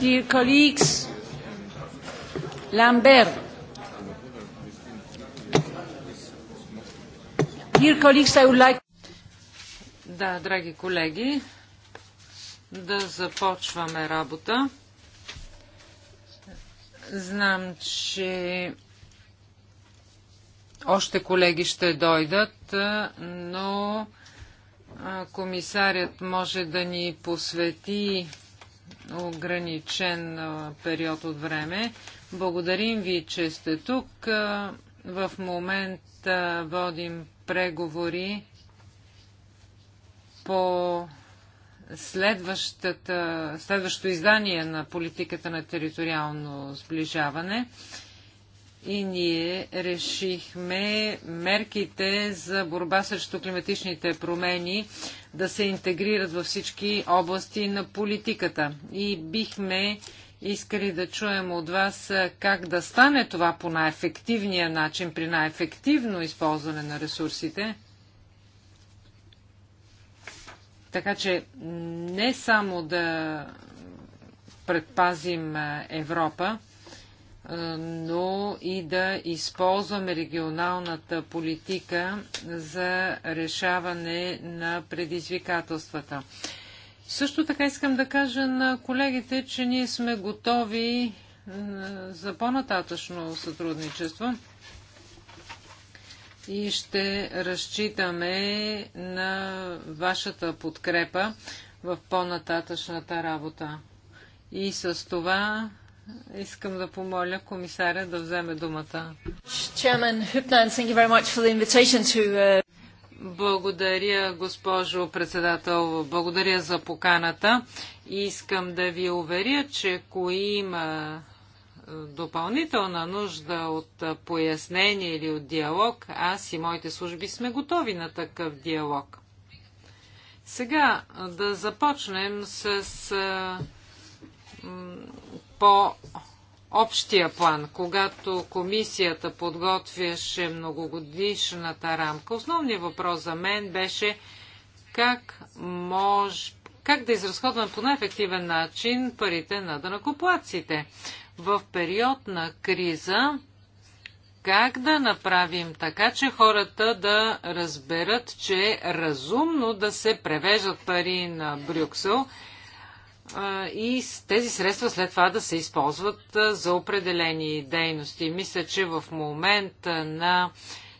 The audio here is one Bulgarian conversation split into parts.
Dear colleagues, Lambert. Dear colleagues, I would like... Да, драги колеги, да започваме работа. Знам, че още колеги ще дойдат, но комисарят може да ни посвети ограничен период от време. Благодарим ви, че сте тук. В момента водим преговори по следващото издание на политиката на териториално сближаване и ние решихме мерките за борба срещу климатичните промени да се интегрират във всички области на политиката. И бихме искали да чуем от вас как да стане това по най-ефективния начин, при най-ефективно използване на ресурсите. Така че не само да предпазим Европа, но и да използваме регионалната политика за решаване на предизвикателствата. Също така искам да кажа на колегите, че ние сме готови за по-нататъчно сътрудничество и ще разчитаме на вашата подкрепа в по-нататъчната работа. И с това Искам да помоля комисаря да вземе думата. Uh, Благодаря, госпожо председател. Благодаря за поканата. Искам да ви уверя, че ако има е, допълнителна нужда от е, пояснение или от диалог, аз и моите служби сме готови на такъв диалог. Сега да започнем с е, по общия план, когато комисията подготвяше многогодишната рамка, основният въпрос за мен беше как, мож, как да изразходваме по най-ефективен начин парите на данакоплаците. В период на криза, как да направим така, че хората да разберат, че е разумно да се превеждат пари на Брюксел – и тези средства след това да се използват за определени дейности. Мисля, че в момента на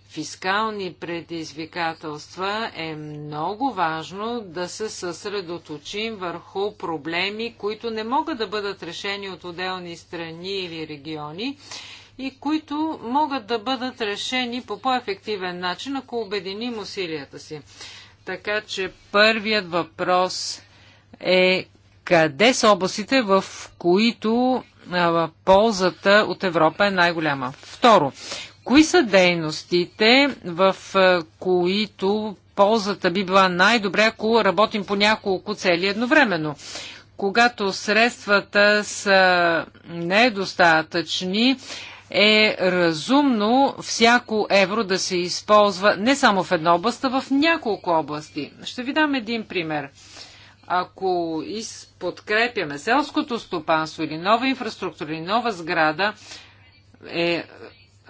фискални предизвикателства е много важно да се съсредоточим върху проблеми, които не могат да бъдат решени от отделни страни или региони и които могат да бъдат решени по по-ефективен начин, ако обединим усилията си. Така че първият въпрос е къде са областите, в които а, ползата от Европа е най-голяма? Второ, кои са дейностите, в а, които ползата би била най-добре, ако работим по няколко цели едновременно? Когато средствата са недостатъчни, е разумно всяко евро да се използва не само в една област, а в няколко области. Ще ви дам един пример. Ако подкрепяме селското стопанство или нова инфраструктура или нова сграда, е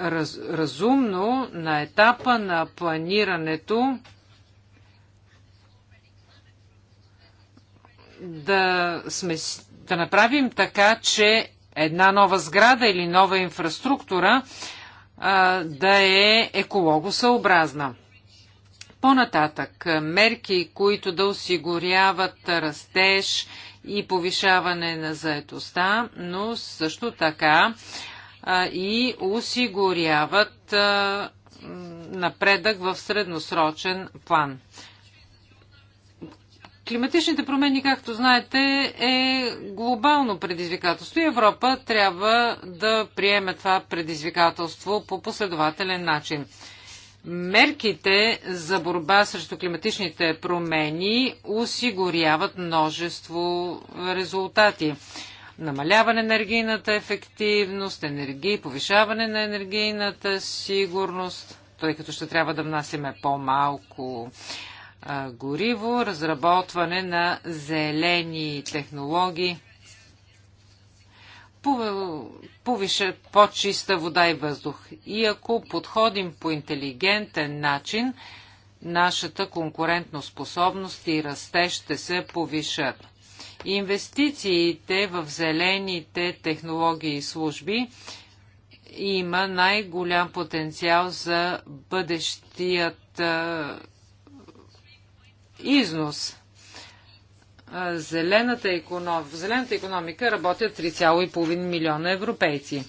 раз, разумно на етапа на планирането да, сме, да направим така, че една нова сграда или нова инфраструктура а, да е екологосъобразна. По-нататък, е, мерки, които да осигуряват растеж и повишаване на заетостта, но също така а, и осигуряват а, напредък в средносрочен план. Климатичните промени, както знаете, е глобално предизвикателство и Европа трябва да приеме това предизвикателство по последователен начин. Мерките за борба срещу климатичните промени осигуряват множество резултати. Намаляване на енергийната ефективност, енергии, повишаване на енергийната сигурност, тъй като ще трябва да внасяме по-малко гориво, разработване на зелени технологии, повишат по-чиста вода и въздух. И ако подходим по интелигентен начин, нашата конкурентно способност и расте ще се повишат. Инвестициите в зелените технологии и служби има най-голям потенциал за бъдещият износ зелената економ... в зелената економика работят 3,5 милиона европейци.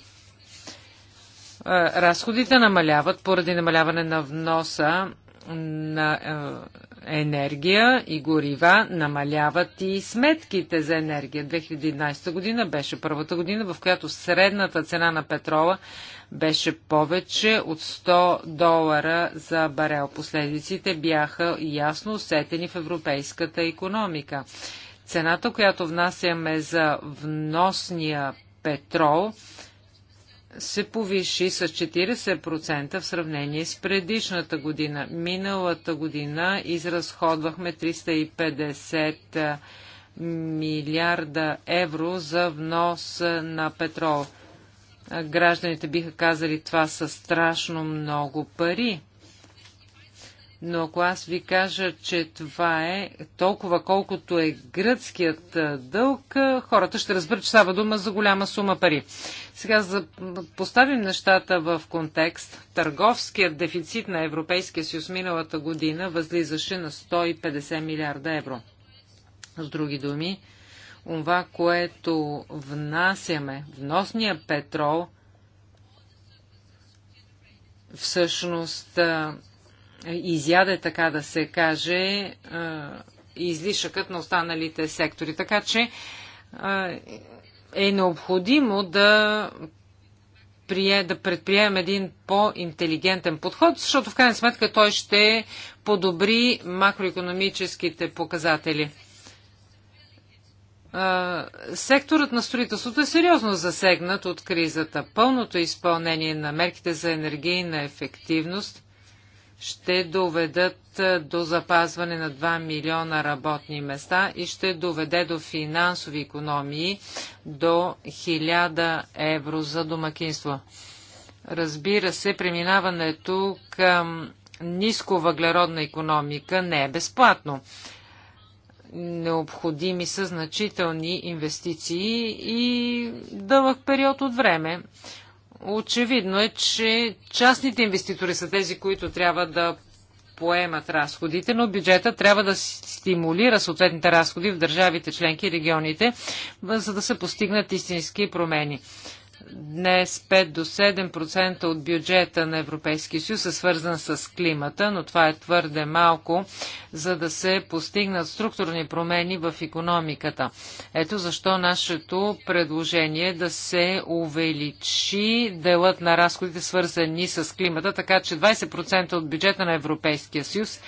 Разходите намаляват поради намаляване на вноса на енергия и горива, намаляват и сметките за енергия. 2011 година беше първата година, в която средната цена на петрола беше повече от 100 долара за барел. Последиците бяха ясно усетени в европейската економика. Цената, която внасяме за вносния петрол, се повиши с 40% в сравнение с предишната година. Миналата година изразходвахме 350 милиарда евро за внос на петрол гражданите биха казали това са страшно много пари. Но ако аз ви кажа, че това е толкова колкото е гръцкият дълг, хората ще разберат, че става дума за голяма сума пари. Сега за... поставим нещата в контекст. Търговският дефицит на Европейския съюз миналата година възлизаше на 150 милиарда евро. С други думи, това, което внасяме, вносния петрол, всъщност изяде, така да се каже, излишъкът на останалите сектори. Така че е необходимо да, да предприемем един по-интелигентен подход, защото в крайна сметка той ще подобри макроекономическите показатели. Секторът на строителството е сериозно засегнат от кризата. Пълното изпълнение на мерките за енергийна ефективност ще доведат до запазване на 2 милиона работни места и ще доведе до финансови економии до 1000 евро за домакинство. Разбира се, преминаването към ниско въглеродна економика не е безплатно. Необходими са значителни инвестиции и дълъг период от време. Очевидно е, че частните инвеститори са тези, които трябва да поемат разходите, но бюджета трябва да стимулира съответните разходи в държавите, членки и регионите, за да се постигнат истински промени. Днес 5 до 7% от бюджета на Европейския съюз е свързан с климата, но това е твърде малко, за да се постигнат структурни промени в економиката. Ето защо нашето предложение е да се увеличи делът на разходите свързани с климата, така че 20% от бюджета на Европейския съюз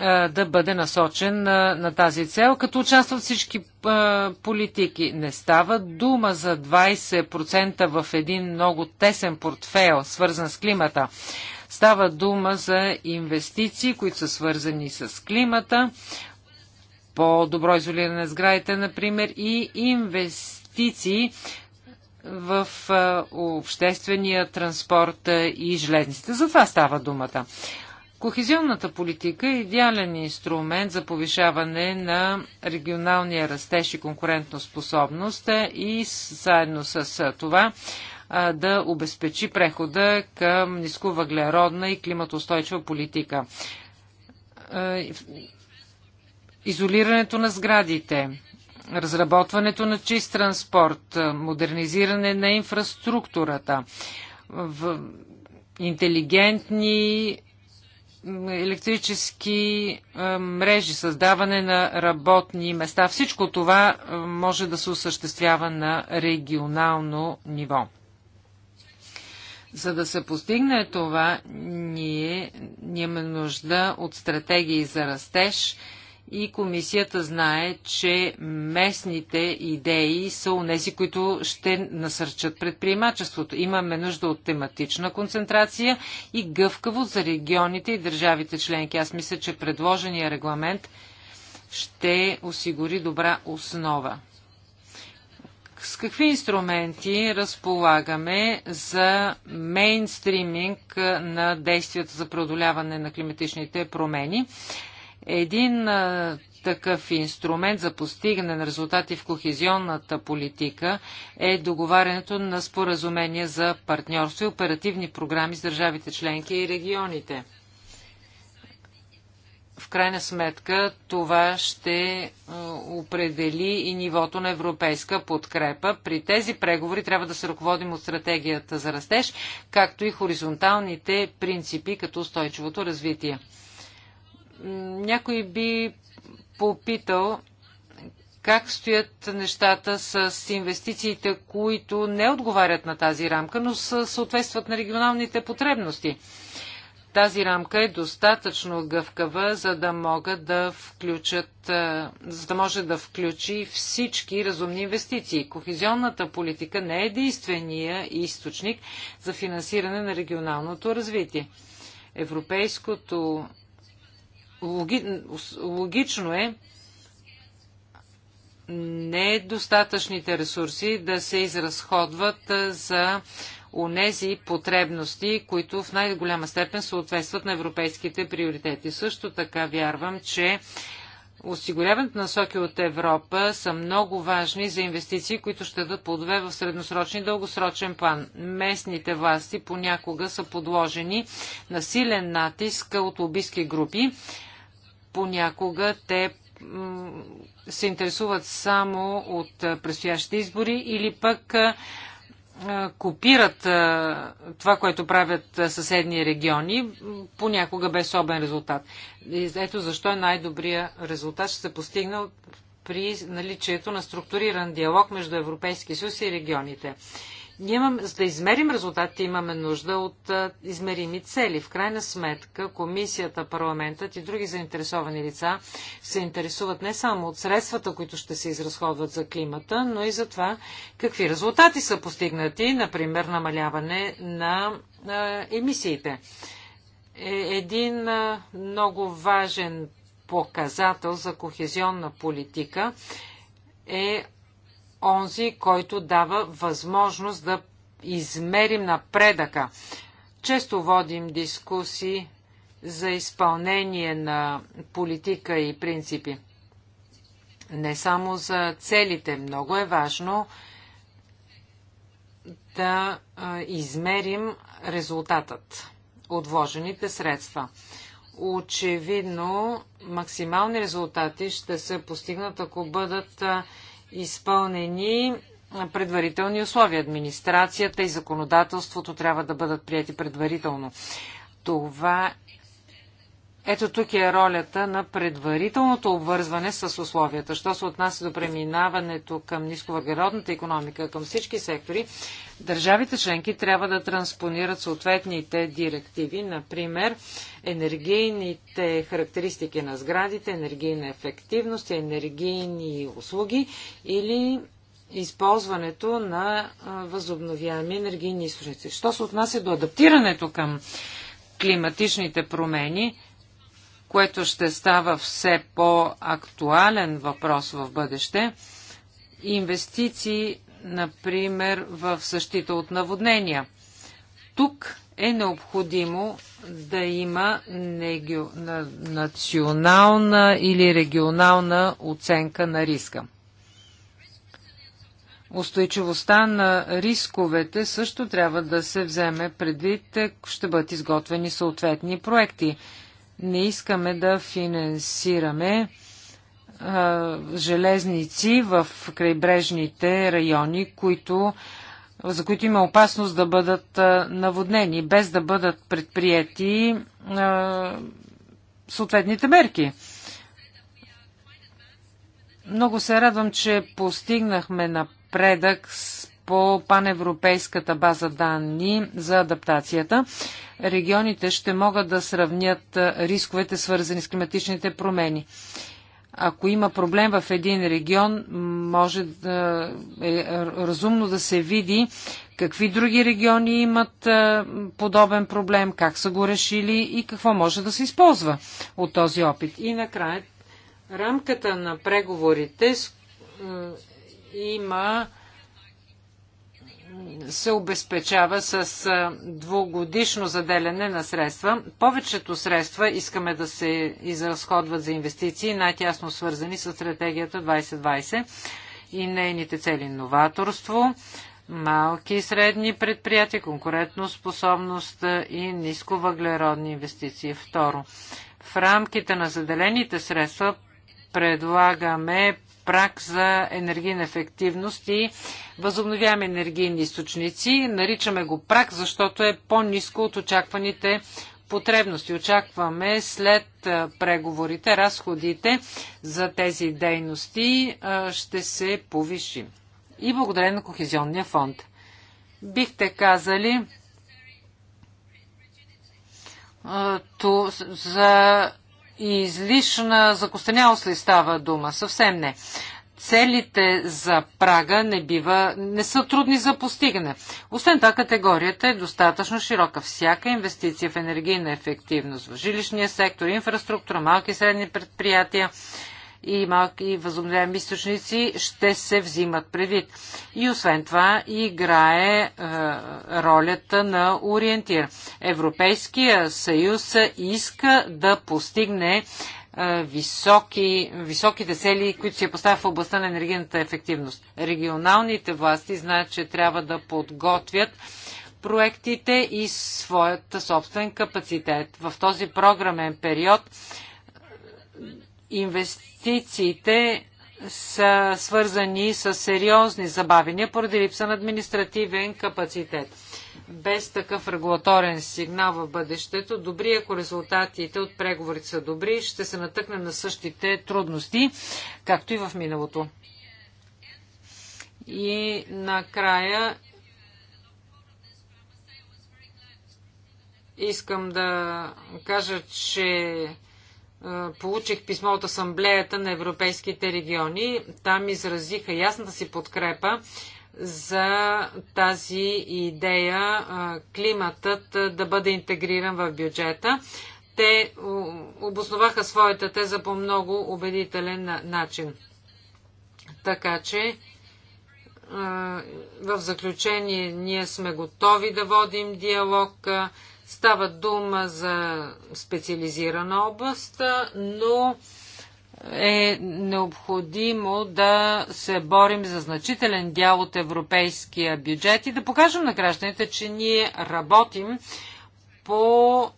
е, да бъде насочен на, е, на тази цел, като участват всички а, е, политики. Не става дума за 20% в един много тесен портфел, свързан с климата. Става дума за инвестиции, които са свързани с климата, по-добро изолиране на сградите, например, и инвестиции в а, обществения транспорт и железниците. За това става думата. Кохезионната политика е идеален инструмент за повишаване на регионалния растеж и конкурентоспособност и заедно с това да обезпечи прехода към нисковъглеродна и климатоустойчива политика. Изолирането на сградите, разработването на чист транспорт, модернизиране на инфраструктурата, интелигентни електрически е, мрежи, създаване на работни места. Всичко това е, може да се осъществява на регионално ниво. За да се постигне това, ние имаме нужда от стратегии за растеж – и комисията знае, че местните идеи са унеси, които ще насърчат предприемачеството. Имаме нужда от тематична концентрация и гъвкаво за регионите и държавите членки. Аз мисля, че предложения регламент ще осигури добра основа. С какви инструменти разполагаме за мейнстриминг на действията за преодоляване на климатичните промени? Един а, такъв инструмент за постигане на резултати в кохезионната политика е договарянето на споразумения за партньорство и оперативни програми с държавите членки и регионите. В крайна сметка това ще определи и нивото на европейска подкрепа. При тези преговори трябва да се ръководим от стратегията за растеж, както и хоризонталните принципи като устойчивото развитие някой би попитал как стоят нещата с инвестициите, които не отговарят на тази рамка, но съответстват на регионалните потребности. Тази рамка е достатъчно гъвкава, за да могат да включат, е, за да може да включи всички разумни инвестиции. Кохезионната политика не е единствения източник за финансиране на регионалното развитие. Европейското логи, логично е недостатъчните ресурси да се изразходват за унези потребности, които в най-голяма степен съответстват на европейските приоритети. Също така вярвам, че осигуряването на насоки от Европа са много важни за инвестиции, които ще дадат плодове в средносрочен и дългосрочен план. Местните власти понякога са подложени на силен натиск от лобистки групи, понякога те се интересуват само от предстоящите избори или пък копират това, което правят съседни региони, понякога без особен резултат. Ето защо е най-добрия резултат ще се постигне при наличието на структуриран диалог между Европейския съюз и регионите. Ние имам, за да измерим резултатите, имаме нужда от а, измерими цели. В крайна сметка, комисията, парламентът и други заинтересовани лица се интересуват не само от средствата, които ще се изразходват за климата, но и за това какви резултати са постигнати, например намаляване на а, емисиите. Е, един а, много важен показател за кохезионна политика е онзи, който дава възможност да измерим напредъка. Често водим дискусии за изпълнение на политика и принципи. Не само за целите. Много е важно да измерим резултатът от вложените средства. Очевидно, максимални резултати ще се постигнат, ако бъдат изпълнени предварителни условия. Администрацията и законодателството трябва да бъдат прияти предварително. Това ето тук е ролята на предварителното обвързване с условията. Що се отнася до преминаването към нисковъглеродната економика, към всички сектори, държавите членки трябва да транспонират съответните директиви, например енергийните характеристики на сградите, енергийна ефективност, енергийни услуги или използването на възобновяеми енергийни източници. Що се отнася до адаптирането към климатичните промени, което ще става все по-актуален въпрос в бъдеще. Инвестиции, например, в същита от наводнения. Тук е необходимо да има национална или регионална оценка на риска. Устойчивостта на рисковете също трябва да се вземе предвид, е, ще бъдат изготвени съответни проекти. Не искаме да финансираме а, железници в крайбрежните райони, които, за които има опасност да бъдат а, наводнени, без да бъдат предприяти а, съответните мерки. Много се радвам, че постигнахме напредък с по паневропейската база данни за адаптацията. Регионите ще могат да сравнят рисковете, свързани с климатичните промени. Ако има проблем в един регион, може да е разумно да се види какви други региони имат подобен проблем, как са го решили и какво може да се използва от този опит. И накрая, рамката на преговорите има се обезпечава с двугодишно заделяне на средства. Повечето средства искаме да се изразходват за инвестиции, най-тясно свързани с стратегията 2020 и нейните цели новаторство, малки и средни предприятия, конкурентно способност и нисковъглеродни инвестиции. Второ, в рамките на заделените средства предлагаме прак за енергийна ефективност и възобновяваме енергийни източници. Наричаме го прак, защото е по-низко от очакваните потребности. Очакваме след преговорите, разходите за тези дейности ще се повиши. И благодарение на Кохезионния фонд. Бихте казали, за излишна закостенялост ли става дума? Съвсем не. Целите за прага не, бива, не са трудни за постигане. Освен това, категорията е достатъчно широка. Всяка инвестиция в енергийна ефективност в жилищния сектор, инфраструктура, малки и средни предприятия, и малки възобновяеми източници ще се взимат предвид. И освен това играе е, ролята на ориентир. Европейския съюз иска да постигне е, високи, високите цели, които си е поставят в областта на енергийната ефективност. Регионалните власти знаят, че трябва да подготвят проектите и своят собствен капацитет. В този програмен период инвестициите са свързани с сериозни забавения поради липса на административен капацитет. Без такъв регулаторен сигнал в бъдещето, добри ако резултатите от преговорите са добри, ще се натъкнем на същите трудности, както и в миналото. И накрая искам да кажа, че получих писмо от Асамблеята на европейските региони. Там изразиха ясната си подкрепа за тази идея климатът да бъде интегриран в бюджета. Те обосноваха своята теза по много убедителен начин. Така че в заключение ние сме готови да водим диалог Става дума за специализирана област, но е необходимо да се борим за значителен дял от европейския бюджет и да покажем на гражданите, че ние работим по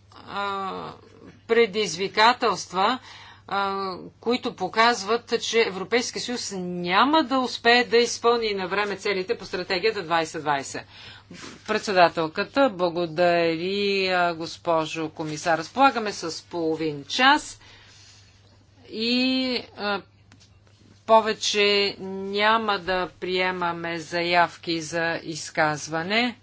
предизвикателства, които показват, че Европейски съюз няма да успее да изпълни на време целите по стратегията 2020. Председателката, благодари, госпожо комисар. Разполагаме с половин час и повече няма да приемаме заявки за изказване.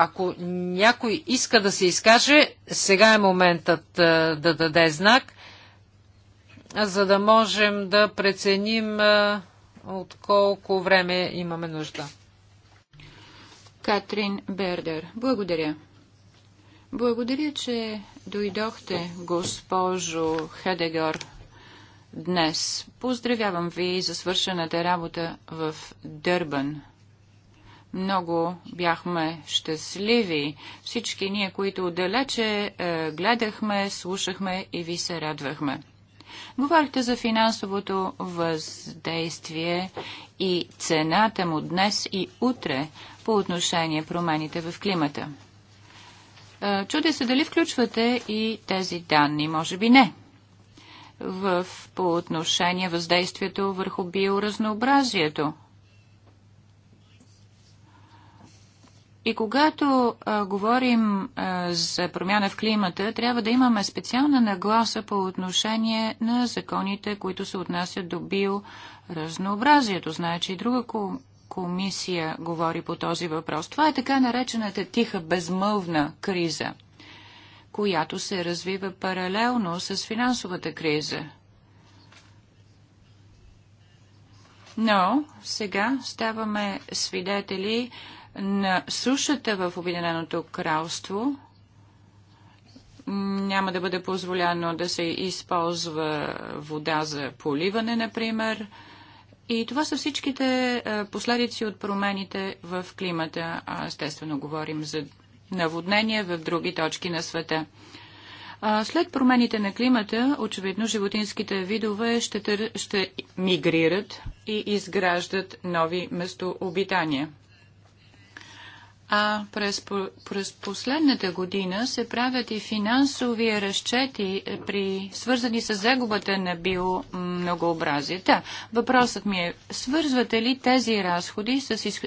Ако някой иска да се изкаже, сега е моментът да даде знак за да можем да преценим от колко време имаме нужда. Катрин Бердер, благодаря. Благодаря, че дойдохте, госпожо Хедегор, днес. Поздравявам ви за свършената работа в Дърбан. Много бяхме щастливи. Всички ние, които отдалече е, гледахме, слушахме и ви се радвахме. Говорите за финансовото въздействие и цената му днес и утре по отношение промените в климата. Е, Чуде се дали включвате и тези данни, може би не, в, по отношение въздействието върху биоразнообразието И когато а, говорим а, за промяна в климата, трябва да имаме специална нагласа по отношение на законите, които се отнасят до биоразнообразието. Значи, и друга комисия говори по този въпрос. Това е така наречената тиха безмълвна криза, която се развива паралелно с финансовата криза. Но сега ставаме свидетели на сушата в Обединеното кралство няма да бъде позволяно да се използва вода за поливане, например. И това са всичките е, последици от промените в климата. Естествено, говорим за наводнения в други точки на света. След промените на климата, очевидно, животинските видове ще, тър... ще мигрират и изграждат нови местообитания а през, през последната година се правят и финансови разчети, е, при, свързани с загубата на биомногообразията. Да, въпросът ми е, свързвате ли тези разходи с из,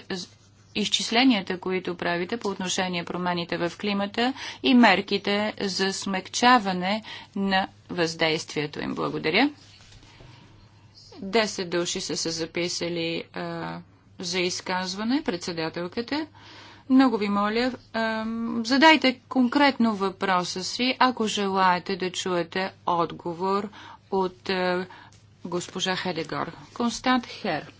изчисленията, които правите по отношение промените в климата и мерките за смекчаване на въздействието им? Благодаря. Десет души са се записали а, за изказване, председателката. Много ви моля, задайте конкретно въпроса си, ако желаете да чуете отговор от е, госпожа Хедегор. Констант Хер.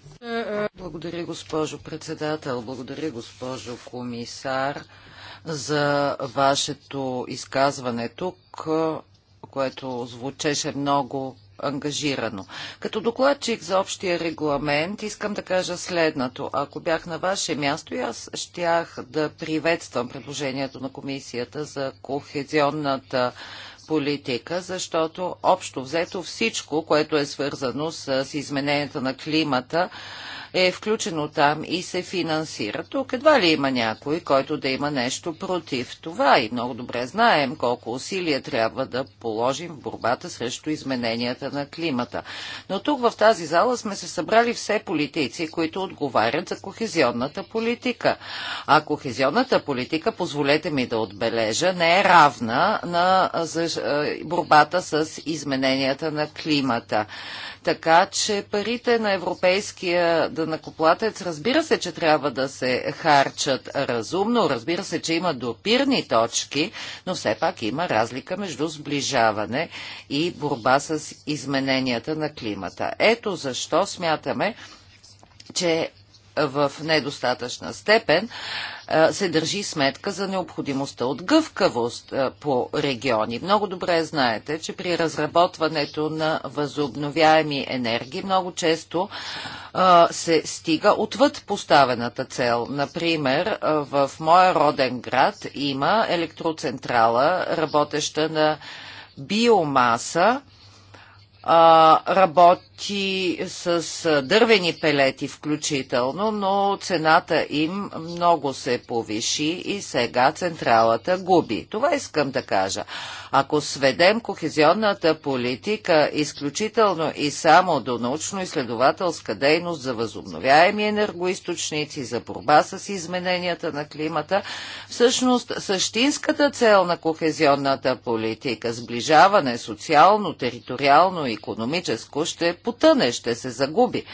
Благодаря, госпожо председател. Благодаря, госпожо комисар, за вашето изказване тук, което звучеше много ангажирано. Като докладчик за общия регламент искам да кажа следното. Ако бях на ваше място, аз щях да приветствам предложението на комисията за кохезионната политика, защото общо взето всичко, което е свързано с измененията на климата, е включено там и се финансира. Тук едва ли има някой, който да има нещо против това и много добре знаем колко усилия трябва да положим в борбата срещу измененията на климата. Но тук в тази зала сме се събрали все политици, които отговарят за кохезионната политика. А кохезионната политика, позволете ми да отбележа, не е равна на е, борбата с измененията на климата. Така че парите на Европейския данъкоплатец, разбира се, че трябва да се харчат разумно, разбира се, че има допирни точки, но все пак има разлика между сближаване и борба с измененията на климата. Ето защо смятаме, че в недостатъчна степен, се държи сметка за необходимостта от гъвкавост по региони. Много добре знаете, че при разработването на възобновяеми енергии много често се стига отвъд поставената цел. Например, в моя роден град има електроцентрала, работеща на биомаса, а, работи с дървени пелети включително, но цената им много се повиши и сега централата губи. Това искам да кажа. Ако сведем кохезионната политика изключително и само до научно-изследователска дейност за възобновяеми енергоисточници, за борба с измененията на климата, всъщност същинската цел на кохезионната политика, сближаване социално, териториално економическо, ще потъне, ще се загуби.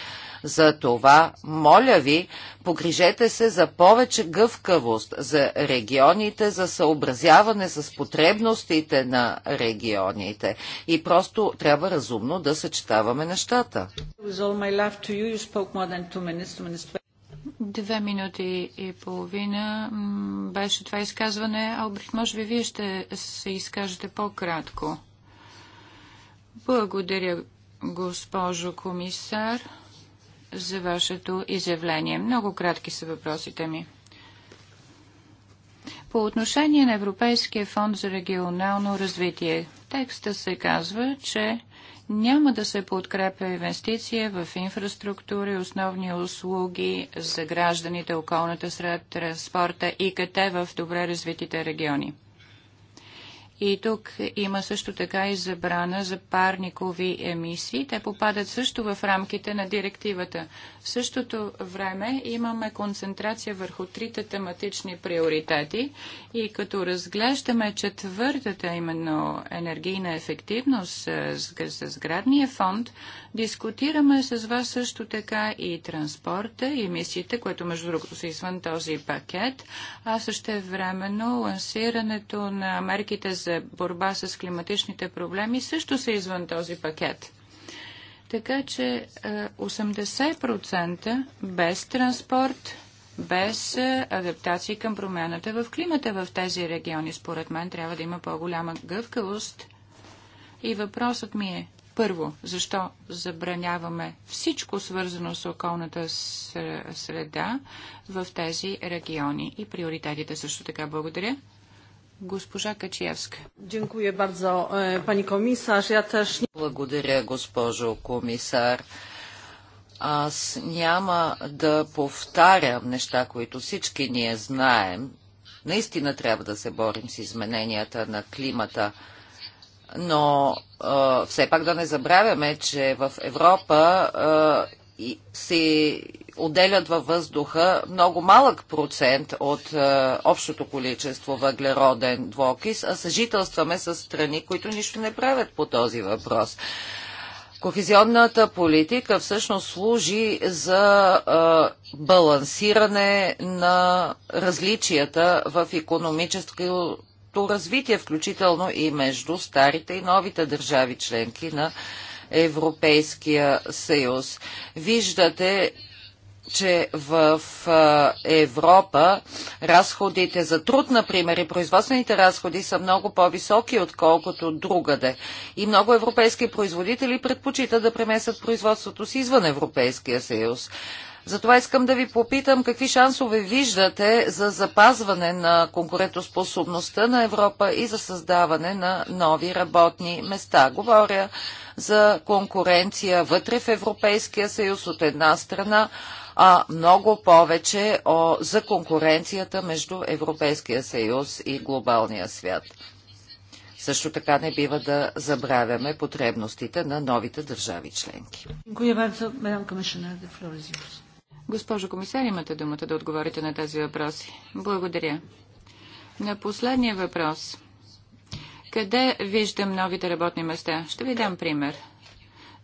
За това, моля ви, погрижете се за повече гъвкавост за регионите, за съобразяване с потребностите на регионите. И просто трябва разумно да съчетаваме нещата. Две минути и половина беше това изказване. Албрих, може би вие ще се изкажете по-кратко. Благодаря, госпожо комисар, за вашето изявление. Много кратки са въпросите ми. По отношение на Европейския фонд за регионално развитие, текста се казва, че няма да се подкрепя инвестиция в инфраструктури, основни услуги за гражданите, околната среда, транспорта, и КТ в добре развитите региони. И тук има също така и забрана за парникови емисии. Те попадат също в рамките на директивата. В същото време имаме концентрация върху трите тематични приоритети и като разглеждаме четвъртата, именно енергийна ефективност е, с сградния фонд, Дискутираме с вас също така и транспорта, и емисиите, което между другото са извън този пакет, а също времено лансирането на мерките за борба с климатичните проблеми също са извън този пакет. Така че 80% е, без транспорт без е, адаптации към промяната в климата в тези региони. Според мен трябва да има по-голяма гъвкавост. И въпросът ми е, първо, защо забраняваме всичко свързано с околната среда в тези региони и приоритетите също така. Благодаря. Госпожа Качиевска. комисар, e, Благодаря, госпожо комисар. Аз няма да повтарям неща, които всички ние знаем. Наистина трябва да се борим с измененията на климата, но все пак да не забравяме, че в Европа се отделят във въздуха много малък процент от общото количество въглероден двокис, а съжителстваме с страни, които нищо не правят по този въпрос. Кохезионната политика всъщност служи за балансиране на различията в економическо тяхното развитие, включително и между старите и новите държави членки на Европейския съюз. Виждате, че в Европа разходите за труд, например, и производствените разходи са много по-високи, отколкото другаде. И много европейски производители предпочитат да преместят производството си извън Европейския съюз. Затова искам да ви попитам какви шансове виждате за запазване на конкурентоспособността на Европа и за създаване на нови работни места. Говоря за конкуренция вътре в Европейския съюз от една страна, а много повече о, за конкуренцията между Европейския съюз и глобалния свят. Също така не бива да забравяме потребностите на новите държави членки. Госпожо комисар, имате думата да отговорите на тези въпроси. Благодаря. На последния въпрос. Къде виждам новите работни места? Ще ви дам пример.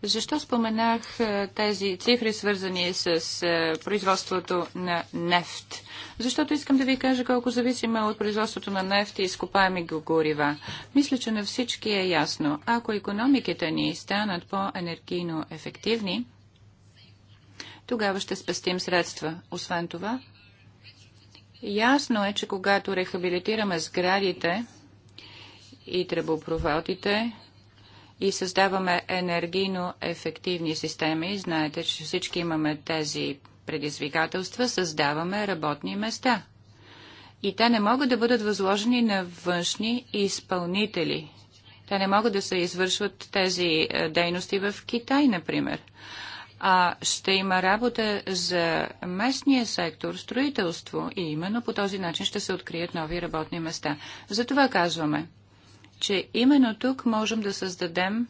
Защо споменах е, тези цифри, свързани с е, производството на нефт? Защото искам да ви кажа колко зависима от производството на нефт и изкопаеми горива. Мисля, че на всички е ясно. Ако економиките ни станат по-енергийно ефективни, тогава ще спестим средства. Освен това, ясно е, че когато рехабилитираме сградите и тръбопроводите и създаваме енергийно ефективни системи, знаете, че всички имаме тези предизвикателства, създаваме работни места. И те не могат да бъдат възложени на външни изпълнители. Те не могат да се извършват тези е, дейности в Китай, например а ще има работа за местния сектор, строителство и именно по този начин ще се открият нови работни места. Затова казваме, че именно тук можем да създадем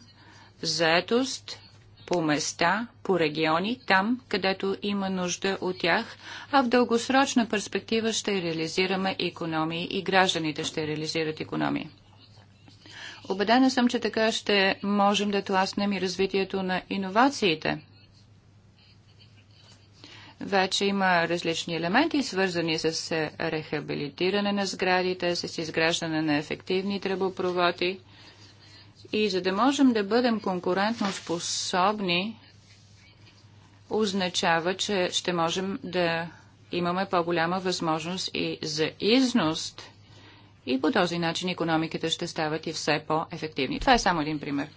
заетост по места, по региони, там, където има нужда от тях, а в дългосрочна перспектива ще реализираме економии и гражданите ще реализират економии. Обедена съм, че така ще можем да тласнем и развитието на иновациите – вече има различни елементи, свързани с рехабилитиране на сградите, с изграждане на ефективни тръбопроводи. И за да можем да бъдем конкурентно способни, означава, че ще можем да имаме по-голяма възможност и за износ. И по този начин економиките ще стават и все по-ефективни. Това е само един пример.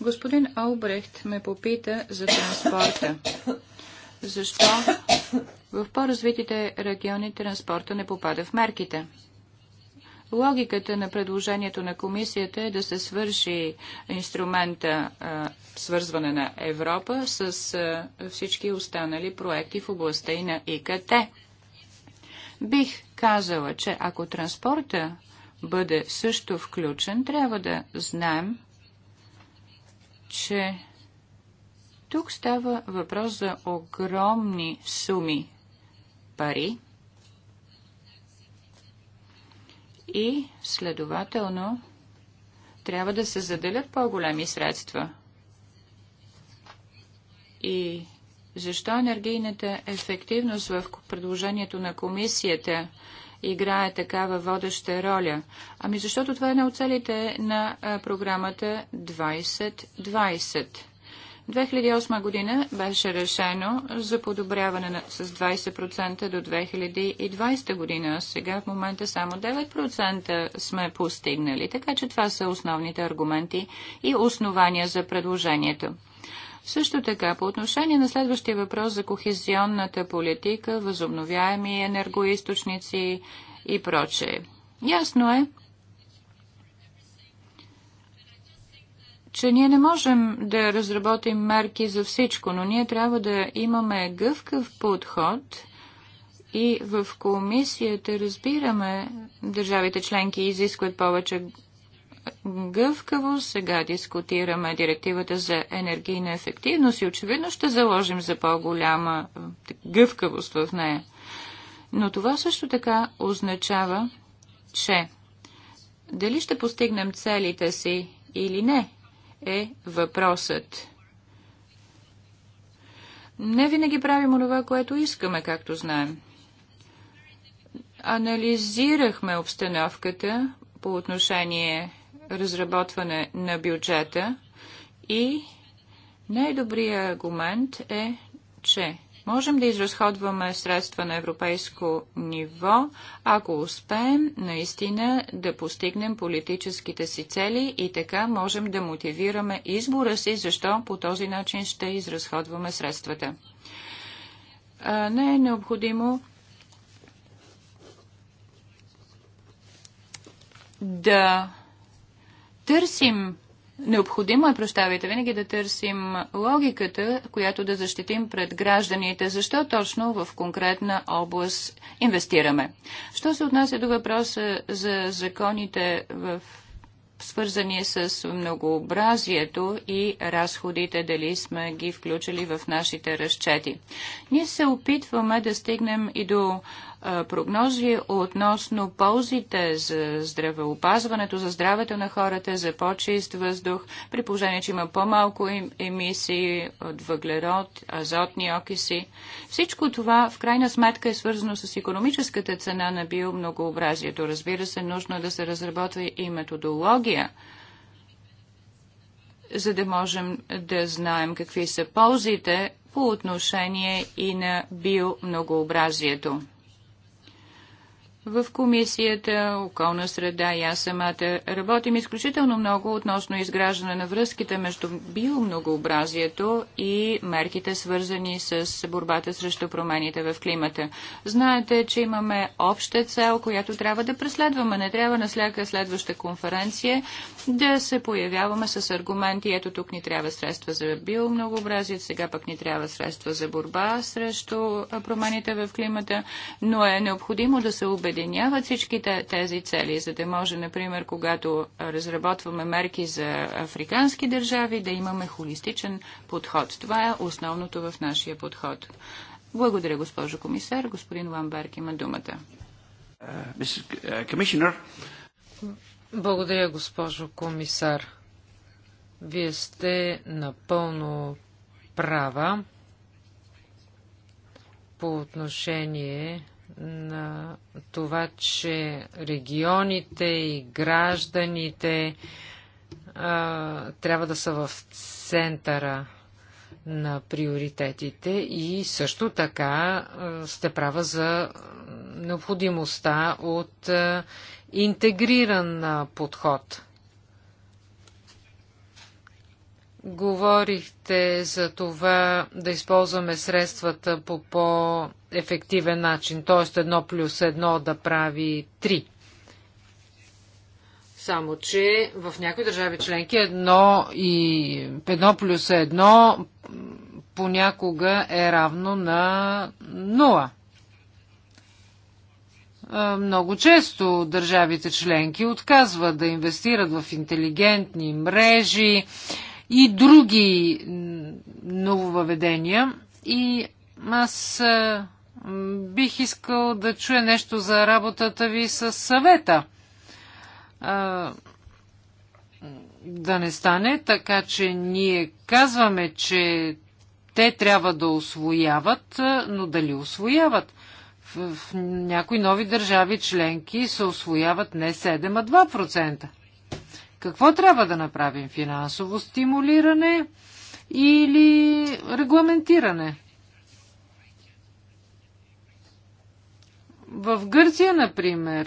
Господин Олбрехт ме попита за транспорта защо в по-развитите региони транспорта не попада в мерките. Логиката на предложението на комисията е да се свърши инструмента а, свързване на Европа с а, всички останали проекти в областта и на ИКТ. Бих казала, че ако транспорта бъде също включен, трябва да знаем, че тук става въпрос за огромни суми пари и следователно трябва да се заделят по-големи средства. И защо енергийната ефективност в предложението на комисията играе такава водеща роля? Ами защото това е една от целите на програмата 2020. 2008 година беше решено за подобряване на, с 20% до 2020 година. Сега в момента само 9% сме постигнали. Така че това са основните аргументи и основания за предложението. Също така, по отношение на следващия въпрос за кохезионната политика, възобновяеми енергоисточници и прочее. Ясно е, че ние не можем да разработим мерки за всичко, но ние трябва да имаме гъвкав подход и в комисията разбираме, държавите членки изискват повече гъвкаво. Сега дискутираме директивата за енергийна ефективност и очевидно ще заложим за по-голяма е, гъвкавост в нея. Но това също така означава, че дали ще постигнем целите си или не, е въпросът. Не винаги правим онова, което искаме, както знаем. Анализирахме обстановката по отношение разработване на бюджета и най-добрият аргумент е, че Можем да изразходваме средства на европейско ниво, ако успеем наистина да постигнем политическите си цели и така можем да мотивираме избора си, защо по този начин ще изразходваме средствата. Не е необходимо да търсим Необходимо е, прощавайте, винаги да търсим логиката, която да защитим пред гражданите, защо точно в конкретна област инвестираме. Що се отнася до въпроса за законите в свързани с многообразието и разходите, дали сме ги включили в нашите разчети. Ние се опитваме да стигнем и до прогнози относно ползите за здравеопазването, за здравето на хората, за по-чист въздух, при положение, че има по-малко емисии от въглерод, азотни окиси. Всичко това в крайна сметка е свързано с економическата цена на биомногообразието. Разбира се, нужно е да се разработва и методология за да можем да знаем какви са ползите по отношение и на биомногообразието в комисията, околна среда и аз самата работим изключително много относно изграждане на връзките между биомногообразието и мерките свързани с борбата срещу промените в климата. Знаете, че имаме обща цел, която трябва да преследваме. Не трябва на всяка следваща конференция да се появяваме с аргументи. Ето тук ни трябва средства за биомногообразие, сега пък ни трябва средства за борба срещу промените в климата, но е необходимо да се убедим обединяват всичките тези цели, за да може, например, когато разработваме мерки за африкански държави, да имаме холистичен подход. Това е основното в нашия подход. Благодаря, госпожо комисар. Господин Ламберг има думата. Благодаря, госпожо комисар. Вие сте напълно права по отношение на това, че регионите и гражданите а, трябва да са в центъра на приоритетите и също така а, сте права за необходимостта от а, интегриран подход – Говорихте за това да използваме средствата по по-ефективен начин, т.е. едно плюс едно да прави три. Само, че в някои държави членки едно и едно плюс едно понякога е равно на нула. Много често държавите членки отказват да инвестират в интелигентни мрежи, и други нововъведения. И аз бих искал да чуя нещо за работата ви с съвета. да не стане така, че ние казваме, че те трябва да освояват, но дали освояват? В, в някои нови държави членки се освояват не 7, а 2%. Какво трябва да направим? Финансово стимулиране или регламентиране? В Гърция, например,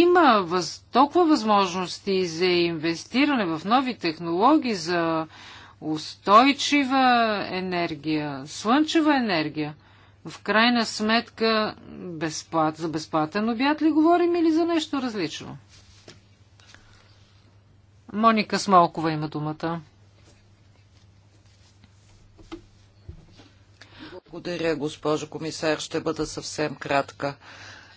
има въз... толкова възможности за инвестиране в нови технологии, за устойчива енергия, слънчева енергия. В крайна сметка, безплат, за безплатен обяд ли говорим или за нещо различно? Моника Смолкова има думата. Благодаря, госпожо комисар. Ще бъда съвсем кратка.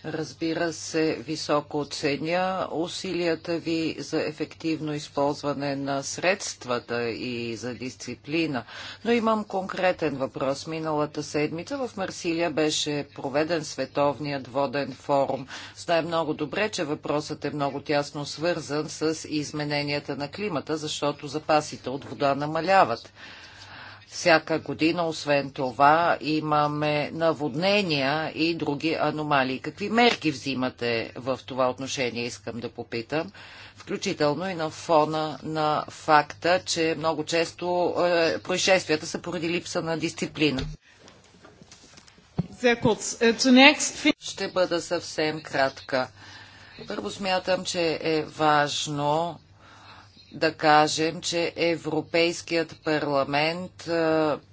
Разбира се, високо оценя усилията ви за ефективно използване на средствата и за дисциплина. Но имам конкретен въпрос. Миналата седмица в Марсилия беше проведен световният воден форум. Знае много добре, че въпросът е много тясно свързан с измененията на климата, защото запасите от вода намаляват. Всяка година, освен това, имаме наводнения и други аномалии. Какви мерки взимате в това отношение, искам да попитам, включително и на фона на факта, че много често е, происшествията са поради липса на дисциплина. Äh, Ще бъда съвсем кратка. Първо смятам, че е важно да кажем, че Европейският парламент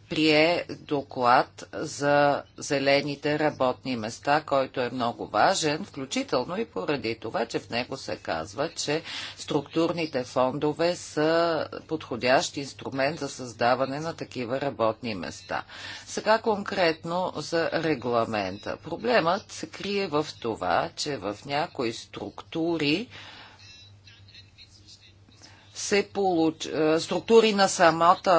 прие доклад за зелените работни места, който е много важен, включително и поради това, че в него се казва, че структурните фондове са подходящ инструмент за създаване на такива работни места. Сега конкретно за регламента. Проблемът се крие в това, че в някои структури се получ... Е, структури на, самата,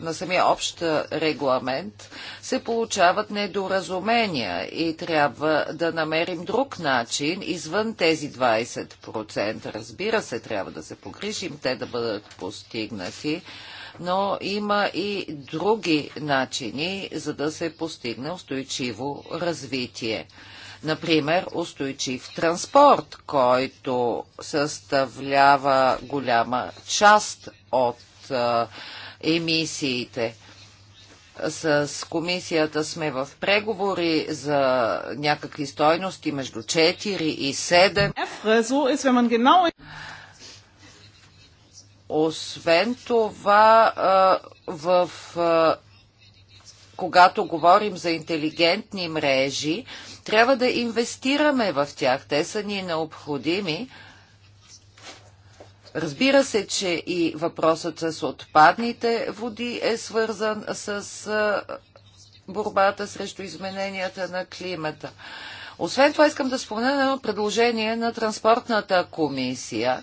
на самия общ е, регламент се получават недоразумения и трябва да намерим друг начин извън тези 20%. Разбира се, трябва да се погрижим те да бъдат постигнати, но има и други начини, за да се постигне устойчиво развитие. Например, устойчив транспорт, който съставлява голяма част от емисиите. С комисията сме в преговори за някакви стойности между 4 и 7. Е, е, е. Освен това, в когато говорим за интелигентни мрежи, трябва да инвестираме в тях. Те са ни необходими. Разбира се, че и въпросът с отпадните води е свързан с борбата срещу измененията на климата. Освен това искам да спомена едно предложение на Транспортната комисия,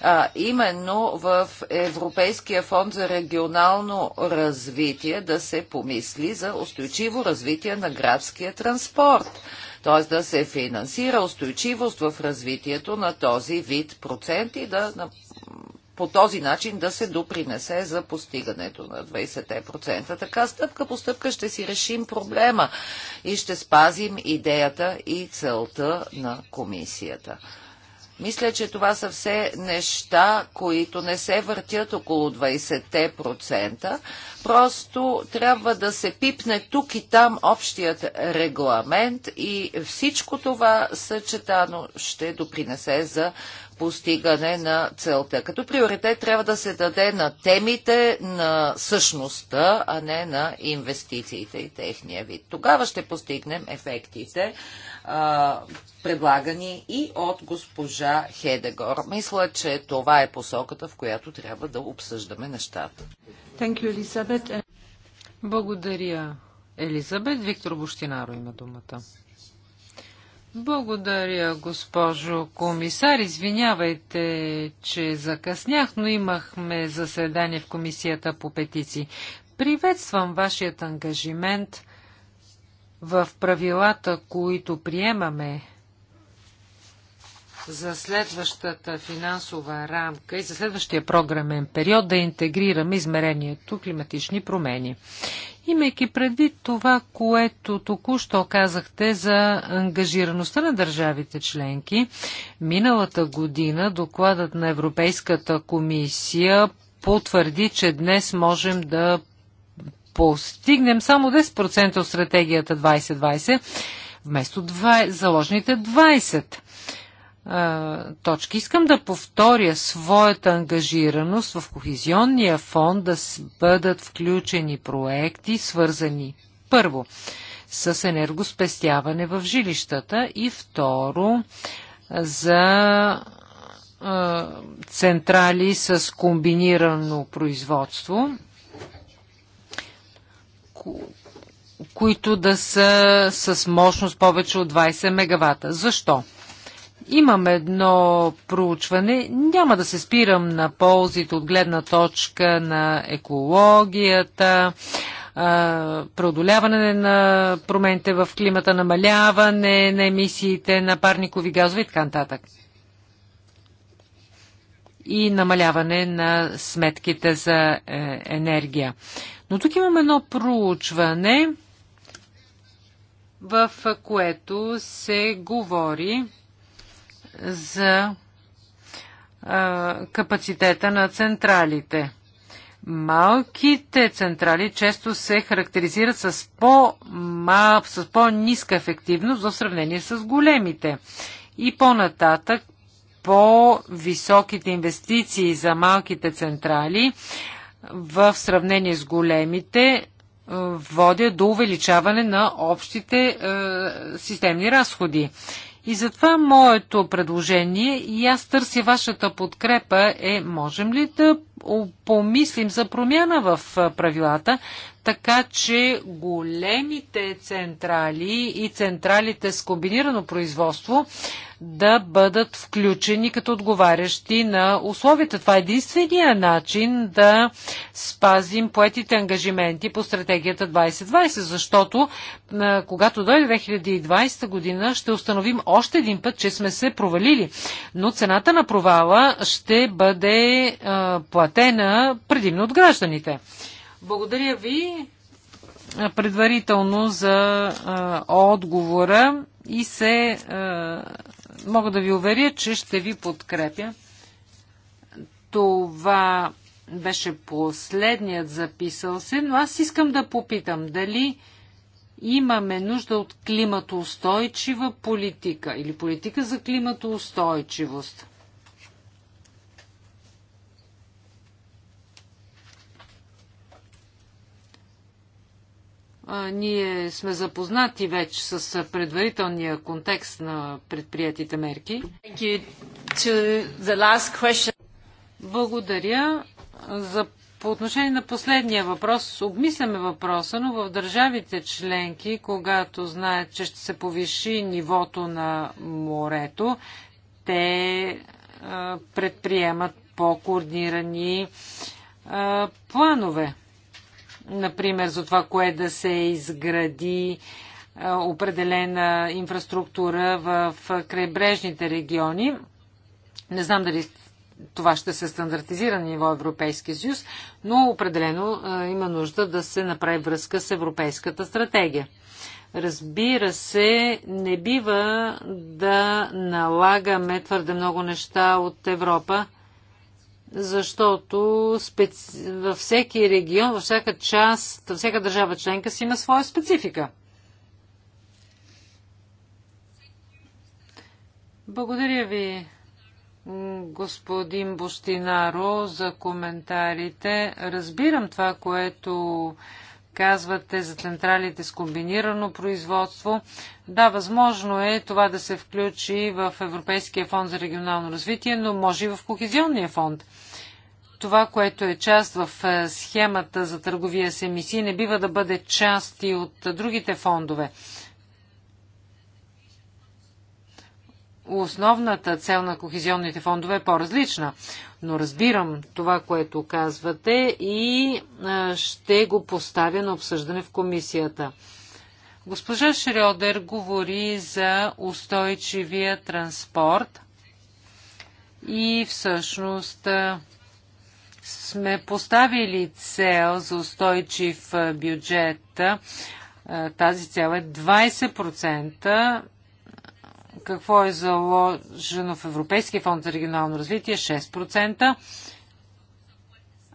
а, именно в Европейския фонд за регионално развитие да се помисли за устойчиво развитие на градския транспорт т.е. да се финансира устойчивост в развитието на този вид процент и да по този начин да се допринесе за постигането на 20%. Така стъпка по стъпка ще си решим проблема и ще спазим идеята и целта на комисията. Мисля, че това са все неща, които не се въртят около 20%. Просто трябва да се пипне тук и там общият регламент и всичко това съчетано ще допринесе за постигане на целта. Като приоритет трябва да се даде на темите на същността, а не на инвестициите и техния вид. Тогава ще постигнем ефектите, а, предлагани и от госпожа Хедегор. Мисля, че това е посоката, в която трябва да обсъждаме нещата. Thank you, Благодаря, Елизабет. Виктор Бощинаро има думата. Благодаря, госпожо комисар. Извинявайте, че закъснях, но имахме заседание в комисията по петиции. Приветствам вашият ангажимент в правилата, които приемаме за следващата финансова рамка и за следващия програмен период да интегрираме измерението климатични промени. Имайки преди това, което току-що казахте за ангажираността на държавите членки, миналата година докладът на Европейската комисия потвърди, че днес можем да постигнем само 10% от стратегията 2020, вместо 2, заложните 20% точки. Искам да повторя своята ангажираност в Кохизионния фонд да бъдат включени проекти, свързани първо с енергоспестяване в жилищата и второ за централи с комбинирано производство, които да са с мощност повече от 20 мегавата. Защо? Имам едно проучване. Няма да се спирам на ползите от гледна точка на екологията, преодоляване на промените в климата, намаляване на емисиите на парникови газове и така нататък. И намаляване на сметките за е, енергия. Но тук имам едно проучване, в което се говори за капацитета на централите. Малките централи често се характеризират с, по с по-ниска ефективност в сравнение с големите. И по-нататък, по-високите инвестиции за малките централи в сравнение с големите водят до увеличаване на общите е, системни разходи. И затова моето предложение и аз търся вашата подкрепа е, можем ли да помислим за промяна в правилата, така че големите централи и централите с комбинирано производство да бъдат включени като отговарящи на условията. Това е единствения начин да спазим поетите ангажименти по стратегията 2020, защото когато дойде 2020 година ще установим още един път, че сме се провалили. Но цената на провала ще бъде платена предимно от гражданите. Благодаря ви предварително за отговора и се а, мога да ви уверя, че ще ви подкрепя. Това беше последният записал се, но аз искам да попитам дали имаме нужда от климатоустойчива политика или политика за климатоустойчивост. Ние сме запознати вече с предварителния контекст на предприятите мерки. Благодаря. За, по отношение на последния въпрос, обмисляме въпроса, но в държавите членки, когато знаят, че ще се повиши нивото на морето, те предприемат по-координирани планове например, за това, кое да се изгради е, определена инфраструктура в крайбрежните региони. Не знам дали това ще се стандартизира на ниво Европейски съюз, но определено е, има нужда да се направи връзка с Европейската стратегия. Разбира се, не бива да налагаме твърде много неща от Европа защото специ... във всеки регион, във всяка част, във всяка държава членка си има своя специфика. Благодаря ви, господин Бостинаро, за коментарите. Разбирам това, което казвате за централите с комбинирано производство. Да, възможно е това да се включи в Европейския фонд за регионално развитие, но може и в Кохезионния фонд. Това, което е част в е, схемата за търговия с емисии, не бива да бъде част и от другите фондове. основната цел на кохезионните фондове е по-различна. Но разбирам това, което казвате и ще го поставя на обсъждане в комисията. Госпожа Шредер говори за устойчивия транспорт и всъщност сме поставили цел за устойчив бюджет. Тази цел е 20% какво е заложено в Европейския фонд за регионално развитие? 6%.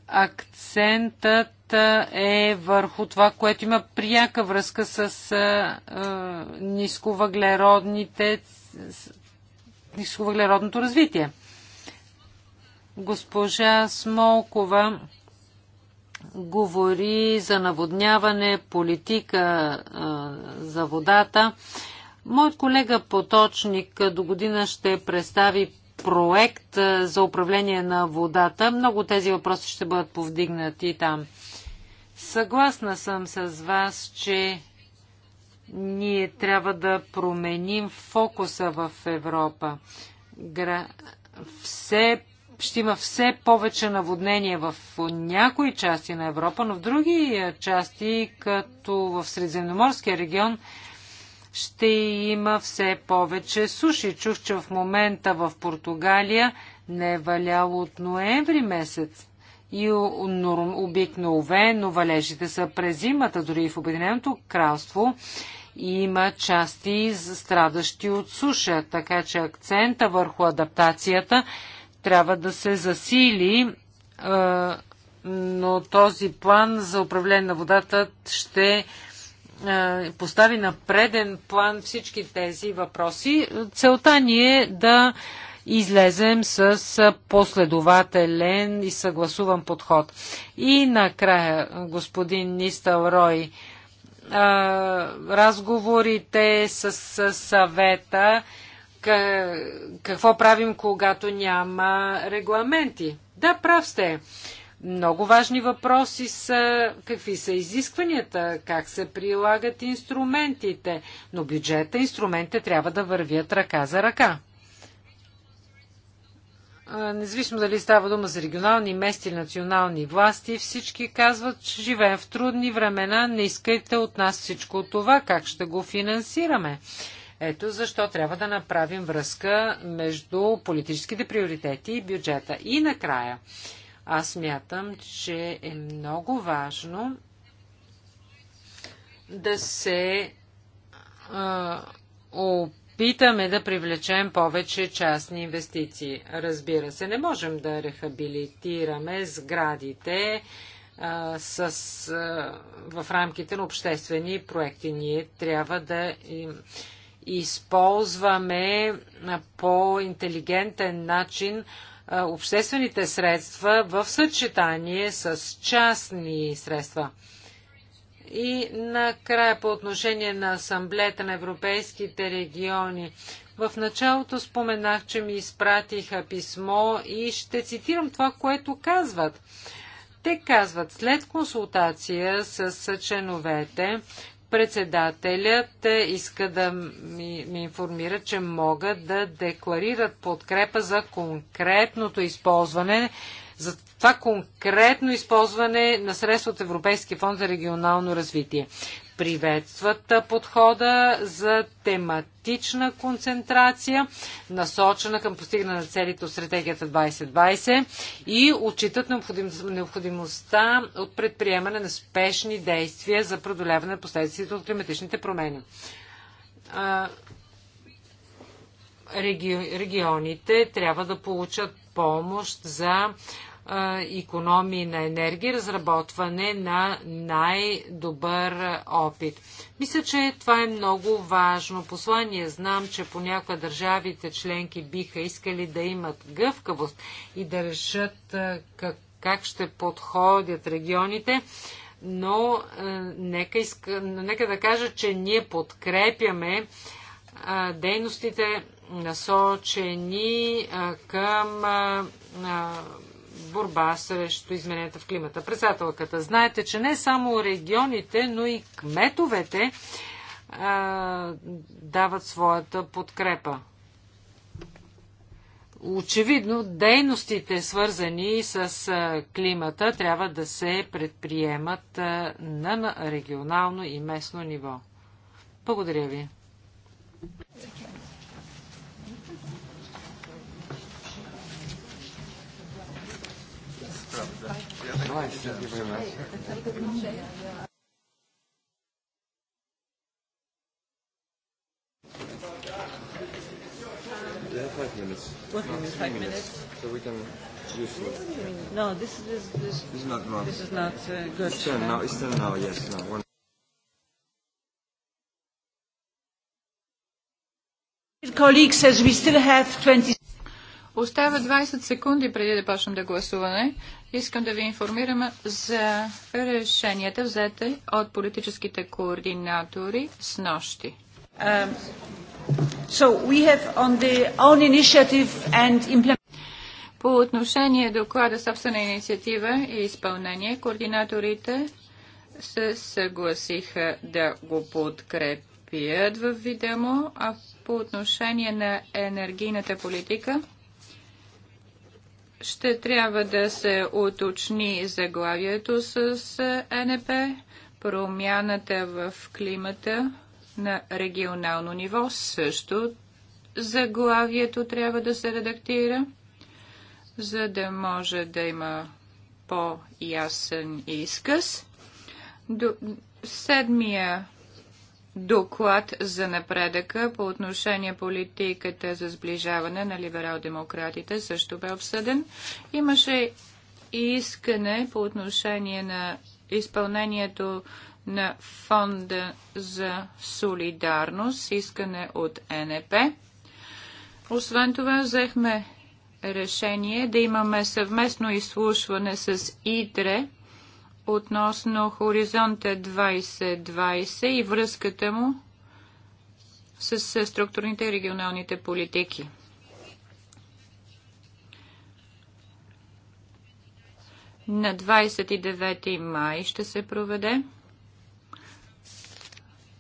Акцентът е върху това, което има пряка връзка с а, а, нисковъглеродните, с, нисковъглеродното развитие. Госпожа Смолкова говори за наводняване, политика а, за водата. Моят колега Поточник до година ще представи проект за управление на водата. Много тези въпроси ще бъдат повдигнати там. Съгласна съм с вас, че ние трябва да променим фокуса в Европа. Гра... Все... Ще има все повече наводнения в някои части на Европа, но в други части, като в Средиземноморския регион, ще има все повече суши. Чух, че в момента в Португалия не е валяло от ноември месец. И обикновено валежите са през зимата, дори и в Обединеното кралство има части страдащи от суша, така че акцента върху адаптацията трябва да се засили, е, но този план за управление на водата ще постави на преден план всички тези въпроси. Целта ни е да излезем с последователен и съгласуван подход. И накрая, господин Нистал Рой, разговорите с съвета, какво правим, когато няма регламенти. Да, прав сте. Много важни въпроси са какви са изискванията, как се прилагат инструментите, но бюджета, инструментите трябва да вървят ръка за ръка. Независимо дали става дума за регионални, местни, национални власти, всички казват, че живеем в трудни времена, не искайте от нас всичко това, как ще го финансираме. Ето защо трябва да направим връзка между политическите приоритети и бюджета. И накрая, аз мятам, че е много важно да се а, опитаме да привлечем повече частни инвестиции. Разбира се, не можем да рехабилитираме сградите а, с, а, в рамките на обществени проекти. Ние трябва да им, използваме по интелигентен начин а, обществените средства в съчетание с частни средства. И накрая по отношение на Асамблеята на европейските региони. В началото споменах, че ми изпратиха писмо и ще цитирам това, което казват. Те казват, след консултация с членовете, Председателят иска да ми, ми информира, че могат да декларират подкрепа за конкретното използване, за това конкретно използване на средства от Европейски фонд за регионално развитие приветстват подхода за тематична концентрация, насочена към постигане на целите от стратегията 2020 и отчитат необходимостта от предприемане на спешни действия за продоляване на последствията от климатичните промени. регионите трябва да получат помощ за економии на енергия, разработване на най-добър опит. Мисля, че това е много важно послание. Знам, че понякога държавите членки биха искали да имат гъвкавост и да решат как, как ще подходят регионите, но нека, иска, нека да кажа, че ние подкрепяме дейностите насочени към борба срещу измененията в климата. Председателката, знаете, че не само регионите, но и кметовете а, дават своята подкрепа. Очевидно, дейностите, свързани с климата, трябва да се предприемат на регионално и местно ниво. Благодаря ви. Nice, thank you very much. They have five minutes. What no, five minutes? minutes? So we can use it. No, this is this, this, this is not wrong. This is not uh, good. It's ten now. It's ten now. Yes, no. One. Colleagues, as we still have 20 Остава 20 секунди преди да почнем да гласуваме. Искам да ви информирам за решенията, взете от политическите координатори с нощи. Um, we have on the, on По отношение доклада собствена инициатива и изпълнение, координаторите се съгласиха да го подкрепят в видео, а по отношение на енергийната политика – ще трябва да се уточни заглавието с НП, промяната в климата на регионално ниво също заглавието трябва да се редактира, за да може да има по-ясен изказ. До седмия доклад за напредъка по отношение политиката за сближаване на либерал-демократите също бе обсъден. Имаше и искане по отношение на изпълнението на Фонда за солидарност, искане от НП. Е Освен това, взехме решение да имаме съвместно изслушване с ИТРЕ относно хоризонта 2020 и връзката му с структурните и регионалните политики. На 29 май ще се проведе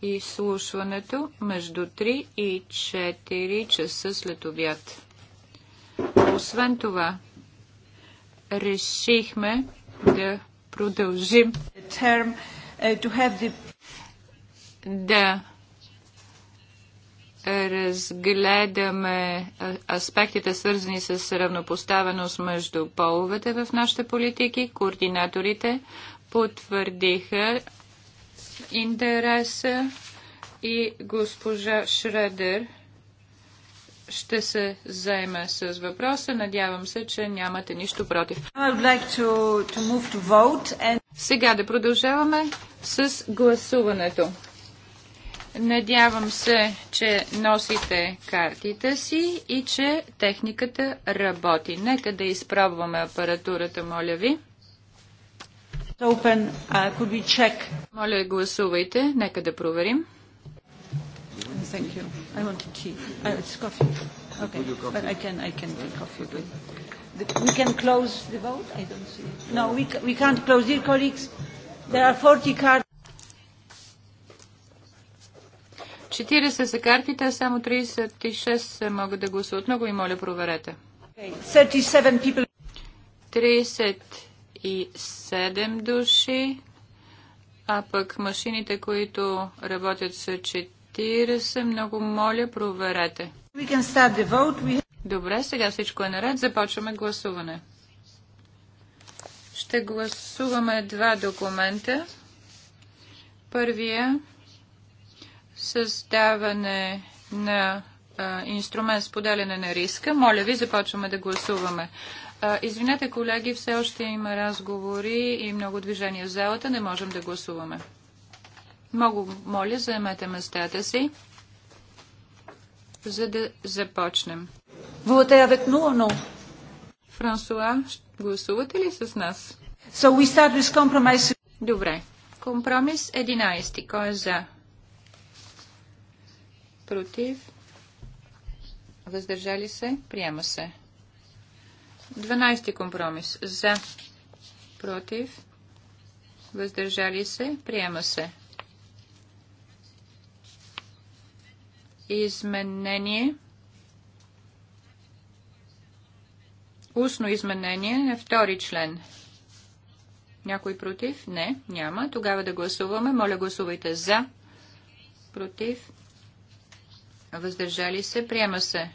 изслушването между 3 и 4 часа след обяд. Освен това, решихме да продължим term, uh, the... да разгледаме аспектите свързани с равнопоставеност между половете в нашите политики. Координаторите потвърдиха интереса и госпожа Шредер – ще се заеме с въпроса. Надявам се, че нямате нищо против. Like to, to to and... Сега да продължаваме с гласуването. Надявам се, че носите картите си и че техниката работи. Нека да изпробваме апаратурата, моля ви. Open, uh, Моля, гласувайте. Нека да проверим. Thank you. I wanted tea. Oh, it's coffee. Okay. But I can, I can take coffee. We can close the vote? I don't see it. No, we, we can't close. Dear colleagues, there are 40 cards. 40 са картите, само 36 могат да гласуват. Много ви моля, проверете. 37 37 души, а пък машините, които работят са 40. 40. Много моля, проверете. Добре, сега всичко е наред. Започваме гласуване. Ще гласуваме два документа. Първия създаване на а, инструмент с поделяне на риска. Моля ви, започваме да гласуваме. А, извинете, колеги, все още има разговори и много движение в залата. Не можем да гласуваме. Много моля, заемете местата си, за да започнем. Франсуа, гласувате ли с нас? So we start with compromise. Добре. Компромис 11. Кой е за? Против? Въздържали се? Приема се. 12 компромис. За? Против? Въздържали се? Приема се. изменение. Устно изменение на втори член. Някой против? Не, няма. Тогава да гласуваме. Моля, гласувайте за. Против. Въздържали се. Приема се.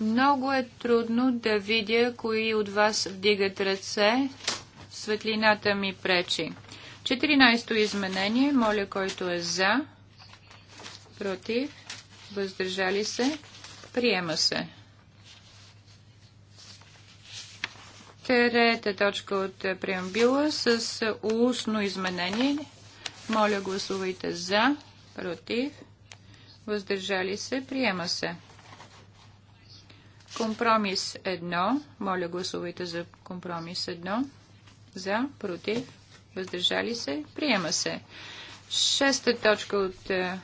Много е трудно да видя кои от вас вдигат ръце. Светлината ми пречи. 14-то изменение. Моля, който е за, против, въздържали се, приема се. Трета точка от преамбила с устно изменение. Моля, гласувайте за, против, въздържали се, приема се. Компромис 1. Моля, гласувайте за компромис 1. За, против, въздържали се, приема се. Шеста точка от е,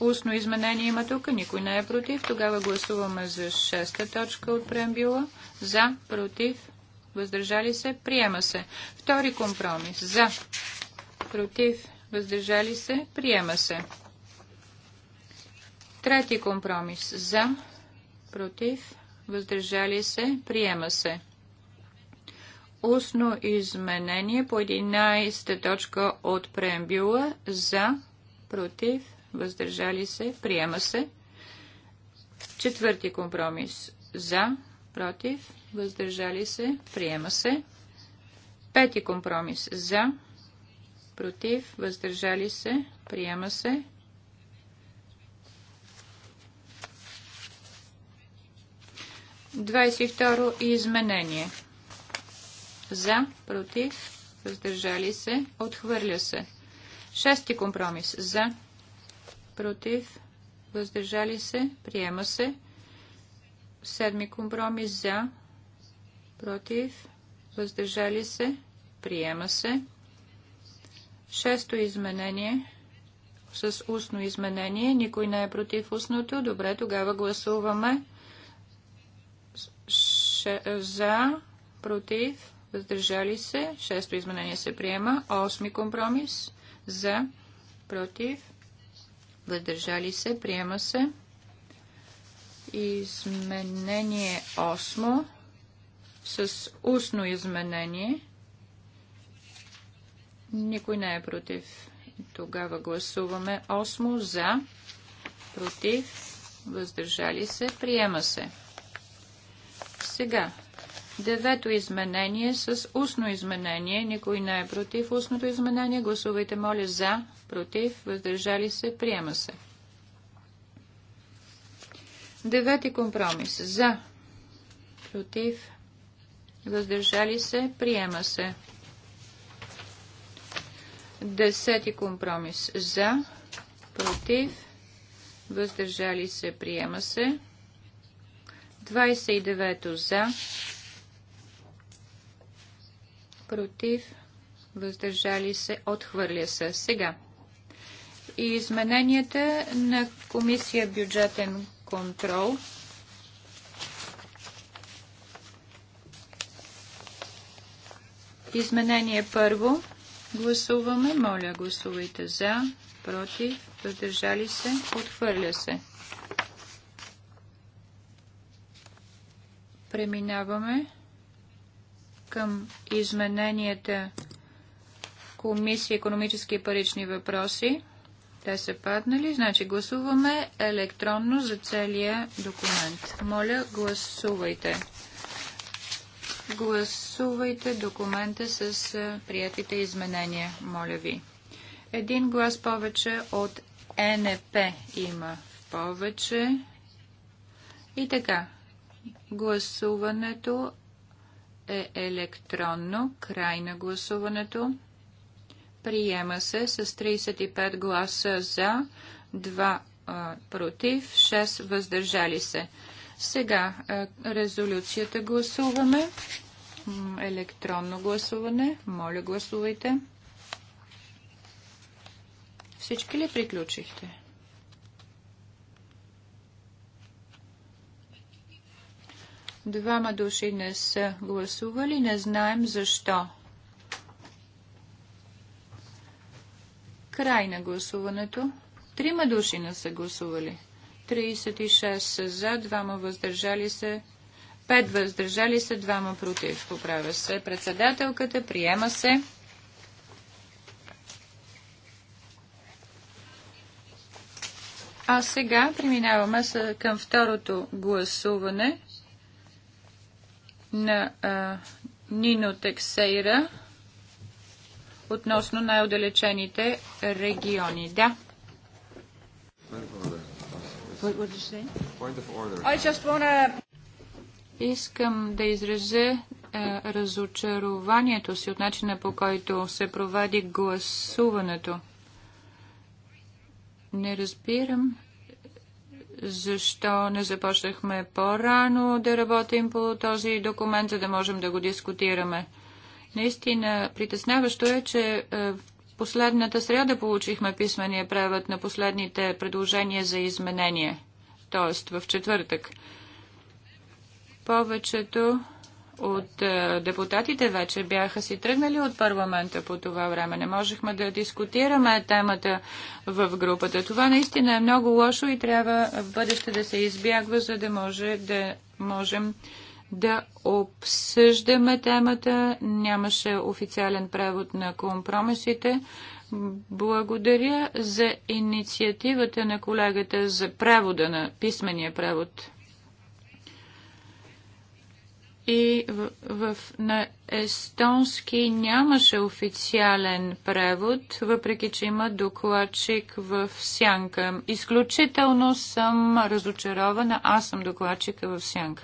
устно изменение има тук, никой не е против. Тогава гласуваме за шеста точка от преамбюла. За, против, въздържали се, приема се. Втори компромис. За, против, въздържали се, приема се. Трети компромис. За, против, въздържали се, приема се устно изменение по 11 точка от преамбюла за, против, въздържали се, приема се. Четвърти компромис за, против, въздържали се, приема се. Пети компромис за, против, въздържали се, приема се. Двадесет второ изменение за, против, въздържали се, отхвърля се. Шести компромис за, против, въздържали се, приема се. Седми компромис за, против, въздържали се, приема се. Шесто изменение с устно изменение. Никой не е против устното. Добре, тогава гласуваме за, против, въздържали се. Шесто изменение се приема. Осми компромис за, против, въздържали се, приема се. Изменение 8 с устно изменение. Никой не е против. Тогава гласуваме 8 за, против, въздържали се, приема се. Сега Девето изменение с устно изменение. Никой не е против устното изменение. Гласувайте, моля, за, против, въздържали се, приема се. Девети компромис. За, против, въздържали се, приема се. Десети компромис. За, против, въздържали се, приема се. 29 за, против, въздържали се, отхвърля се. Сега. И измененията на Комисия бюджетен контрол. Изменение първо. Гласуваме. Моля, гласувайте за, против, въздържали се, отхвърля се. Преминаваме към измененията Комисия економически и парични въпроси. Те са паднали. Значи гласуваме електронно за целия документ. Моля, гласувайте. Гласувайте документа с приятите изменения. Моля ви. Един глас повече от НП има повече. И така, гласуването е електронно. Край на гласуването. Приема се с 35 гласа за, 2 а, против, 6 въздържали се. Сега а, резолюцията гласуваме. Електронно гласуване. Моля, гласувайте. Всички ли приключихте? Двама души не са гласували, не знаем защо. Край на гласуването. Трима души не са гласували. 36 за, двама въздържали се, Пет въздържали се, двама против. Поправя се председателката, приема се. А сега преминаваме към второто гласуване на а, Нино Тексейра относно най-отдалечените региони. Да. Wanna... Искам да изразя е, разочарованието си от начина по който се провади гласуването. Не разбирам защо не започнахме по-рано да работим по този документ, за да можем да го дискутираме. Наистина притесняващо е, че е, в последната среда получихме писмения превод на последните предложения за изменение, т.е. в четвъртък. Повечето от е, депутатите вече бяха си тръгнали от парламента по това време. Не можехме да дискутираме темата в групата. Това наистина е много лошо и трябва в бъдеще да се избягва, за да може да можем да обсъждаме темата. Нямаше официален превод на компромисите. Благодаря за инициативата на колегата за превода на писмения превод и в, в, на естонски нямаше официален превод, въпреки че има докладчик в сянка. Изключително съм разочарована. Аз съм докладчик в сянка.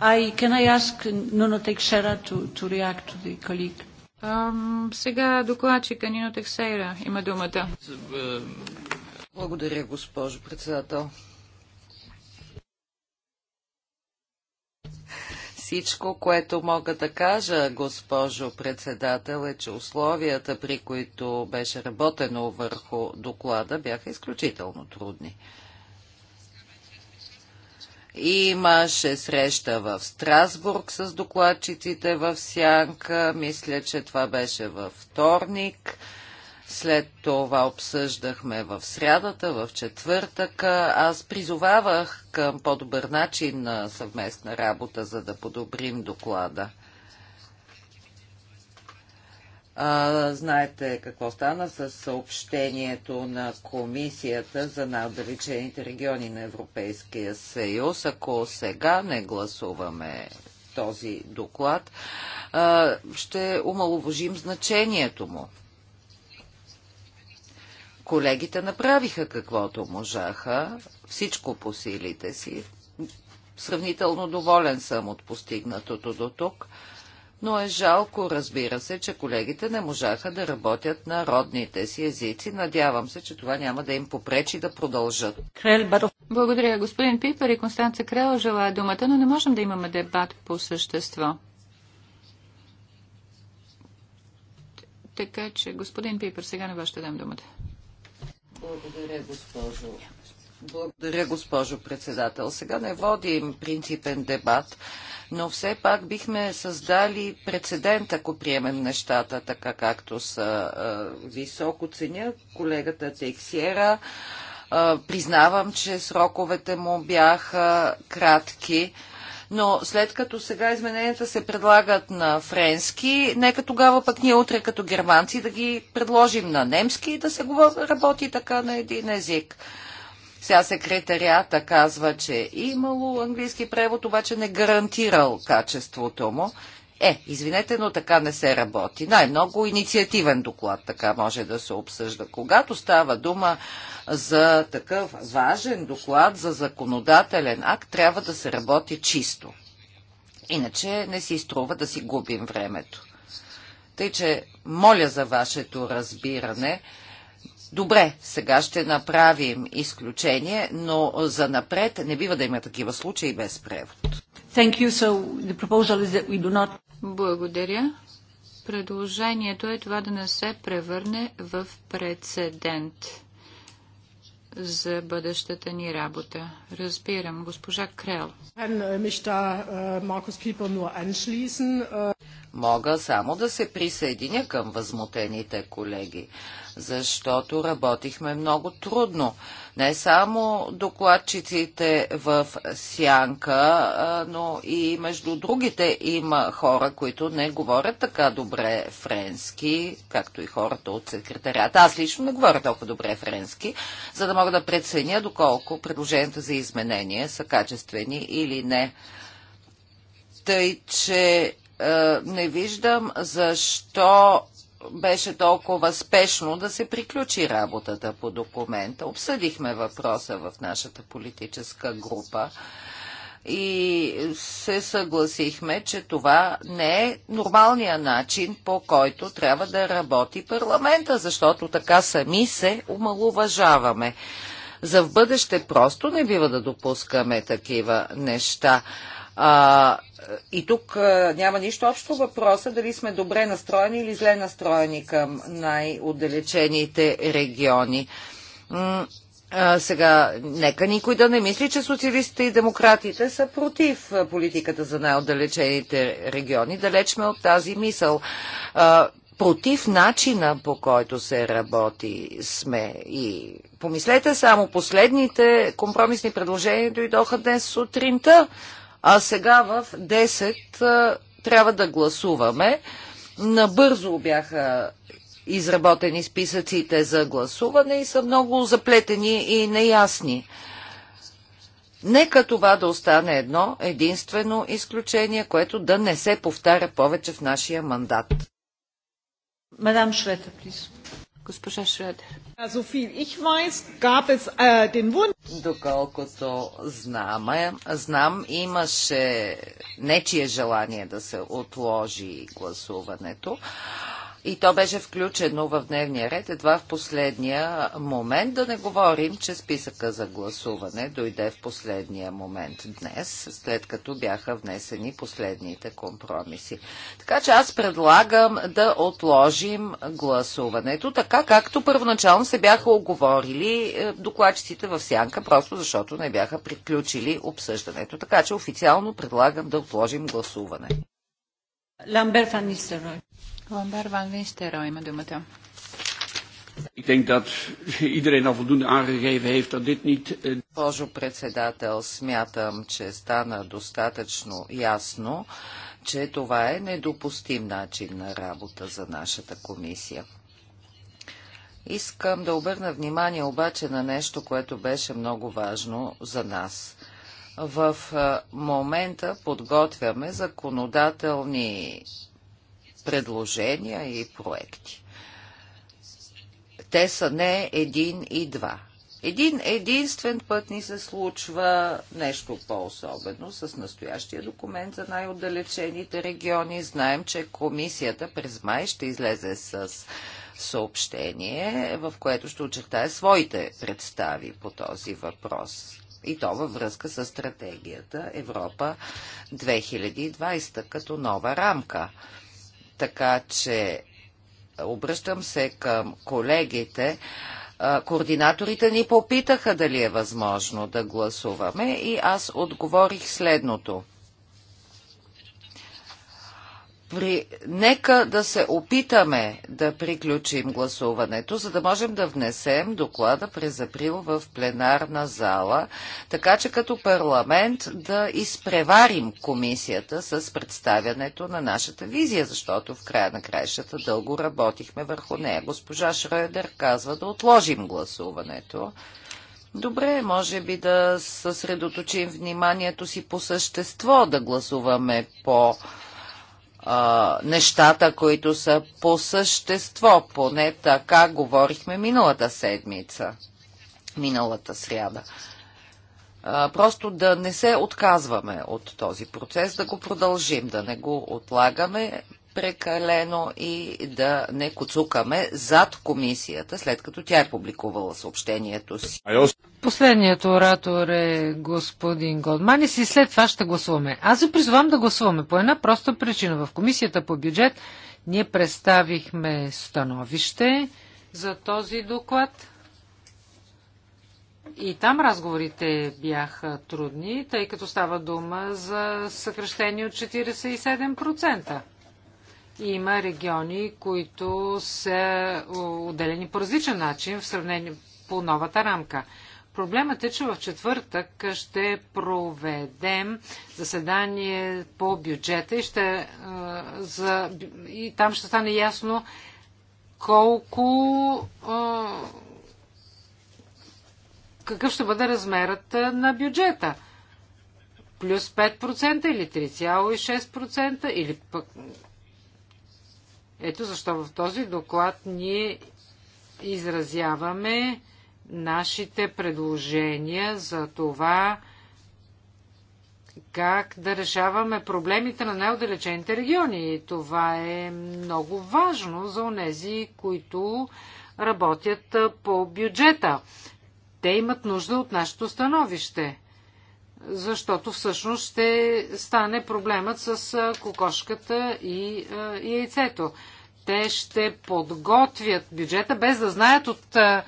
I, can I ask Nuno Teixeira to, to react to the colleague? Um, сега докладчика Нино Тексейра има думата. Благодаря, госпожо председател. Всичко, което мога да кажа, госпожо председател, е, че условията, при които беше работено върху доклада, бяха изключително трудни. Имаше среща в Страсбург с докладчиците в Сянка. Мисля, че това беше във вторник. След това обсъждахме в срядата, в четвъртъка. Аз призовавах към по-добър начин на съвместна работа, за да подобрим доклада. А, знаете какво стана с съобщението на Комисията за най-отдалечените региони на Европейския съюз. Ако сега не гласуваме този доклад, а, ще умаловожим значението му. Колегите направиха каквото можаха, всичко по силите си. Сравнително доволен съм от постигнатото до тук, но е жалко, разбира се, че колегите не можаха да работят на родните си езици. Надявам се, че това няма да им попречи да продължат. Благодаря. Господин Пипер и Констанца Крел желая думата, но не можем да имаме дебат по същество. Така че, господин Пипер, сега не вас ще дам думата. Благодаря, госпожо. Благодаря, госпожо председател. Сега не водим принципен дебат, но все пак бихме създали прецедент, ако приемем нещата така, както са. Високо ценя колегата Тексиера. Признавам, че сроковете му бяха кратки но след като сега измененията се предлагат на френски, нека тогава пък ние утре като германци да ги предложим на немски и да се работи така на един език. Сега секретарията казва, че е имало английски превод, обаче не гарантирал качеството му. Е, извинете, но така не се работи. Най-много инициативен доклад така може да се обсъжда. Когато става дума за такъв важен доклад, за законодателен акт, трябва да се работи чисто. Иначе не си струва да си губим времето. Тъй, че моля за вашето разбиране. Добре, сега ще направим изключение, но за напред не бива да има такива случаи без превод. Thank you. So the proposal is that we do not... Благодаря. Предложението е това да не се превърне в прецедент за бъдещата ни работа. Разбирам, госпожа Крел. Äh, Мога само да се присъединя към възмутените колеги, защото работихме много трудно. Не само докладчиците в Сянка, но и между другите има хора, които не говорят така добре френски, както и хората от секретарията. Аз лично не говоря толкова добре френски, за да мога да преценя доколко предложенията за изменения са качествени или не. Тъй, че е, не виждам защо беше толкова спешно да се приключи работата по документа. Обсъдихме въпроса в нашата политическа група и се съгласихме, че това не е нормалният начин, по който трябва да работи парламента, защото така сами се омалуважаваме. За в бъдеще просто не бива да допускаме такива неща. А, и тук а, няма нищо общо въпроса дали сме добре настроени или зле настроени към най-отдалечените региони. а, сега, нека никой да не мисли, че социалистите и демократите са против политиката за най-отдалечените региони. Далеч сме от тази мисъл. А, против начина по който се работи сме. И помислете само, последните компромисни предложения дойдоха днес сутринта а сега в 10 трябва да гласуваме. Набързо бяха изработени списъците за гласуване и са много заплетени и неясни. Нека това да остане едно единствено изключение, което да не се повтаря повече в нашия мандат. Мадам Шретер, плиз. Госпожа Шредер. Äh, Доколкото знаме, знам, имаше нечие желание да се отложи гласуването. И то беше включено в дневния ред едва в последния момент. Да не говорим, че списъка за гласуване дойде в последния момент днес, след като бяха внесени последните компромиси. Така че аз предлагам да отложим гласуването, така както първоначално се бяха оговорили е, докладчиците в сянка, просто защото не бяха приключили обсъждането. Така че официално предлагам да отложим гласуване. Ламбер Фанистерой. Ламбер Ван Винстеро има думата. Ik denk dat iedereen al voldoende aangegeven heeft dat dit niet... Eh, Госпожо председател, смятам, че стана достатъчно ясно, че това е недопустим начин на работа за нашата комисия. Искам да обърна внимание обаче на нещо, което беше много важно за нас. В момента подготвяме законодателни предложения и проекти. Те са не един и два. Един единствен път ни се случва нещо по-особено с настоящия документ за най-отдалечените региони. Знаем, че комисията през май ще излезе с съобщение, в което ще очертае своите представи по този въпрос. И то във връзка с стратегията Европа 2020 като нова рамка. Така че обръщам се към колегите. Координаторите ни попитаха дали е възможно да гласуваме и аз отговорих следното. При... Нека да се опитаме да приключим гласуването, за да можем да внесем доклада през април в пленарна зала, така че като парламент да изпреварим комисията с представянето на нашата визия, защото в края на краищата дълго работихме върху нея. Госпожа Шройдер казва да отложим гласуването. Добре, може би да съсредоточим вниманието си по същество, да гласуваме по нещата, които са по същество, поне така говорихме миналата седмица, миналата сряда. просто да не се отказваме от този процес, да го продължим, да не го отлагаме прекалено и да не коцукаме зад комисията, след като тя е публикувала съобщението си. Последният оратор е господин Голдманис и след това ще гласуваме. Аз ви призвам да гласуваме по една проста причина. В комисията по бюджет ние представихме становище за този доклад. И там разговорите бяха трудни, тъй като става дума за съкръщение от 47%. Има региони, които са е, отделени по различен начин в сравнение по новата рамка. Проблемът е, че в четвъртък ще проведем заседание по бюджета и, ще, е, за, и там ще стане ясно колко е, какъв ще бъде размерът на бюджета. Плюс 5% или 3,6% или пък ето защо в този доклад ние изразяваме нашите предложения за това как да решаваме проблемите на най-отдалечените региони. Това е много важно за онези, които работят по бюджета. Те имат нужда от нашето становище, защото всъщност ще стане проблемът с кокошката и, и яйцето те ще подготвят бюджета, без да знаят от а,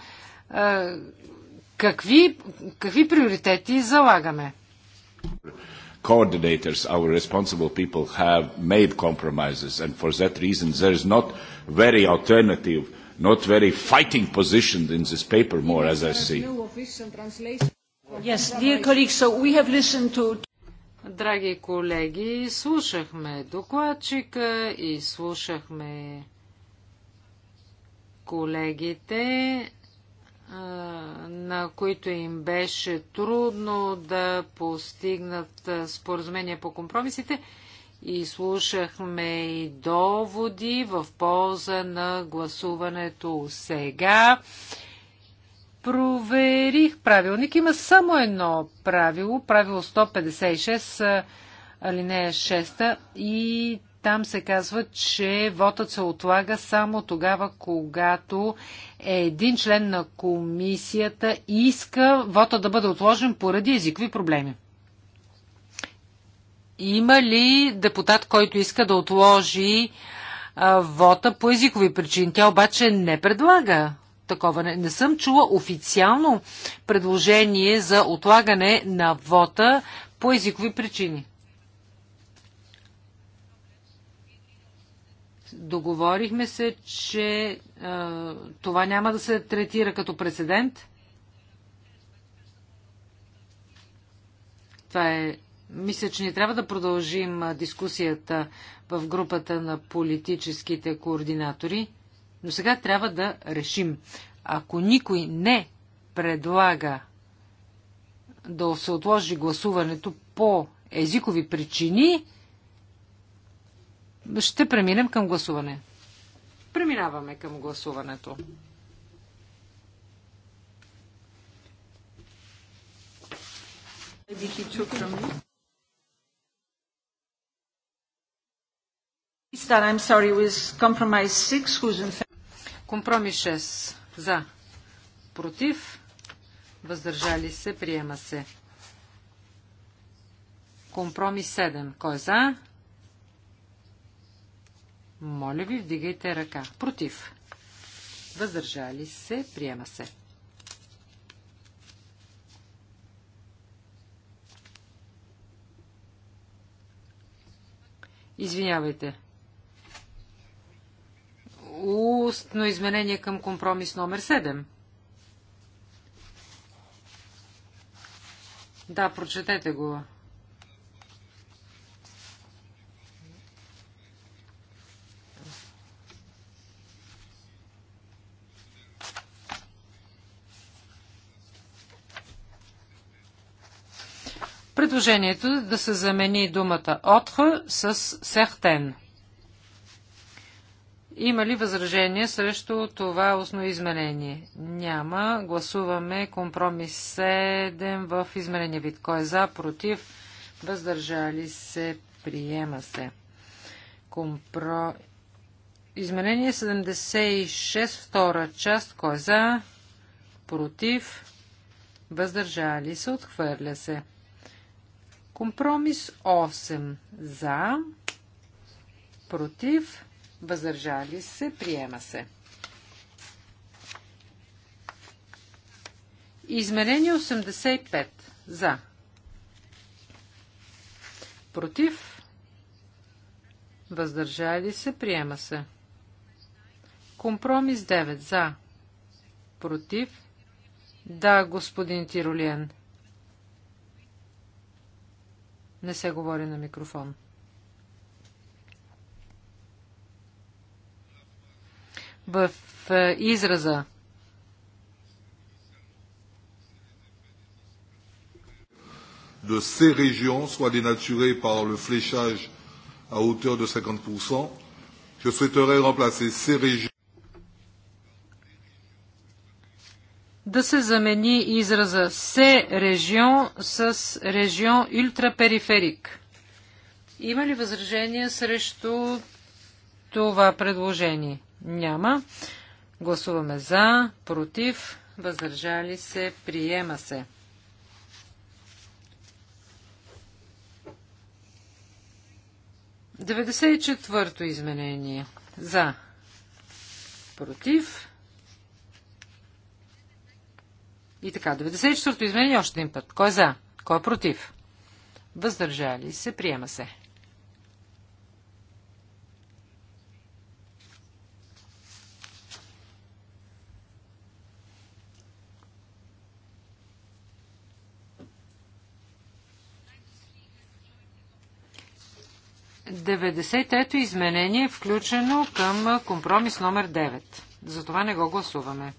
а, какви, какви приоритети залагаме. Coordinators, our responsible people, have made compromises, and for that reason, there is not very alternative, not very fighting position in this paper, more as I see. Yes, dear colleagues, so we have listened to Драги колеги, слушахме докладчика и слушахме колегите, на които им беше трудно да постигнат споразумение по компромисите и слушахме и доводи в полза на гласуването сега проверих правилник. Има само едно правило, правило 156, алинея 6, и там се казва, че вотът се отлага само тогава, когато един член на комисията иска вота да бъде отложен поради езикови проблеми. Има ли депутат, който иска да отложи а, вота по езикови причини? Тя обаче не предлага такова. Не, не съм чула официално предложение за отлагане на вота по езикови причини. Договорихме се, че а, това няма да се третира като прецедент. Това е. Мисля, че ни трябва да продължим дискусията в групата на политическите координатори. Но сега трябва да решим. Ако никой не предлага да се отложи гласуването по езикови причини, ще преминем към гласуване. Преминаваме към гласуването. Did he Компромис 6. За. Против. Въздържали се. Приема се. Компромис 7. Кой е за? Моля ви, вдигайте ръка. Против. Въздържали се. Приема се. Извинявайте устно изменение към компромис номер 7. Да, прочетете го. Предложението да се замени думата отха с сехтен. Има ли възражение срещу това устно изменение? Няма. Гласуваме компромис 7 в изменение вид. Кой е за, против, въздържали се, приема се. Компро... Изменение 76, втора част. Кой е за, против, въздържали се, отхвърля се. Компромис 8 за, против, въздържали се, приема се. Измерение 85. За. Против. Въздържали се. Приема се. Компромис 9. За. Против. Да, господин Тиролиен. Не се говори на микрофон. в е, израза de ces régions soit dénaturée par le fléchage à hauteur de 50%. Je souhaiterais remplacer ces régions. Да се замени израза се регион с регион ултрапериферик. Има ли възражение срещу това предложение? Няма. Гласуваме за, против, въздържали се, приема се. Деведесет и четвърто изменение. За. Против. И така, 94-то изменение още един път. Кой е за? Кой е против? Въздържали се, приема се. 90 то изменение е включено към компромис номер 9. Затова не го гласуваме.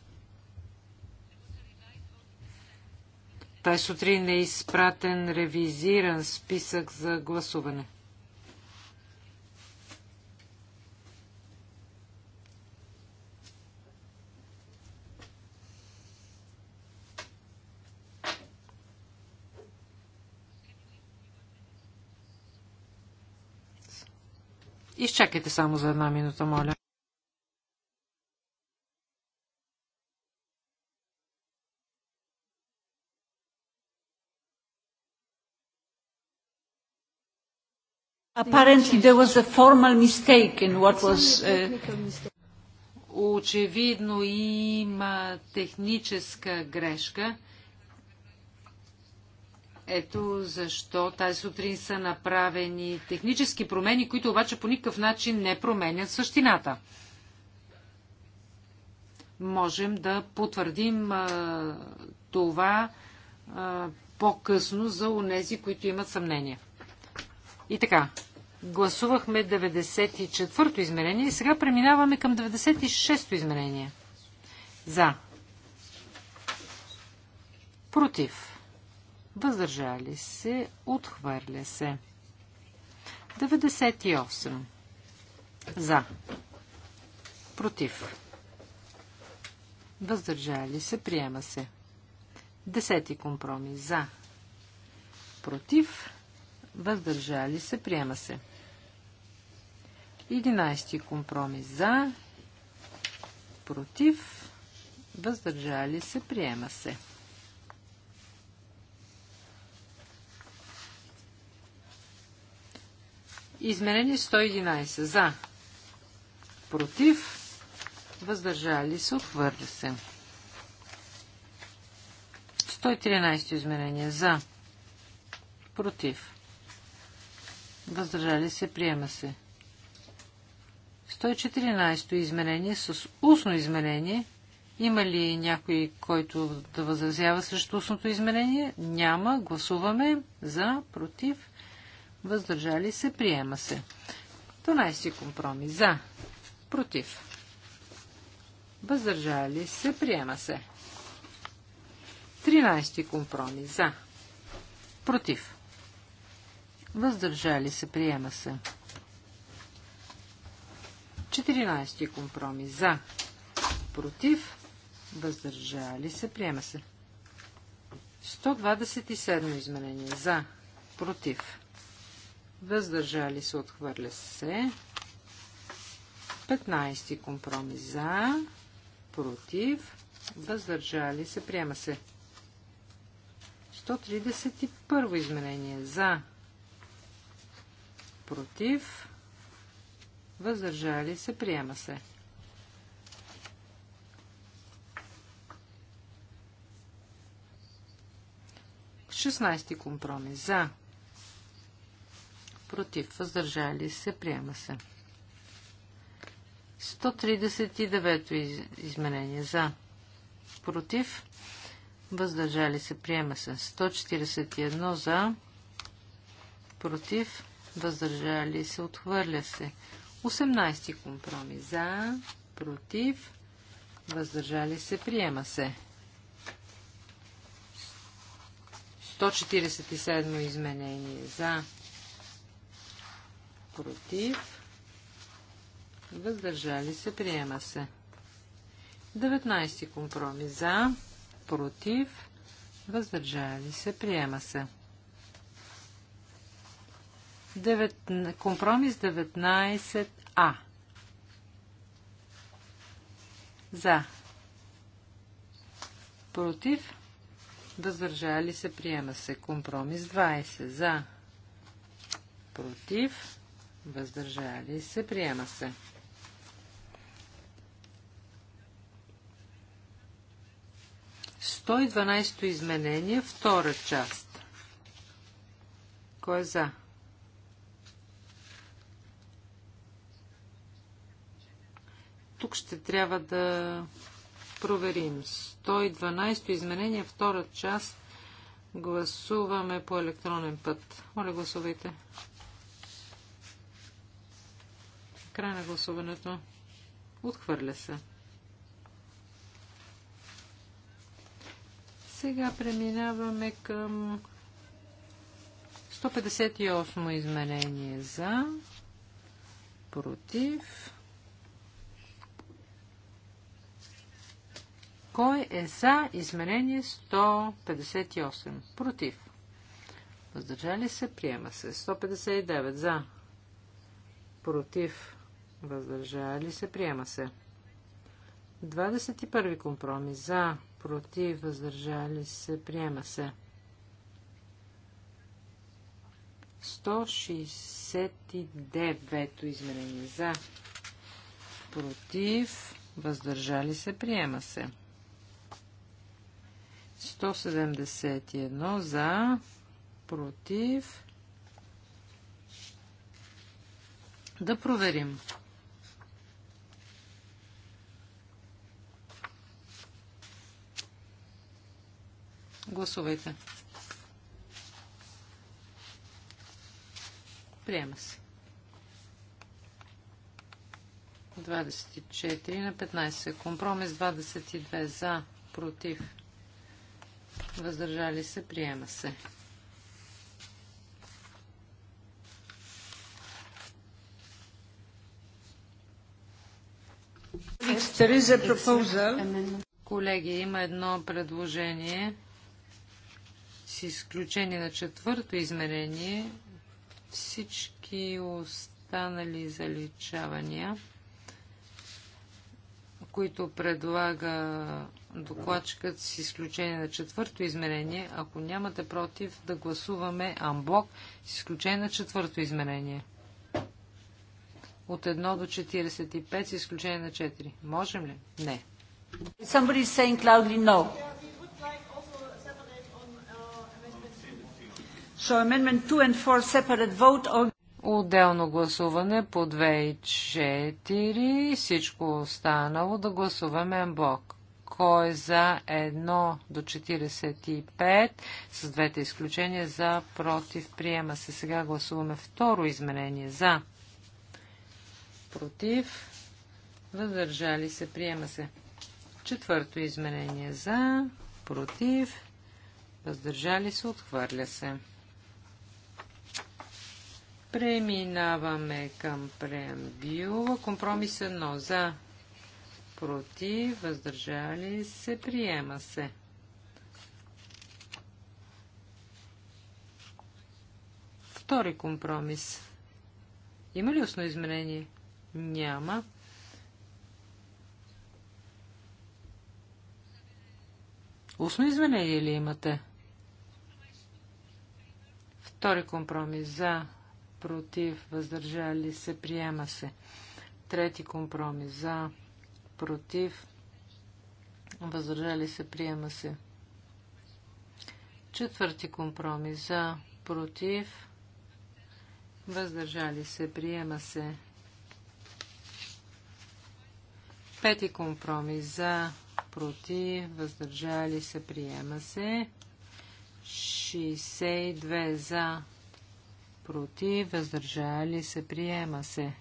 Тази сутрин е изпратен ревизиран списък за гласуване. Изчакайте само за една минута, моля. Apparently there was a formal mistake in what was uh... Очевидно има техническа грешка. Uh... Ето защо тази сутрин са направени технически промени, които обаче по никакъв начин не променят същината. Можем да потвърдим а, това по-късно за онези, които имат съмнение. И така, гласувахме 94-то измерение и сега преминаваме към 96-то измерение. За. Против въздържали се, отхвърля се. 98. За. Против. Въздържали се, приема се. Десети компромис. За. Против. Въздържали се, приема се. Единайсти компромис. За. Против. Въздържали се, приема се. Изменение 111. За. Против. Въздържали се. отвърля се. 113 изменение. За. Против. Въздържали се. Приема се. 114 изменение с устно изменение. Има ли някой, който да възразява срещу устното изменение? Няма. Гласуваме за, против, въздържали се, приема се. 12 компромис за, против, въздържали се, приема се. 13 компромис за, против, въздържали се, приема се. 14 компромис за, против, въздържали се, приема се. 127 изменение за, против, въздържали се, отхвърля се. 15 компромис за, против, въздържали се, приема се. 131 изменение за, против, въздържали се, приема се. Шестнайсти компромис за, против, въздържали се, приема се. 139 изменение за, против, въздържали се, приема се. 141 за, против, въздържали се, отхвърля се. 18 компромис за, против, въздържали се, приема се. 147 изменение за, против, въздържали се, приема се. 19 компромис за, против, въздържали се, приема се. 9, компромис 19А. За. Против. Въздържали се. Приема се. Компромис 20. За. Против въздържали се, приема се. Сто и дванайсто изменение, втора част. Кой е за? Тук ще трябва да проверим. 112 изменение, втора част. Гласуваме по електронен път. Моля, гласувайте. Гласувайте. Край на гласуването. Отхвърля се. Сега преминаваме към 158 изменение за, против. Кой е за изменение 158? Против. Въздържали се, приема се. 159 за, против въздържали се, приема се. 21 компромис за, против, въздържали се, приема се. 169 изменение за, против, въздържали се, приема се. 171 за, против. Да проверим. Гласувайте. Приема се. 24 на 15. Компромис 22 за, против, въздържали се, приема се. Колеги, има едно предложение с изключение на четвърто измерение, всички останали заличавания, които предлага докладчикът с изключение на четвърто измерение, ако нямате против да гласуваме амблок с изключение на четвърто измерение. От 1 до 45 с изключение на 4. Можем ли? Не. Somebody is saying loudly no. So Отделно гласуване по 2 и 4. Всичко останало да гласуваме блок. Кой е за 1 до 45 с двете изключения за против приема се. Сега гласуваме второ изменение за против въздържали се приема се. Четвърто изменение за против въздържали се отхвърля се. Преминаваме към преамбюла. Компромис но за, против, въздържали се, приема се. Втори компромис. Има ли устно изменение? Няма. Устно изменение ли имате? Втори компромис за, против, въздържали се, приема се. Трети компромис за, против, въздържали се, приема се. Четвърти компромис за, против, въздържали се, приема се. Пети компромис за, против, въздържали се, приема се. 62 за, против, въздържали се, приема се.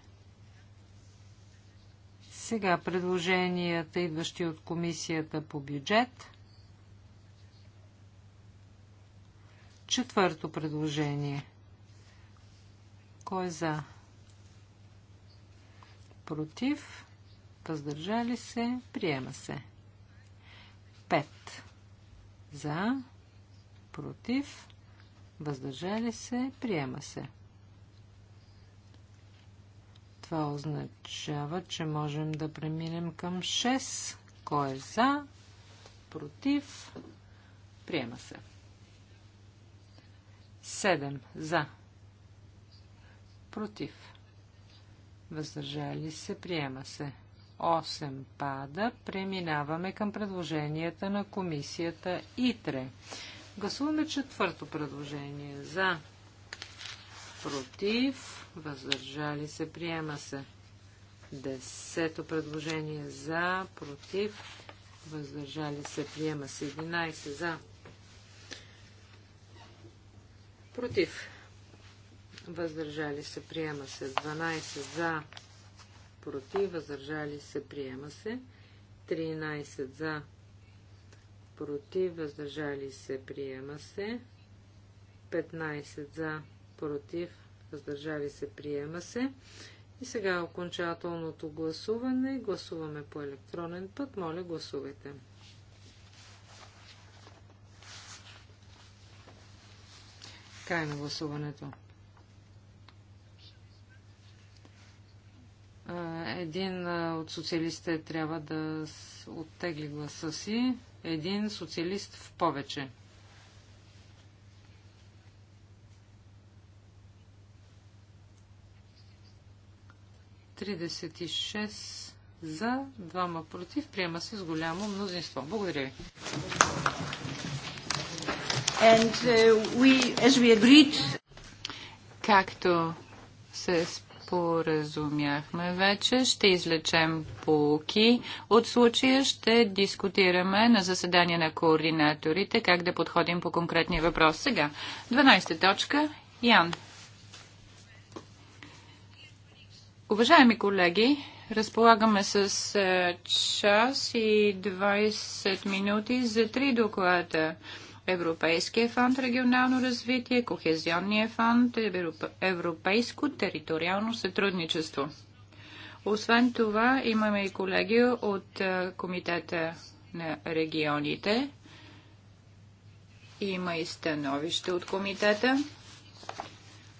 Сега предложенията, идващи от комисията по бюджет. Четвърто предложение. Кой е за? Против, въздържали се, приема се. Пет. За, против, въздържали се, приема се. Това означава, че можем да преминем към 6. Кой е за? Против? Приема се. 7. За. Против. Въздържали се. Приема се. 8 пада. Преминаваме към предложенията на комисията ИТРЕ. Гласуваме четвърто предложение. За. Против. Въздържали се. Приема се. Десето предложение. За. Против. Въздържали се. Приема се. 11. За. Против. Въздържали се. Приема се. 12. За. Против. Въздържали се. Приема се. 13. За против, въздържали се, приема се. 15 за, против, въздържали се, приема се. И сега окончателното гласуване. Гласуваме по електронен път. Моля, гласувайте. Край на гласуването. Е, един е, от социалистите трябва да оттегли гласа си един социалист в повече. Тридесет и шест за, двама против. Приема се с голямо мнозинство. Благодаря ви. And, uh, we, as we agreed... Както се споразумяхме вече. Ще излечем полки от случая. Ще дискутираме на заседание на координаторите как да подходим по конкретния въпрос сега. 12 точка. Ян. Уважаеми колеги, разполагаме с е, час и 20 минути за три доклада. Европейския фонд регионално развитие, Кохезионния фонд, Европейско териториално сътрудничество. Освен това, имаме и колеги от Комитета на регионите. Има и становище от комитета.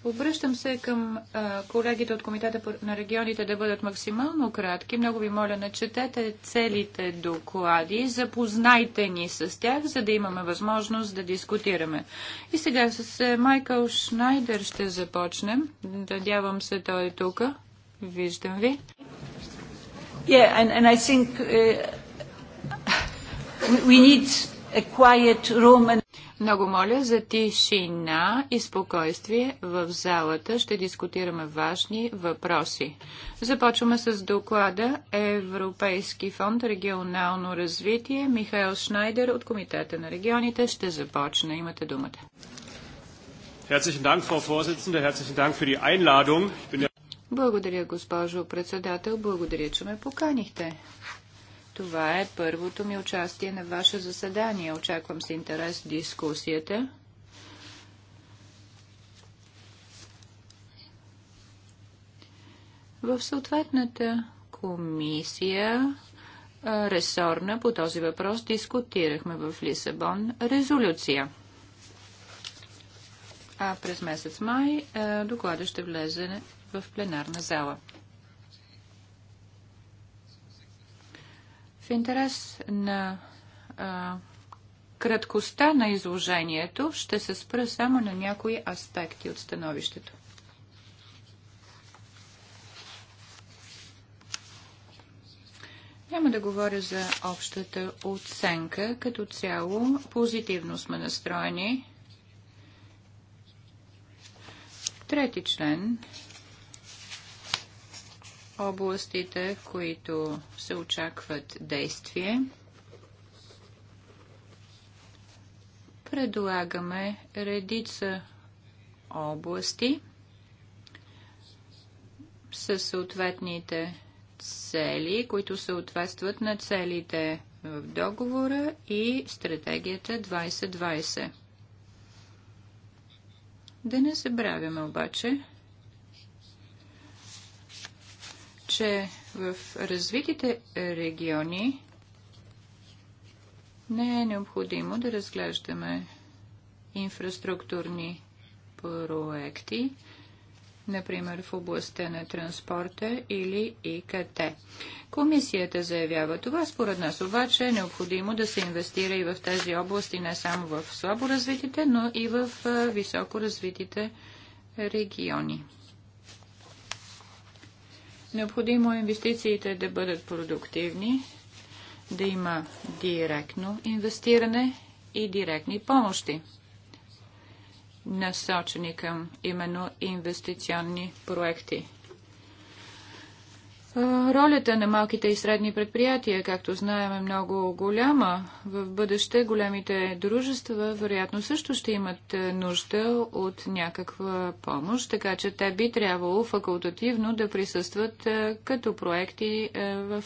Обръщам се към а, колегите от Комитета на регионите да бъдат максимално кратки. Много ви моля, начетете целите доклади, запознайте ни с тях, за да имаме възможност да дискутираме. И сега с Майкъл Шнайдер ще започнем. Надявам се, той е тук. Виждам ви. Yeah, and, and I think uh, we need a quiet room and... Много моля за тишина и спокойствие в залата. Ще дискутираме важни въпроси. Започваме с доклада Европейски фонд регионално развитие. Михаил Шнайдер от Комитета на регионите ще започне. Имате думата. Herzlichen Dank, Frau Vorsitzende. Herzlichen Dank für die Einladung. Ich bin Благодаря, госпожо председател. Благодаря, че ме поканихте. Това е първото ми участие на ваше заседание. Очаквам с интерес дискусията. В съответната комисия ресорна по този въпрос дискутирахме в Лисабон резолюция. А през месец май доклада ще влезе в пленарна зала. В интерес на а, краткостта на изложението ще се спра само на някои аспекти от становището. Няма да говоря за общата оценка. Като цяло позитивно сме настроени. Трети член областите, в които се очакват действие. Предлагаме редица области със съответните цели, които съответстват на целите в договора и стратегията 2020. Да не забравяме обаче, че в развитите региони не е необходимо да разглеждаме инфраструктурни проекти, например в областта на транспорта или ИКТ. Комисията заявява това. Според нас обаче е необходимо да се инвестира и в тези области, не само в слабо развитите, но и в високо развитите региони. Необходимо е инвестициите да бъдат продуктивни, да има директно инвестиране и директни помощи, насочени към именно инвестиционни проекти. Ролята на малките и средни предприятия, както знаем, е много голяма. В бъдеще големите дружества вероятно също ще имат е, нужда от някаква помощ, така че те би трябвало факултативно да присъстват е, като проекти е, в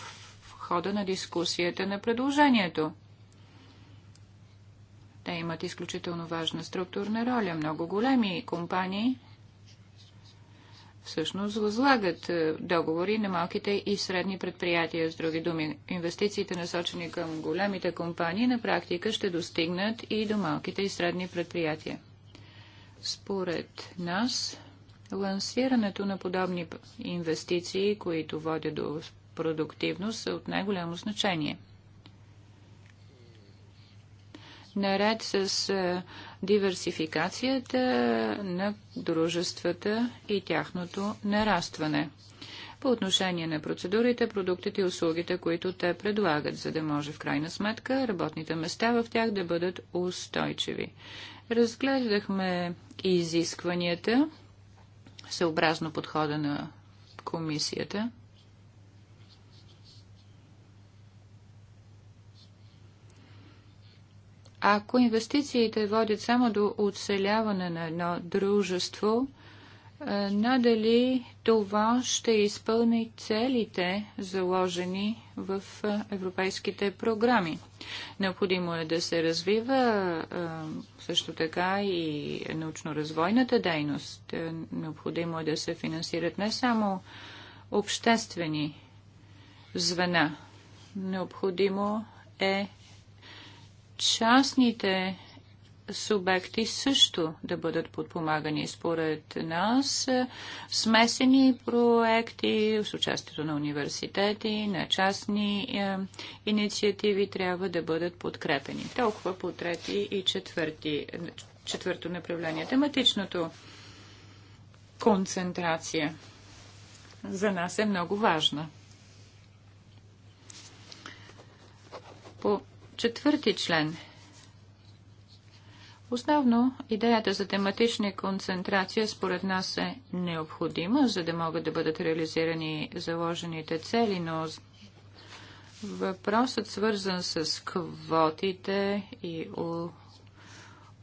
хода на дискусията на предложението. Те имат изключително важна структурна роля. Много големи компании – всъщност възлагат е, договори на малките и средни предприятия. С други думи, инвестициите насочени към големите компании на практика ще достигнат и до малките и средни предприятия. Според нас, лансирането на подобни инвестиции, които водят до продуктивност, са от най-голямо значение – наред с диверсификацията на дружествата и тяхното нарастване по отношение на процедурите, продуктите и услугите, които те предлагат, за да може в крайна сметка работните места в тях да бъдат устойчиви. Разгледахме изискванията съобразно подхода на комисията Ако инвестициите водят само до оцеляване на едно дружество, е, надали това ще изпълни целите, заложени в е, европейските програми. Необходимо е да се развива е, също така и научно-развойната дейност. Необходимо е да се финансират не само обществени звена. Необходимо е частните субекти също да бъдат подпомагани. Според нас е, смесени проекти с участието на университети, на частни е, инициативи трябва да бъдат подкрепени. Толкова по трети и четвърти, четвърто направление. Тематичното концентрация за нас е много важна. По Четвърти член. Основно идеята за тематична концентрация според нас е необходима, за да могат да бъдат реализирани заложените цели, но въпросът свързан с квотите и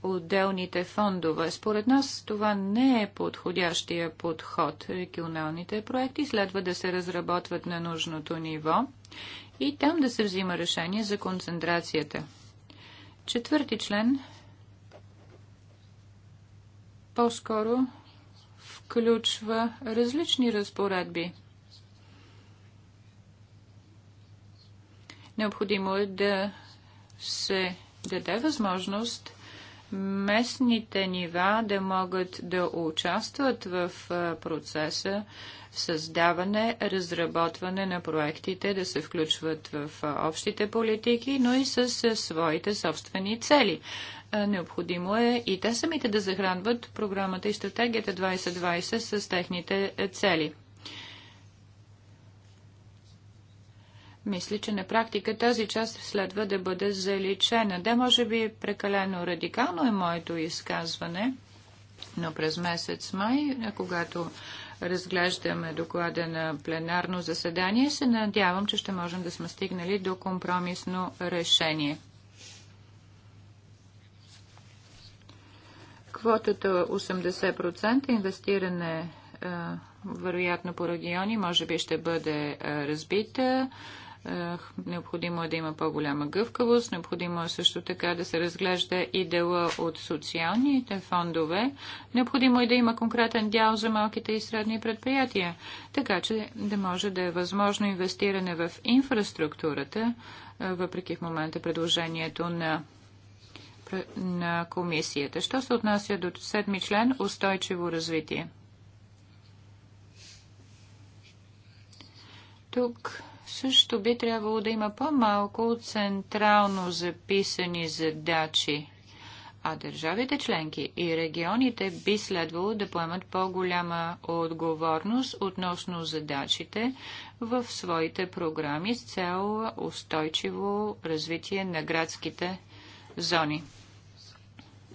отделните фондове. Според нас това не е подходящия подход. Регионалните проекти следва да се разработват на нужното ниво и там да се взима решение за концентрацията. Четвърти член по-скоро включва различни разпоредби. Необходимо е да се даде възможност местните нива да могат да участват в процеса създаване, разработване на проектите, да се включват в общите политики, но и с своите собствени цели. Необходимо е и те самите да захранват програмата и стратегията 2020 с техните цели. Мисля, че на практика тази част следва да бъде заличена. Да, може би прекалено радикално е моето изказване, но през месец май, когато разглеждаме доклада на пленарно заседание и се надявам, че ще можем да сме стигнали до компромисно решение. Квотата 80% инвестиране вероятно по региони, може би ще бъде разбита. Е, необходимо е да има по-голяма гъвкавост, необходимо е също така да се разглежда и дела от социалните фондове, необходимо е да има конкретен дял за малките и средни предприятия, така че да може да е възможно инвестиране в инфраструктурата, е, въпреки в момента предложението на на комисията. Що се отнася до седми член устойчиво развитие? Тук също би трябвало да има по-малко централно записани задачи, а държавите членки и регионите би следвало да поемат по-голяма отговорност относно задачите в своите програми с цел устойчиво развитие на градските зони.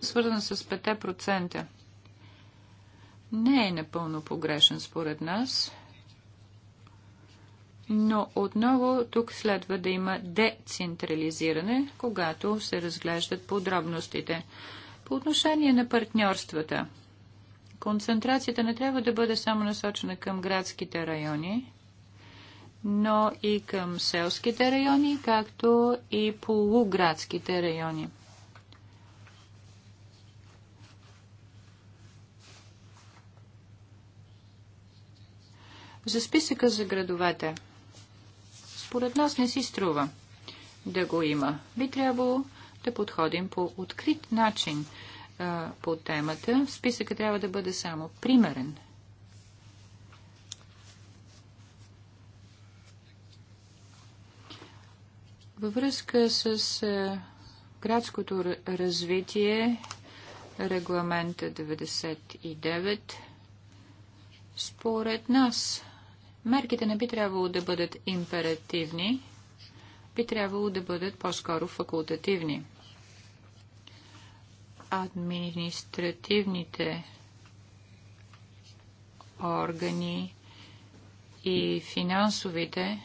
Свързан с 5%. Не е напълно погрешен според нас – но отново тук следва да има децентрализиране, когато се разглеждат подробностите. По отношение на партньорствата, концентрацията не трябва да бъде само насочена към градските райони, но и към селските райони, както и полуградските райони. За списъка за градовете – според нас не си струва да го има. Би трябвало да подходим по открит начин а, по темата. Списъка трябва да бъде само примерен. Във връзка с а, градското развитие, регламента 99, според нас Мерките не би трябвало да бъдат императивни, би трябвало да бъдат по-скоро факултативни. Административните органи и финансовите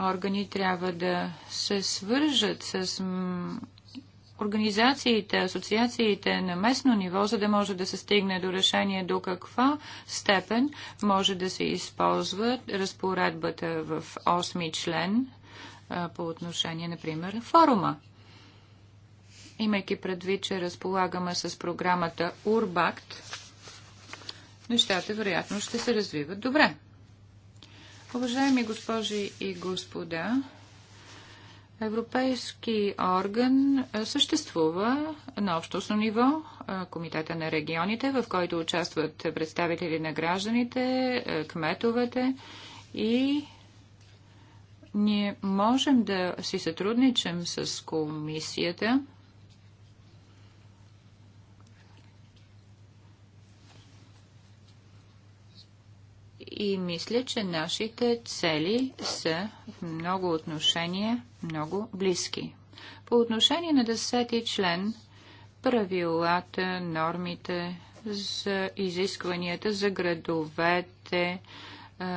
органи трябва да се свържат с организациите, асоциациите на местно ниво, за да може да се стигне до решение до каква степен може да се използва разпоредбата в 8 член по отношение, например, форума. Имайки предвид, че разполагаме с програмата Урбакт, нещата вероятно ще се развиват добре. Уважаеми госпожи и господа, Европейски орган съществува на общостно ниво, Комитета на регионите, в който участват представители на гражданите, кметовете и ние можем да си сътрудничим с комисията и мисля, че нашите цели са в много отношения много близки. По отношение на 10 член, правилата, нормите за изискванията за градовете,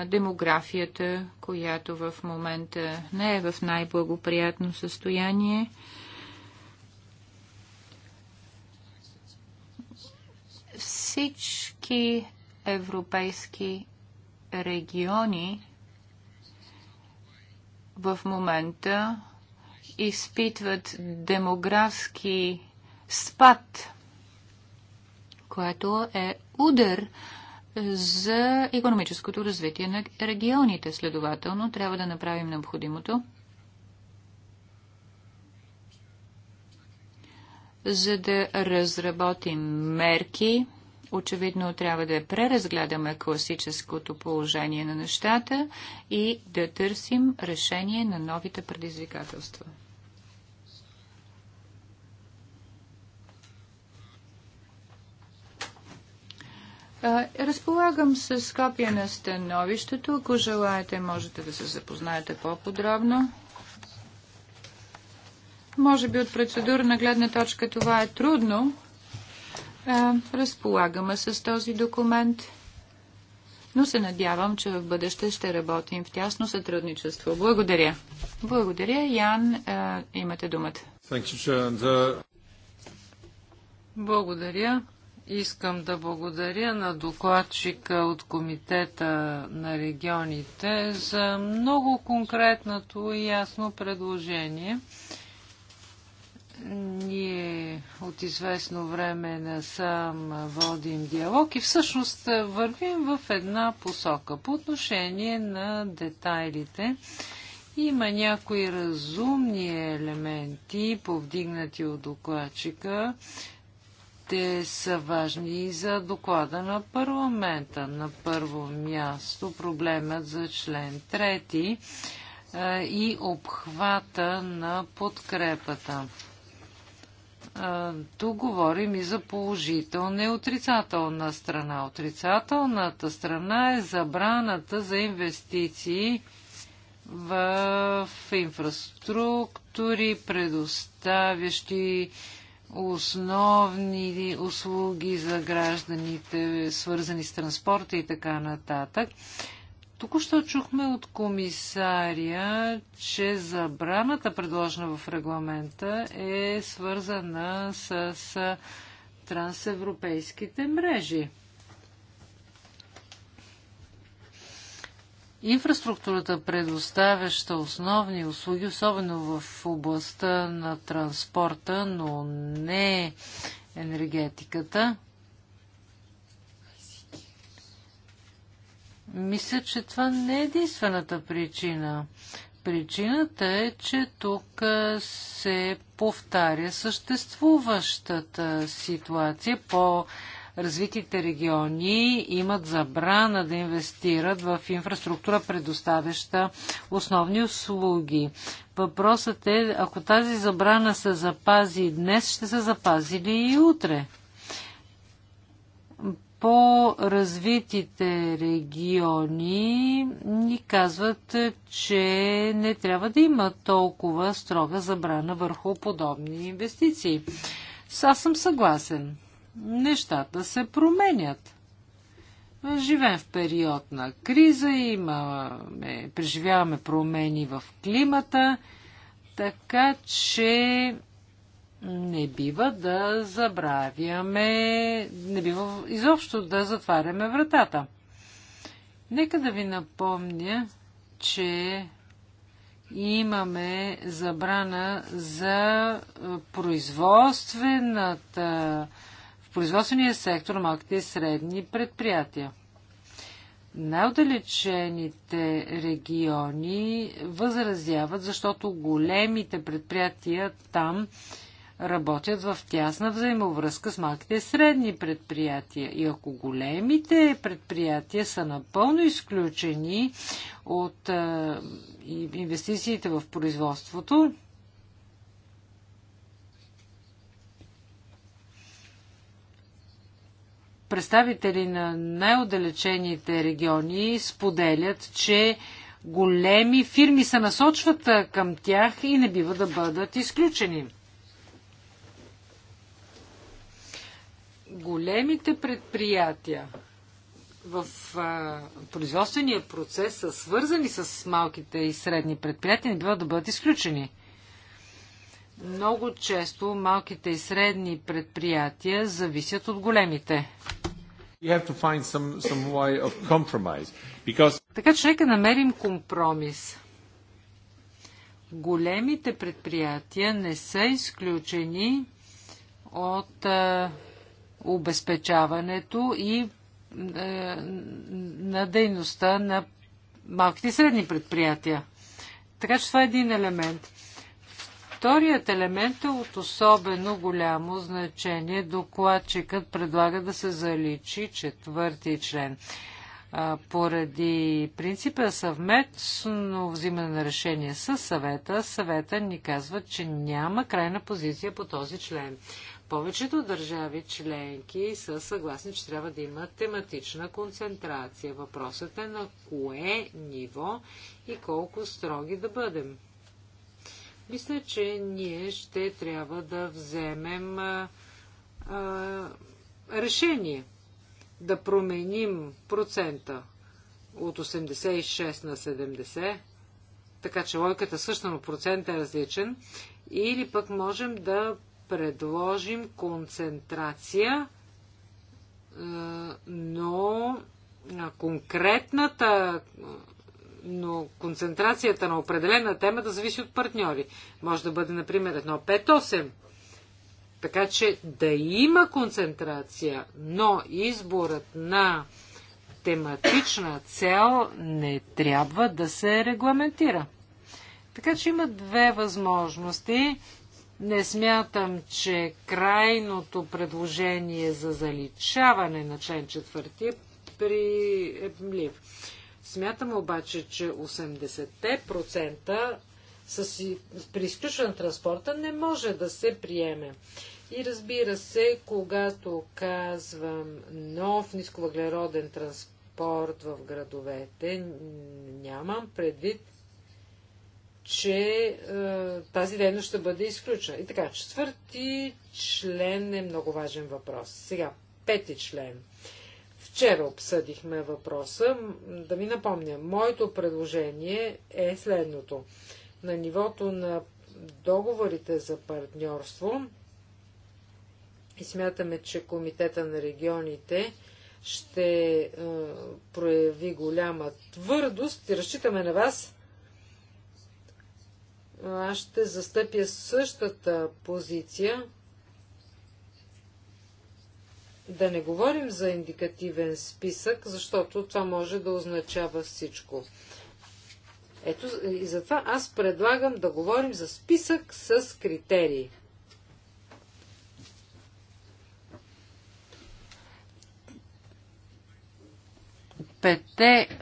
демографията, която в момента не е в най-благоприятно състояние. Всички европейски региони в момента изпитват демографски спад, което е удар за економическото развитие на регионите. Следователно, трябва да направим необходимото, за да разработим мерки, Очевидно трябва да преразгледаме класическото положение на нещата и да търсим решение на новите предизвикателства. Разполагам с копия на становището. Ако желаете, можете да се запознаете по-подробно. Може би от процедурна гледна точка това е трудно, разполагаме с този документ, но се надявам, че в бъдеще ще работим в тясно сътрудничество. Благодаря. Благодаря. Ян, имате думата. Uh, благодаря. Искам да благодаря на докладчика от Комитета на регионите за много конкретното и ясно предложение. Ние от известно време насам водим диалог и всъщност вървим в една посока. По отношение на детайлите има някои разумни елементи, повдигнати от докладчика, те са важни и за доклада на парламента. На първо място проблемът за член 3 и обхвата на подкрепата тук говорим и за положителна и отрицателна страна. Отрицателната страна е забраната за инвестиции в инфраструктури, предоставящи основни услуги за гражданите, свързани с транспорта и така нататък. Току-що чухме от комисария, че забраната, предложена в регламента, е свързана с трансевропейските мрежи. Инфраструктурата, предоставяща основни услуги, особено в областта на транспорта, но не енергетиката, Мисля, че това не е единствената причина. Причината е, че тук се повтаря съществуващата ситуация по развитите региони имат забрана да инвестират в инфраструктура, предоставяща основни услуги. Въпросът е, ако тази забрана се запази днес, ще се запази ли и утре? по-развитите региони ни казват, че не трябва да има толкова строга забрана върху подобни инвестиции. Аз съм съгласен. Нещата се променят. Живеем в период на криза, имаме, преживяваме промени в климата, така че не бива да забравяме, не бива изобщо да затваряме вратата. Нека да ви напомня, че имаме забрана за производствената, в производствения сектор малките и средни предприятия. Най-отдалечените региони възразяват, защото големите предприятия там работят в тясна взаимовръзка с малките и средни предприятия. И ако големите предприятия са напълно изключени от а, инвестициите в производството, представители на най-отдалечените региони споделят, че големи фирми се насочват към тях и не бива да бъдат изключени. големите предприятия в а, производствения процес са свързани с малките и средни предприятия, не бива да бъдат изключени. Много често малките и средни предприятия зависят от големите. Така че нека намерим компромис. Големите предприятия не са изключени от а, обезпечаването и е, на дейността на малките и средни предприятия. Така че това е един елемент. Вторият елемент е от особено голямо значение. Докладчикът предлага да се заличи четвърти член. А, поради принципа съвместно взимане на решение с съвета, съвета ни казва, че няма крайна позиция по този член. Повечето държави членки са съгласни, че трябва да има тематична концентрация. Въпросът е на кое ниво и колко строги да бъдем. Мисля, че ние ще трябва да вземем а, а, решение да променим процента от 86 на 70, така че лойката също на процент е различен, или пък можем да предложим концентрация, но конкретната но концентрацията на определена тема да зависи от партньори. Може да бъде, например, едно 5-8. Така че да има концентрация, но изборът на тематична цел не трябва да се регламентира. Така че има две възможности. Не смятам, че крайното предложение за заличаване на член 4 при е Лив. Смятам обаче, че 80% с, при изключване транспорта не може да се приеме. И разбира се, когато казвам нов нисковъглероден транспорт в градовете, нямам предвид че а, е, тази дейност ще бъде изключена. И така, четвърти член е много важен въпрос. Сега, пети член. Вчера обсъдихме въпроса. Да ви напомня, моето предложение е следното. На нивото на договорите за партньорство и смятаме, че Комитета на регионите ще е, прояви голяма твърдост и разчитаме на вас аз ще застъпя същата позиция. Да не говорим за индикативен списък, защото това може да означава всичко. Ето и затова аз предлагам да говорим за списък с критерии. Петте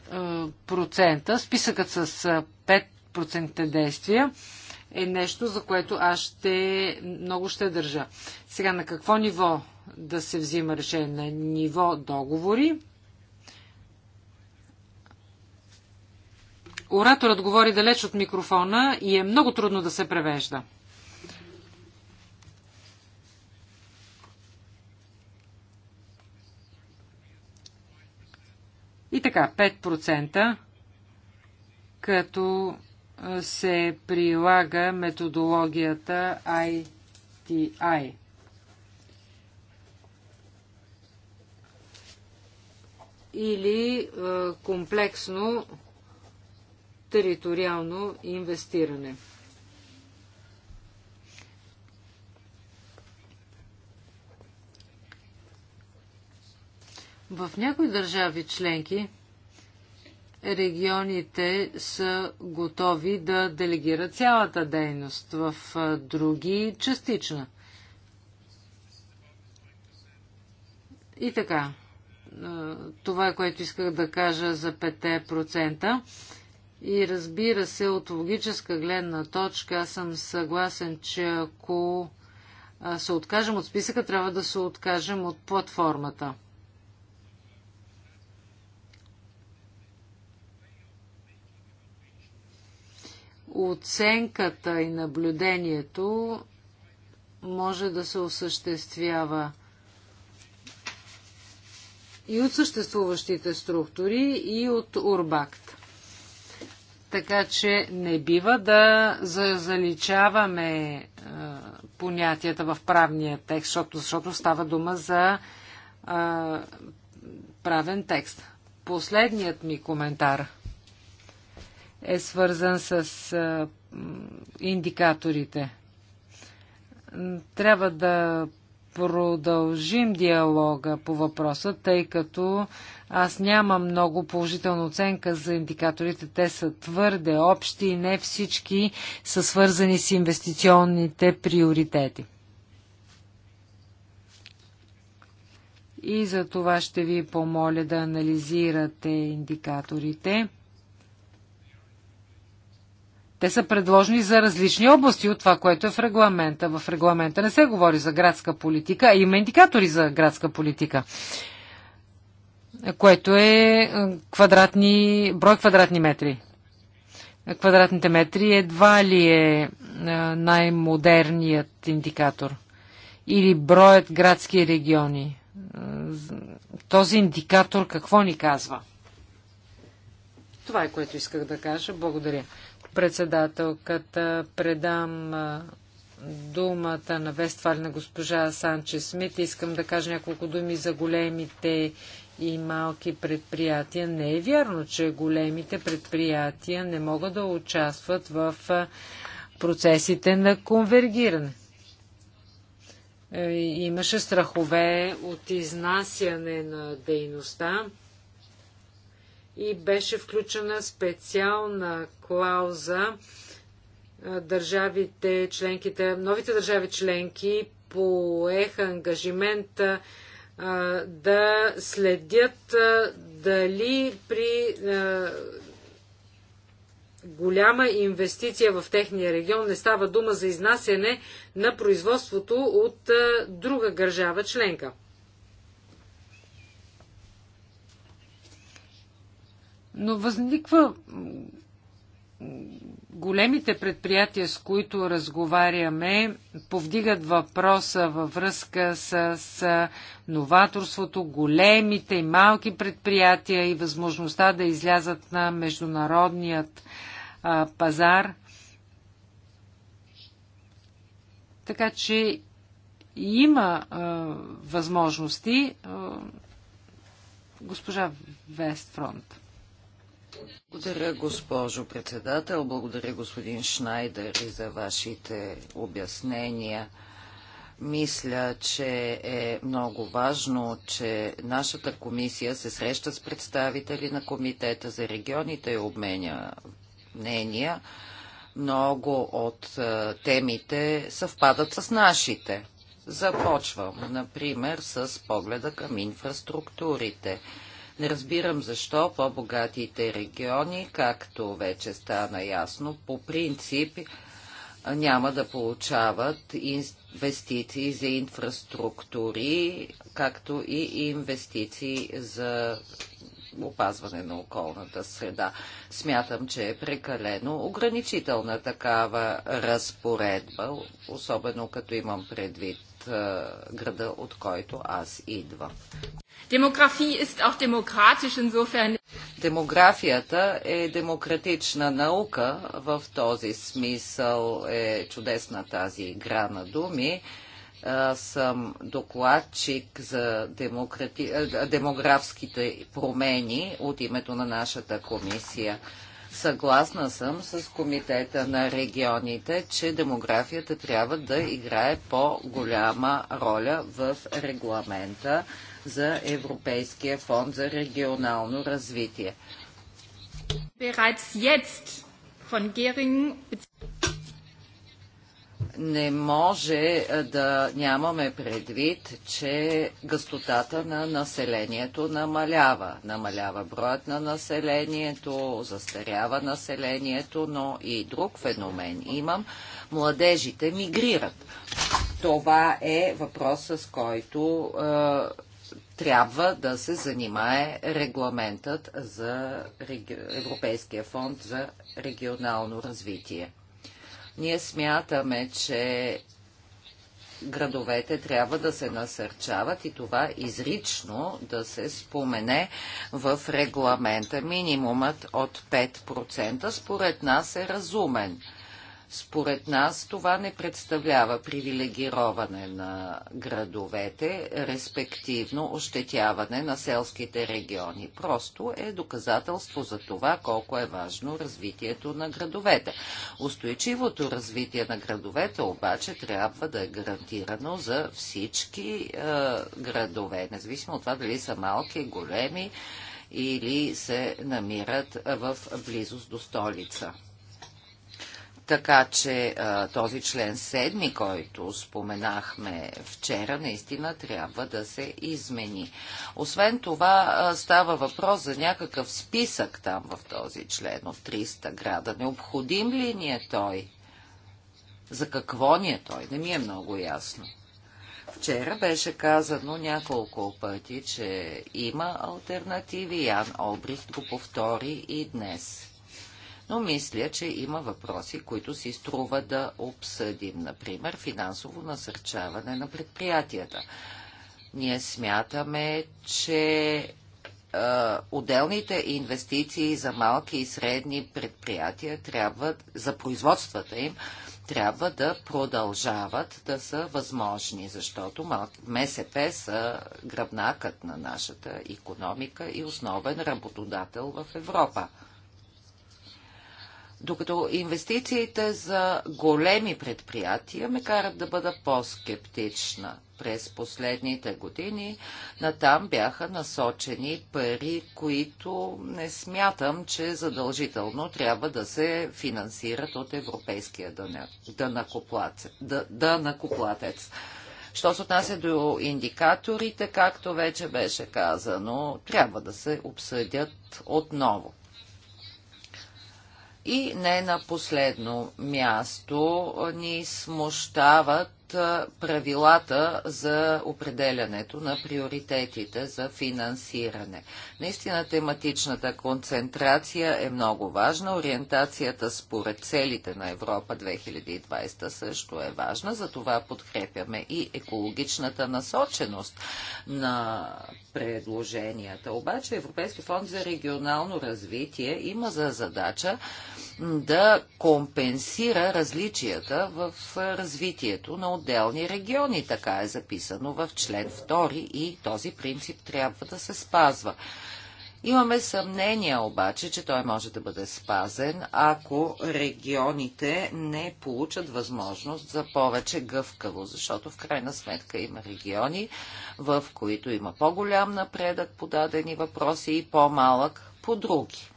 процента, списъкът с пет процентите действия е нещо, за което аз ще много ще държа. Сега на какво ниво да се взима решение? На ниво договори. Ораторът говори далеч от микрофона и е много трудно да се превежда. И така, 5%, като се прилага методологията ITI. Или е, комплексно териториално инвестиране. В някои държави членки регионите са готови да делегират цялата дейност, в други частична. И така, това, е, което исках да кажа за 5%. И разбира се, от логическа гледна точка, аз съм съгласен, че ако се откажем от списъка, трябва да се откажем от платформата. оценката и наблюдението може да се осъществява и от съществуващите структури, и от Урбакт. Така че не бива да заличаваме е, понятията в правния текст, защото, защото става дума за е, правен текст. Последният ми коментар – е свързан с индикаторите. Трябва да продължим диалога по въпроса, тъй като аз нямам много положителна оценка за индикаторите. Те са твърде общи и не всички са свързани с инвестиционните приоритети. И за това ще ви помоля да анализирате индикаторите. Те са предложени за различни области от това, което е в регламента. В регламента не се говори за градска политика, а има индикатори за градска политика, което е, е квадратни, брой квадратни метри. Квадратните метри едва ли е, е най-модерният индикатор или броят градски региони. Е, този индикатор какво ни казва? Това е което исках да кажа. Благодаря. Председателката предам думата на Вестваль на госпожа Санче Смит. Искам да кажа няколко думи за големите и малки предприятия. Не е вярно, че големите предприятия не могат да участват в процесите на конвергиране. Е, имаше страхове от изнасяне на дейността и беше включена специална клауза държавите членките, новите държави членки поеха ангажимента да следят дали при голяма инвестиция в техния регион не става дума за изнасяне на производството от друга държава членка. Но възниква големите предприятия, с които разговаряме, повдигат въпроса във връзка с, с новаторството, големите и малки предприятия и възможността да излязат на международният а, пазар. Така че има а, възможности. А, госпожа Вестфронт. Благодаря, госпожо председател. Благодаря, господин Шнайдер, и за вашите обяснения. Мисля, че е много важно, че нашата комисия се среща с представители на Комитета за регионите и обменя мнения. Много от темите съвпадат с нашите. Започвам, например, с погледа към инфраструктурите. Не разбирам защо по-богатите региони, както вече стана ясно, по принцип няма да получават инвестиции за инфраструктури, както и инвестиции за опазване на околната среда. Смятам, че е прекалено ограничителна такава разпоредба, особено като имам предвид е, града, от който аз идвам. Е Демографията е демократична наука, в този смисъл е чудесна тази игра на думи. Аз е, съм докладчик за демографските промени от името на нашата комисия. Съгласна съм с Комитета на регионите, че демографията трябва да играе по-голяма роля в регламента за Европейския фонд за регионално развитие не може е, да нямаме предвид, че гъстотата на населението намалява. Намалява броят на населението, застарява населението, но и друг феномен имам. Младежите мигрират. Това е въпрос, с който е, трябва да се занимае регламентът за Европейския фонд за регионално развитие. Ние смятаме, че градовете трябва да се насърчават и това изрично да се спомене в регламента. Минимумът от 5% според нас е разумен. Според нас това не представлява привилегироване на градовете, респективно ощетяване на селските региони. Просто е доказателство за това колко е важно развитието на градовете. Устойчивото развитие на градовете обаче трябва да е гарантирано за всички е, градове, независимо от това дали са малки, големи или се намират в близост до столица. Така че този член 7, който споменахме вчера, наистина трябва да се измени. Освен това става въпрос за някакъв списък там в този член от 300 града. Необходим ли ни е той? За какво ни е той? Не ми е много ясно. Вчера беше казано няколко пъти, че има альтернативи. Ян Обрихт го повтори и днес но мисля, че има въпроси, които си струва да обсъдим. Например, финансово насърчаване на предприятията. Ние смятаме, че отделните инвестиции за малки и средни предприятия трябва, за производствата им, трябва да продължават да са възможни, защото МСП са гръбнакът на нашата економика и основен работодател в Европа. Докато инвестициите за големи предприятия ме карат да бъда по-скептична. През последните години натам бяха насочени пари, които не смятам, че задължително трябва да се финансират от европейския дънакоплатец. Що се отнася до индикаторите, както вече беше казано, трябва да се обсъдят отново. И не на последно място ни смущават правилата за определянето на приоритетите за финансиране. Наистина тематичната концентрация е много важна. Ориентацията според целите на Европа 2020 също е важна. Затова подкрепяме и екологичната насоченост на предложенията. Обаче Европейски фонд за регионално развитие има за задача да компенсира различията в развитието на отделни региони. Така е записано в член 2 и този принцип трябва да се спазва. Имаме съмнение обаче, че той може да бъде спазен, ако регионите не получат възможност за повече гъвкаво, защото в крайна сметка има региони, в които има по-голям напредък по дадени въпроси и по-малък по други.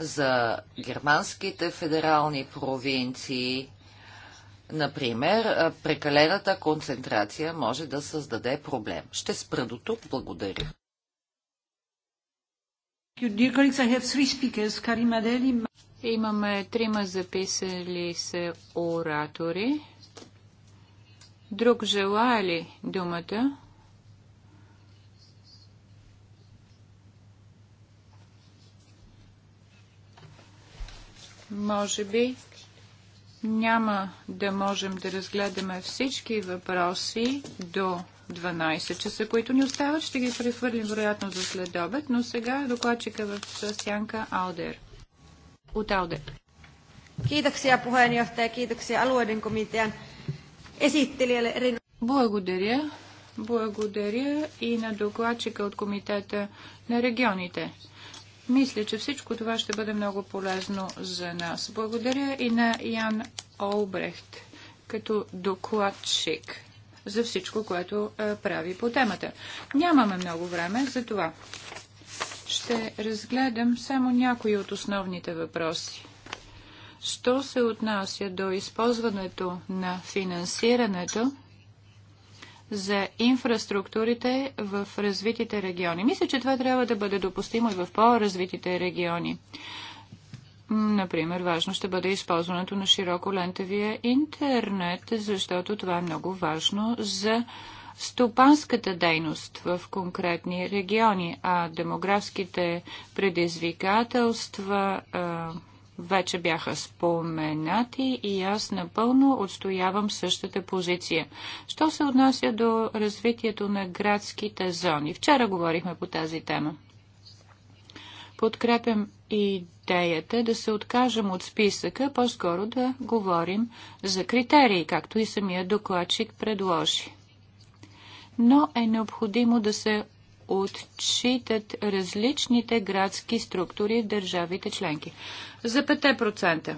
за германските федерални провинции. Например, прекалената концентрация може да създаде проблем. Ще спра до тук. Благодаря. Имаме трима записали се оратори. Друг желая ли думата? Може би няма да можем да разгледаме всички въпроси до 12 часа, които ни остават. Ще ги прехвърлим вероятно за след обед, но сега докладчика в Сянка Алдер. От Алдер. Kiitoksia puheenjohtaja, kiitoksia alueiden komitean esittelijälle erin... Благодаря. Благодаря и на докладчика от комитета на регионите. Мисля, че всичко това ще бъде много полезно за нас. Благодаря и на Ян Олбрехт като докладчик за всичко, което е, прави по темата. Нямаме много време, за това ще разгледам само някои от основните въпроси. Що се отнася до използването на финансирането, за инфраструктурите в развитите региони. Мисля, че това трябва да бъде допустимо и в по-развитите региони. Например, важно ще бъде използването на широко лентевия интернет, защото това е много важно за стопанската дейност в конкретни региони, а демографските предизвикателства, вече бяха споменати и аз напълно отстоявам същата позиция. Що се отнася до развитието на градските зони? Вчера говорихме по тази тема. Подкрепям идеята да се откажем от списъка, по-скоро да говорим за критерии, както и самия докладчик предложи. Но е необходимо да се отчитат различните градски структури в държавите членки. За 5%.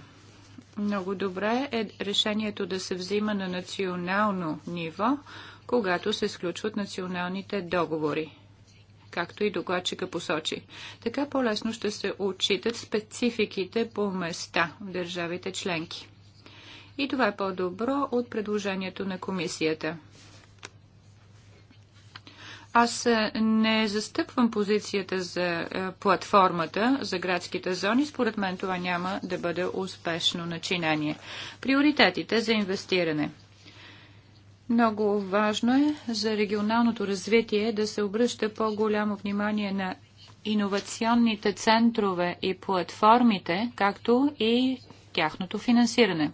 Много добре е решението да се взима на национално ниво, когато се сключват националните договори, както и докладчика посочи. Така по-лесно ще се отчитат спецификите по места в държавите членки. И това е по-добро от предложението на комисията. Аз е, не застъпвам позицията за е, платформата за градските зони. Според мен това няма да бъде успешно начинание. Приоритетите за инвестиране. Много важно е за регионалното развитие да се обръща по-голямо внимание на иновационните центрове и платформите, както и тяхното финансиране.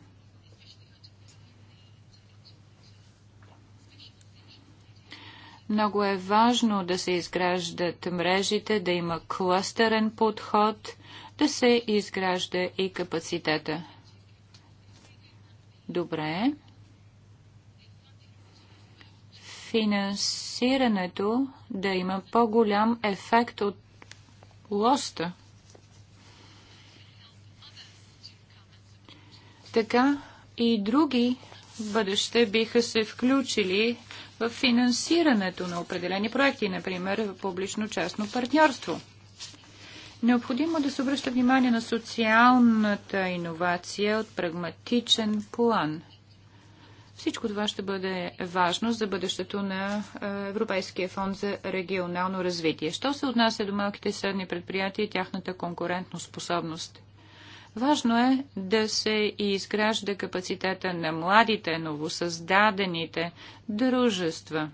Много е важно да се изграждат мрежите, да има клъстерен подход, да се изгражда и капацитета. Добре. Финансирането да има по-голям ефект от лоста. Така и други бъдеще биха се включили в финансирането на определени проекти, например публично-частно партньорство. Необходимо да се обръща внимание на социалната иновация от прагматичен план. Всичко това ще бъде важно за бъдещето на Европейския фонд за регионално развитие. Що се отнася до малките и средни предприятия и тяхната конкурентно способност? Важно е да се изгражда капацитета на младите, новосъздадените дружества,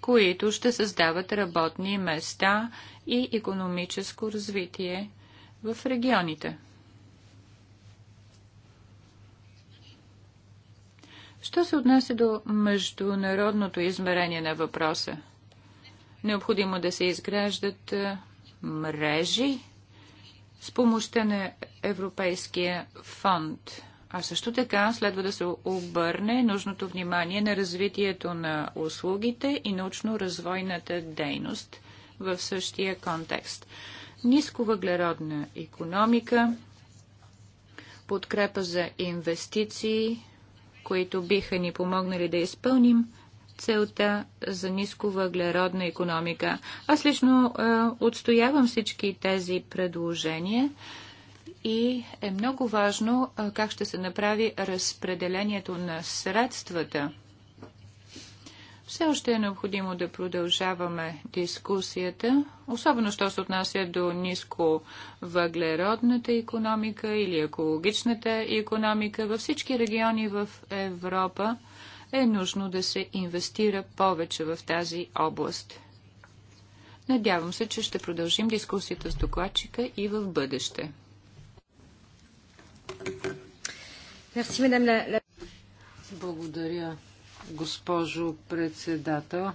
които ще създават работни места и економическо развитие в регионите. Що се отнася до международното измерение на въпроса? Необходимо да се изграждат мрежи с помощта на Европейския фонд. А също така следва да се обърне нужното внимание на развитието на услугите и научно-развойната дейност в същия контекст. Ниско въглеродна економика, подкрепа за инвестиции, които биха ни помогнали да изпълним целта за ниско въглеродна економика. Аз лично е, отстоявам всички тези предложения и е много важно е, как ще се направи разпределението на средствата. Все още е необходимо да продължаваме дискусията, особено що се отнася до ниско въглеродната економика или екологичната економика във всички региони в Европа – е нужно да се инвестира повече в тази област. Надявам се, че ще продължим дискусията с докладчика и в бъдеще. Благодаря, госпожо председател.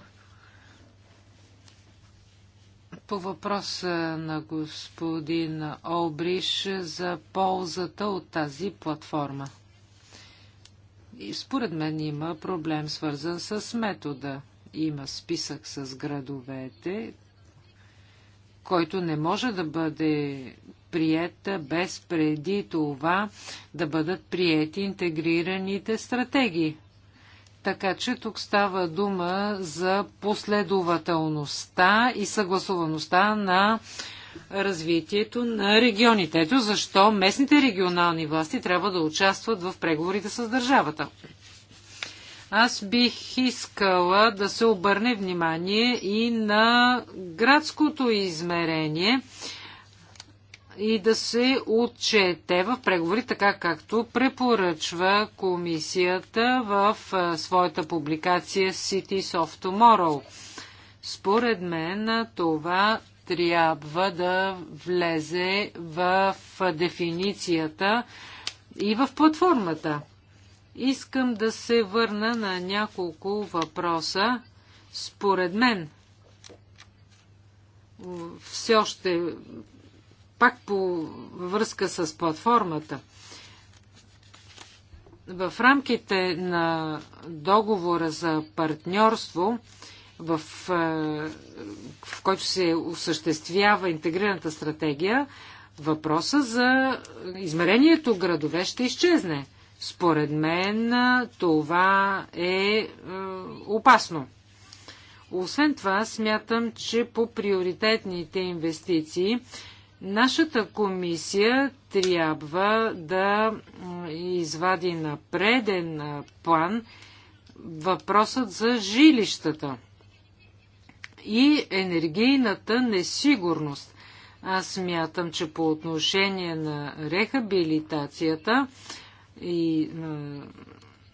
По въпроса на господин Олбриш за ползата от тази платформа. И според мен има проблем свързан с метода. Има списък с градовете, който не може да бъде прият без преди това да бъдат приети интегрираните стратегии. Така че тук става дума за последователността и съгласуваността на развитието на регионите. Ето защо местните регионални власти трябва да участват в преговорите с държавата. Аз бих искала да се обърне внимание и на градското измерение и да се отчете в преговори, така както препоръчва комисията в своята публикация Cities of Tomorrow. Според мен това трябва да влезе в дефиницията и в платформата. Искам да се върна на няколко въпроса. Според мен, все още пак по връзка с платформата, в рамките на договора за партньорство, в, в който се осъществява интегрираната стратегия, въпроса за измерението градове ще изчезне. Според мен това е, е опасно. Освен това, смятам, че по приоритетните инвестиции нашата комисия трябва да извади на преден план въпросът за жилищата – и енергийната несигурност. Аз смятам, че по отношение на рехабилитацията и на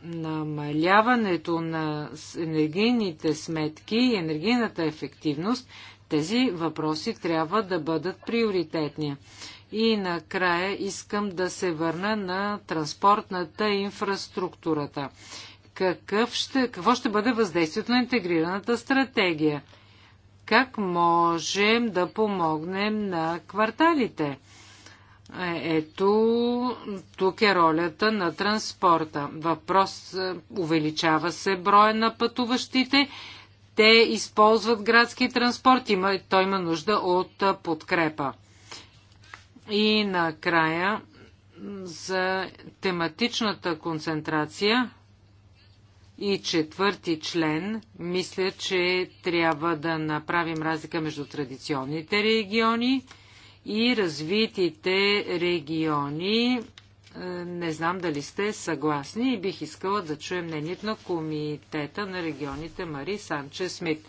намаляването на енергийните сметки и енергийната ефективност, тези въпроси трябва да бъдат приоритетни. И накрая искам да се върна на транспортната инфраструктурата. Какъв ще, какво ще бъде въздействието на интегрираната стратегия? как можем да помогнем на кварталите. Е, ето, тук е ролята на транспорта. Въпрос, е, увеличава се броя на пътуващите. Те използват градски транспорт, и той има нужда от е, подкрепа. И накрая за тематичната концентрация и четвърти член, мисля, че трябва да направим разлика между традиционните региони и развитите региони. Е, не знам дали сте съгласни и бих искала да чуя мнението на Комитета на регионите Мари Санче Смит.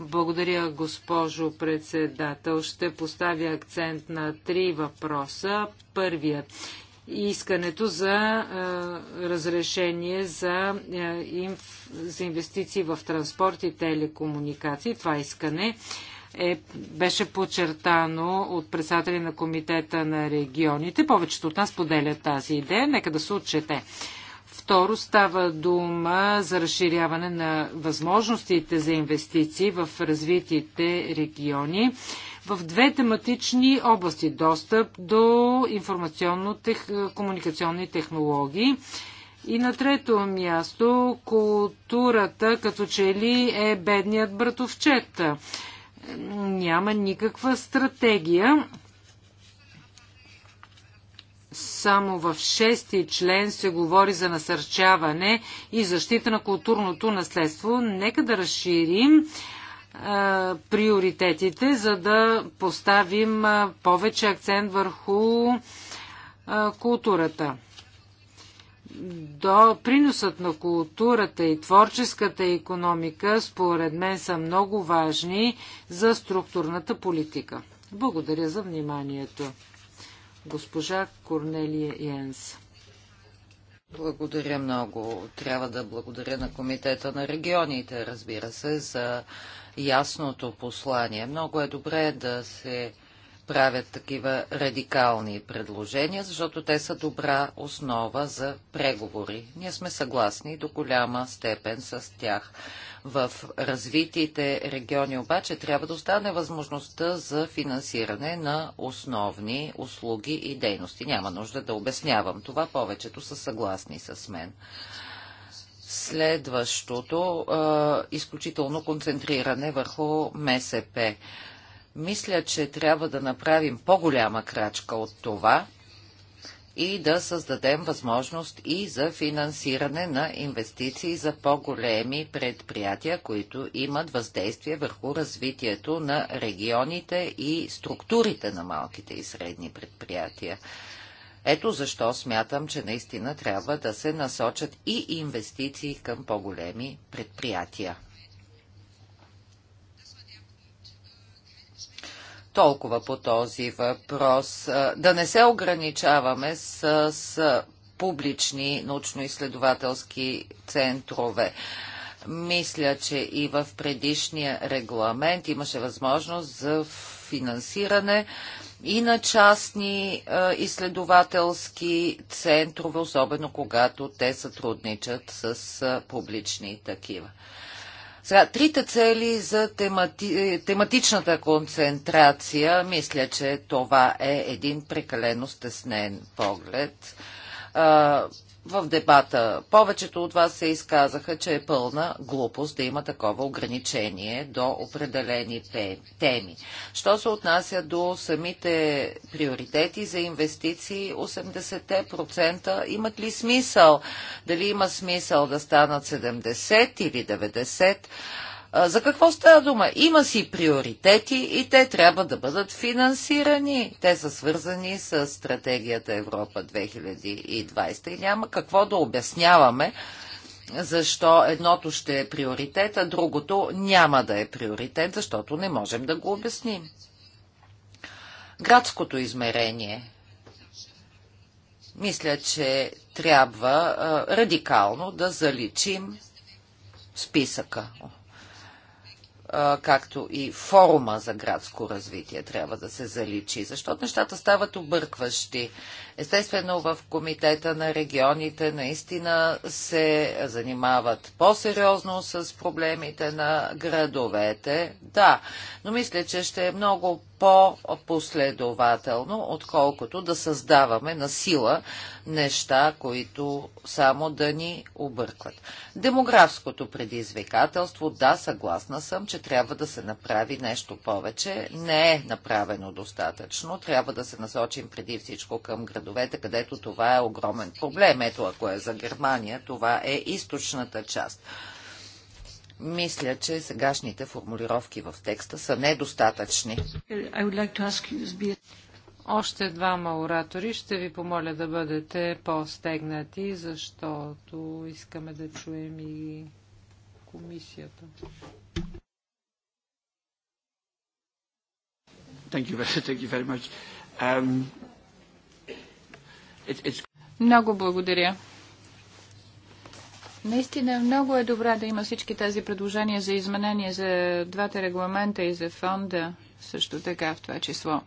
Благодаря, госпожо председател. Ще поставя акцент на три въпроса. Първият искането за разрешение за, за инвестиции в транспорт и телекомуникации. Това искане е, беше подчертано от председателя на Комитета на регионите. Повечето от нас поделят тази идея. Нека да се отчете. Второ, става дума за разширяване на възможностите за инвестиции в развитите региони в две тематични области. Достъп до информационно-комуникационни технологии. И на трето място, културата като че ли е бедният братовчет. Няма никаква стратегия. Само в шести член се говори за насърчаване и защита на културното наследство. Нека да разширим приоритетите, за да поставим повече акцент върху културата. До приносът на културата и творческата економика, според мен, са много важни за структурната политика. Благодаря за вниманието. Госпожа Корнелия Йенс. Благодаря много. Трябва да благодаря на Комитета на регионите, разбира се, за ясното послание. Много е добре да се правят такива радикални предложения, защото те са добра основа за преговори. Ние сме съгласни до голяма степен с тях. В развитите региони обаче трябва да остане възможността за финансиране на основни услуги и дейности. Няма нужда да обяснявам това, повечето са съгласни с мен. Следващото а, изключително концентриране върху МСП. Мисля, че трябва да направим по-голяма крачка от това и да създадем възможност и за финансиране на инвестиции за по-големи предприятия, които имат въздействие върху развитието на регионите и структурите на малките и средни предприятия. Ето защо смятам, че наистина трябва да се насочат и инвестиции към по-големи предприятия. Толкова по този въпрос. Да не се ограничаваме с, с публични научно-изследователски центрове. Мисля, че и в предишния регламент имаше възможност за финансиране и на частни а, изследователски центрове, особено когато те сътрудничат с а, публични такива. Сега, трите цели за темати... тематичната концентрация, мисля, че това е един прекалено стеснен поглед. А, в дебата повечето от вас се изказаха, че е пълна глупост да има такова ограничение до определени теми. Що се отнася до самите приоритети за инвестиции, 80% имат ли смисъл? Дали има смисъл да станат 70 или 90%? За какво става дума? Има си приоритети и те трябва да бъдат финансирани. Те са свързани с стратегията Европа 2020 и няма какво да обясняваме защо едното ще е приоритет, а другото няма да е приоритет, защото не можем да го обясним. Градското измерение. Мисля, че трябва а, радикално да заличим списъка както и форума за градско развитие трябва да се заличи, защото нещата стават объркващи. Естествено, в Комитета на регионите наистина се занимават по-сериозно с проблемите на градовете. Да, но мисля, че ще е много по-последователно, отколкото да създаваме на сила неща, които само да ни объркват. Демографското предизвикателство, да, съгласна съм, че трябва да се направи нещо повече. Не е направено достатъчно. Трябва да се насочим преди всичко към градовете градовете, където това е огромен проблем. Ето, ако е за Германия, това е източната част. Мисля, че сегашните формулировки в текста са недостатъчни. Още двама оратори ще ви помоля да бъдете по-стегнати, защото искаме да чуем и комисията. Thank you, thank you very much. Um, много благодаря. Наистина много е добре да има всички тези предложения за изменения за двата регламента и за фонда, също така в това число.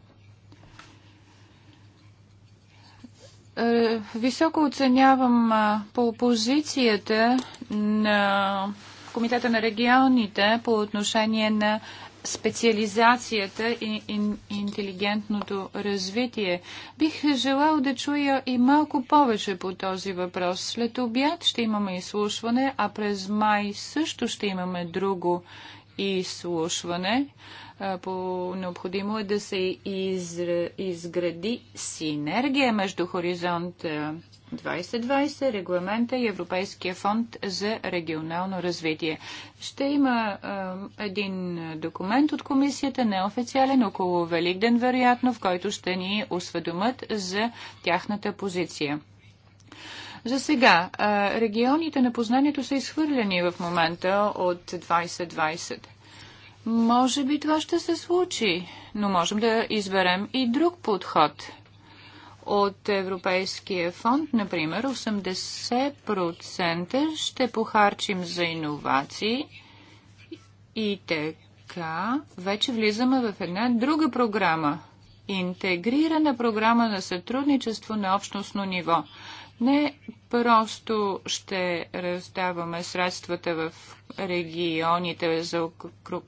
Е, високо оценявам по позицията на Комитета на регионите по отношение на специализацията и, интелигентното развитие. Бих желал да чуя и малко повече по този въпрос. След обяд ще имаме изслушване, а през май също ще имаме друго изслушване по необходимо е да се изгради синергия между Хоризонт 2020, регламента и Европейския фонд за регионално развитие. Ще има е, един документ от комисията, неофициален, около Великден, вероятно, в който ще ни осведомят за тяхната позиция. За сега, е, регионите на познанието са изхвърлени в момента от 2020. Може би това ще се случи, но можем да изберем и друг подход. От Европейския фонд, например, 80% ще похарчим за иновации и така вече влизаме в една друга програма. Интегрирана програма на сътрудничество на общностно ниво. Не Просто ще раздаваме средствата в регионите за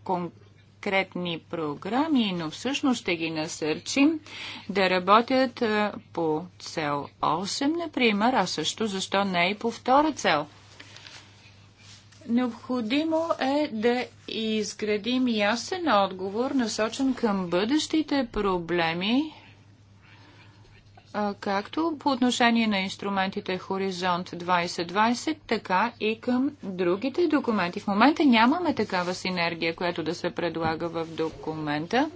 конкретни програми, но всъщност ще ги насърчим да работят по цел 8, например, а също защо не и по втора цел. Необходимо е да изградим ясен отговор, насочен към бъдещите проблеми както по отношение на инструментите Хоризонт 2020, така и към другите документи. В момента нямаме такава синергия, която да се предлага в документа.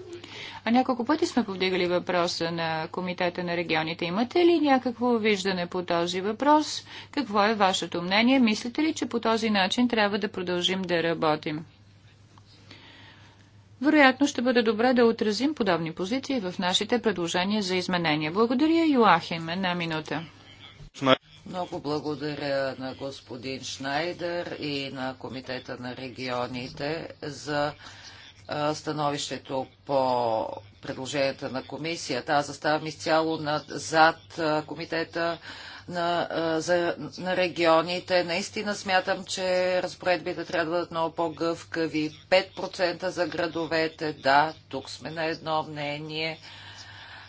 А няколко пъти сме повдигали въпроса на Комитета на регионите. Имате ли някакво виждане по този въпрос? Какво е вашето мнение? Мислите ли, че по този начин трябва да продължим да работим? Вероятно ще бъде добре да отразим подобни позиции в нашите предложения за изменения. Благодаря, Йоахим. Една минута. Много благодаря на господин Шнайдер и на Комитета на регионите за становището по предложенията на комисията. Аз заставам изцяло зад комитета на, за, на регионите. Наистина смятам, че разпоредбите трябва да бъдат много по-гъвкави. 5% за градовете, да, тук сме на едно мнение.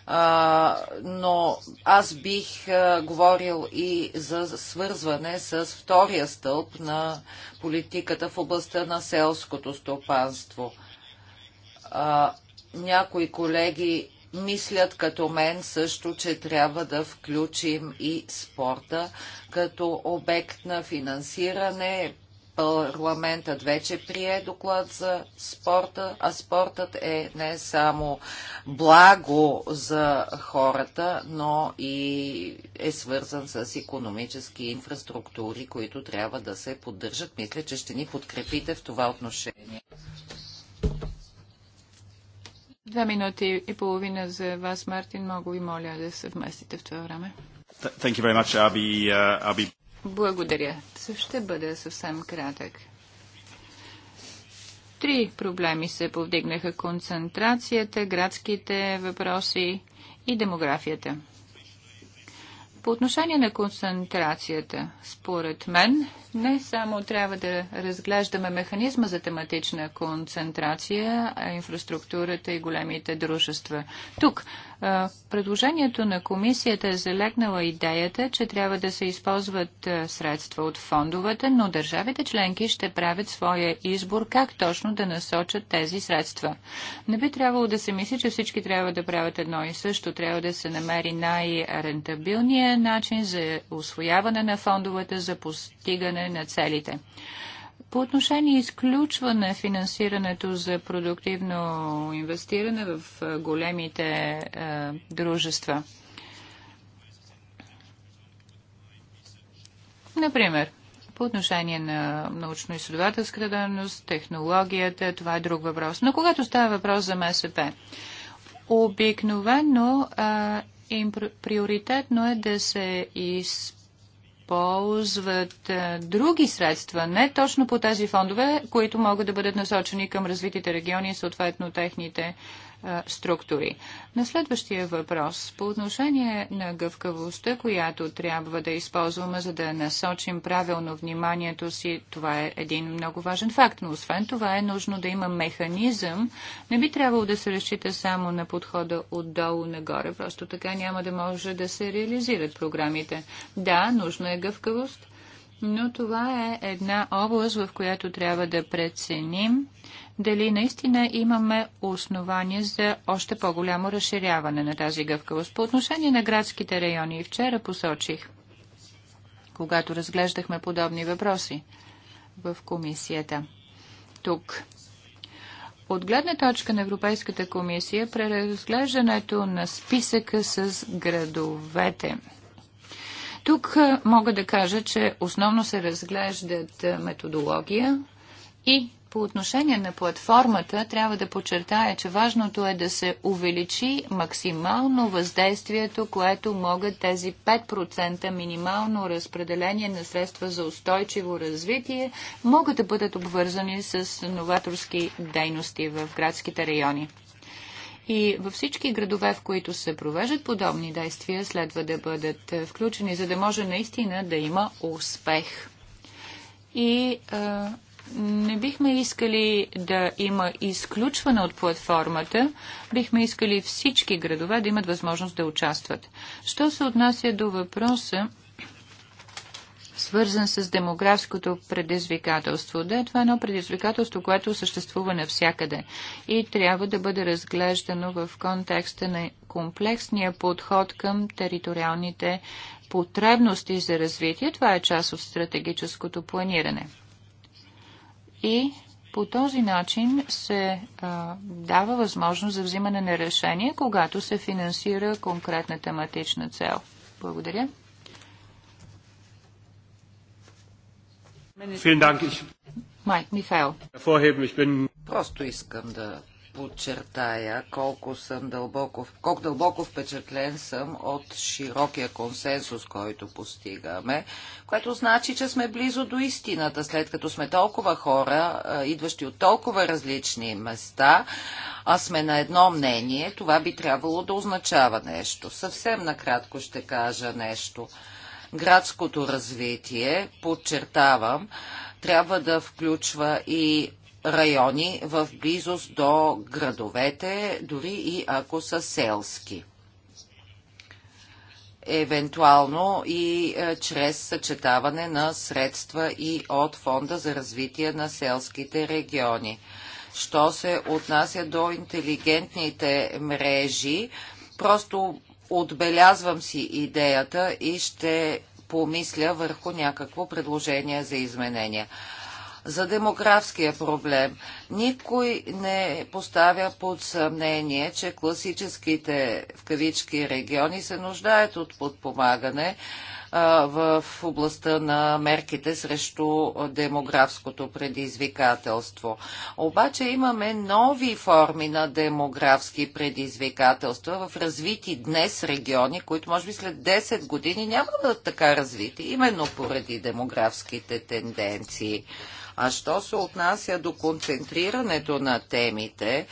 А, но аз бих а, говорил и за свързване с втория стълб на политиката в областта на селското стопанство. А, някои колеги мислят като мен също, че трябва да включим и спорта като обект на финансиране. Парламентът вече прие доклад за спорта, а спортът е не само благо за хората, но и е свързан с економически инфраструктури, които трябва да се поддържат. Мисля, че ще ни подкрепите в това отношение. Две минути и половина за вас, Мартин. Много ви моля да се вместите в това време. Be, uh, be... Благодаря. Ще бъда съвсем кратък. Три проблеми се повдигнаха. Концентрацията, градските въпроси и демографията. По отношение на концентрацията, според мен, не само трябва да разглеждаме механизма за тематична концентрация, а инфраструктурата и големите дружества. Тук предложението на комисията е залегнала идеята, че трябва да се използват средства от фондовете, но държавите членки ще правят своя избор как точно да насочат тези средства. Не би трябвало да се мисли, че всички трябва да правят едно и също. Трябва да се намери най-рентабилния ефективен начин за освояване на фондовете за постигане на целите. По отношение изключване финансирането за продуктивно инвестиране в големите е, дружества. Например, по отношение на научно-изследователската дейност, технологията, това е друг въпрос. Но когато става въпрос за МСП, обикновено им приоритетно е да се използват други средства, не точно по тези фондове, които могат да бъдат насочени към развитите региони и съответно техните структури. На следващия въпрос, по отношение на гъвкавостта, която трябва да използваме, за да насочим правилно вниманието си, това е един много важен факт, но освен това е нужно да има механизъм. Не би трябвало да се разчита само на подхода отдолу нагоре, просто така няма да може да се реализират програмите. Да, нужна е гъвкавост, но това е една област, в която трябва да преценим дали наистина имаме основание за още по-голямо разширяване на тази гъвкавост. По отношение на градските райони, и вчера посочих, когато разглеждахме подобни въпроси в комисията. Тук. От гледна точка на Европейската комисия, преразглеждането на списъка с градовете – тук мога да кажа, че основно се разглеждат методология и по отношение на платформата трябва да подчертая, че важното е да се увеличи максимално въздействието, което могат тези 5% минимално разпределение на средства за устойчиво развитие, могат да бъдат обвързани с новаторски дейности в градските райони. И във всички градове, в които се провеждат подобни действия, следва да бъдат е, включени, за да може наистина да има успех. И а, е, не бихме искали да има изключване от платформата, бихме искали всички градове да имат възможност да участват. Що се отнася до въпроса свързан с демографското предизвикателство. Да, това е едно предизвикателство, което съществува навсякъде и трябва да бъде разглеждано в контекста на комплексния подход към териториалните потребности за развитие. Това е част от стратегическото планиране. И по този начин се а, дава възможност за взимане на решение, когато се финансира конкретна тематична цел. Благодаря. Май, Михайл. Просто искам да подчертая колко съм дълбоко, колко дълбоко впечатлен съм от широкия консенсус, който постигаме, което значи, че сме близо до истината, след като сме толкова хора, е, идващи от толкова различни места, а сме на едно мнение, това би трябвало да означава нещо. Съвсем накратко ще кажа нещо градското развитие, подчертавам, трябва да включва и райони в близост до градовете, дори и ако са селски. Евентуално и е, чрез съчетаване на средства и от Фонда за развитие на селските региони. Що се отнася до интелигентните мрежи, просто Отбелязвам си идеята и ще помисля върху някакво предложение за изменения. За демографския проблем никой не поставя под съмнение, че класическите в кавички региони се нуждаят от подпомагане, в областта на мерките срещу демографското предизвикателство. Обаче имаме нови форми на демографски предизвикателства в развити днес региони, които може би след 10 години няма да бъдат така развити, именно поради демографските тенденции. А що се отнася до концентрирането на темите,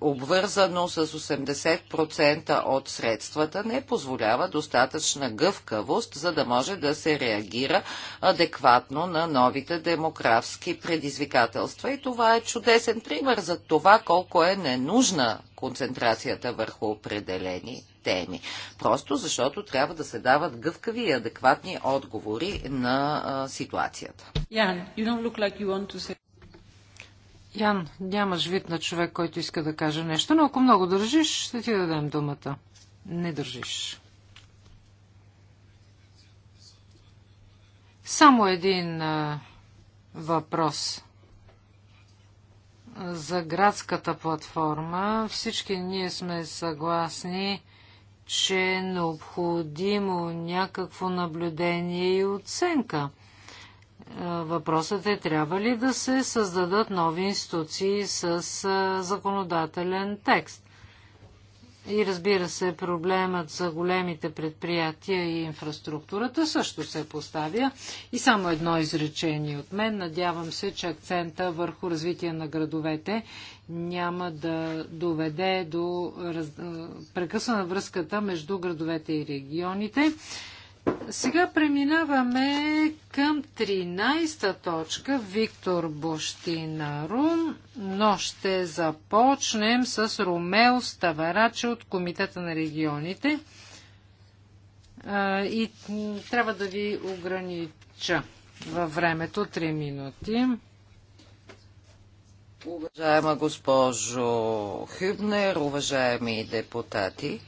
обвързано с 80% от средствата, не позволява достатъчна гъвкавост, за да може да се реагира адекватно на новите демографски предизвикателства. И това е чудесен пример за това колко е ненужна концентрацията върху определени теми. Просто защото трябва да се дават гъвкави и адекватни отговори на а, ситуацията. Ян, yeah, like say... Ян, нямаш вид на човек, който иска да каже нещо, но ако много държиш, ще ти дадем думата. Не държиш. Само един а, въпрос за градската платформа. Всички ние сме съгласни, че е необходимо някакво наблюдение и оценка. Въпросът е, трябва ли да се създадат нови институции с законодателен текст? И разбира се, проблемът за големите предприятия и инфраструктурата също се поставя. И само едно изречение от мен. Надявам се, че акцента върху развитие на градовете няма да доведе до раз... прекъсване връзката между градовете и регионите. Сега преминаваме към 13-та точка. Виктор Бощинарум, но ще започнем с Ромео Ставараче от Комитета на регионите. И трябва да ви огранича във времето 3 минути. Уважаема госпожо Хюбнер, уважаеми депутати,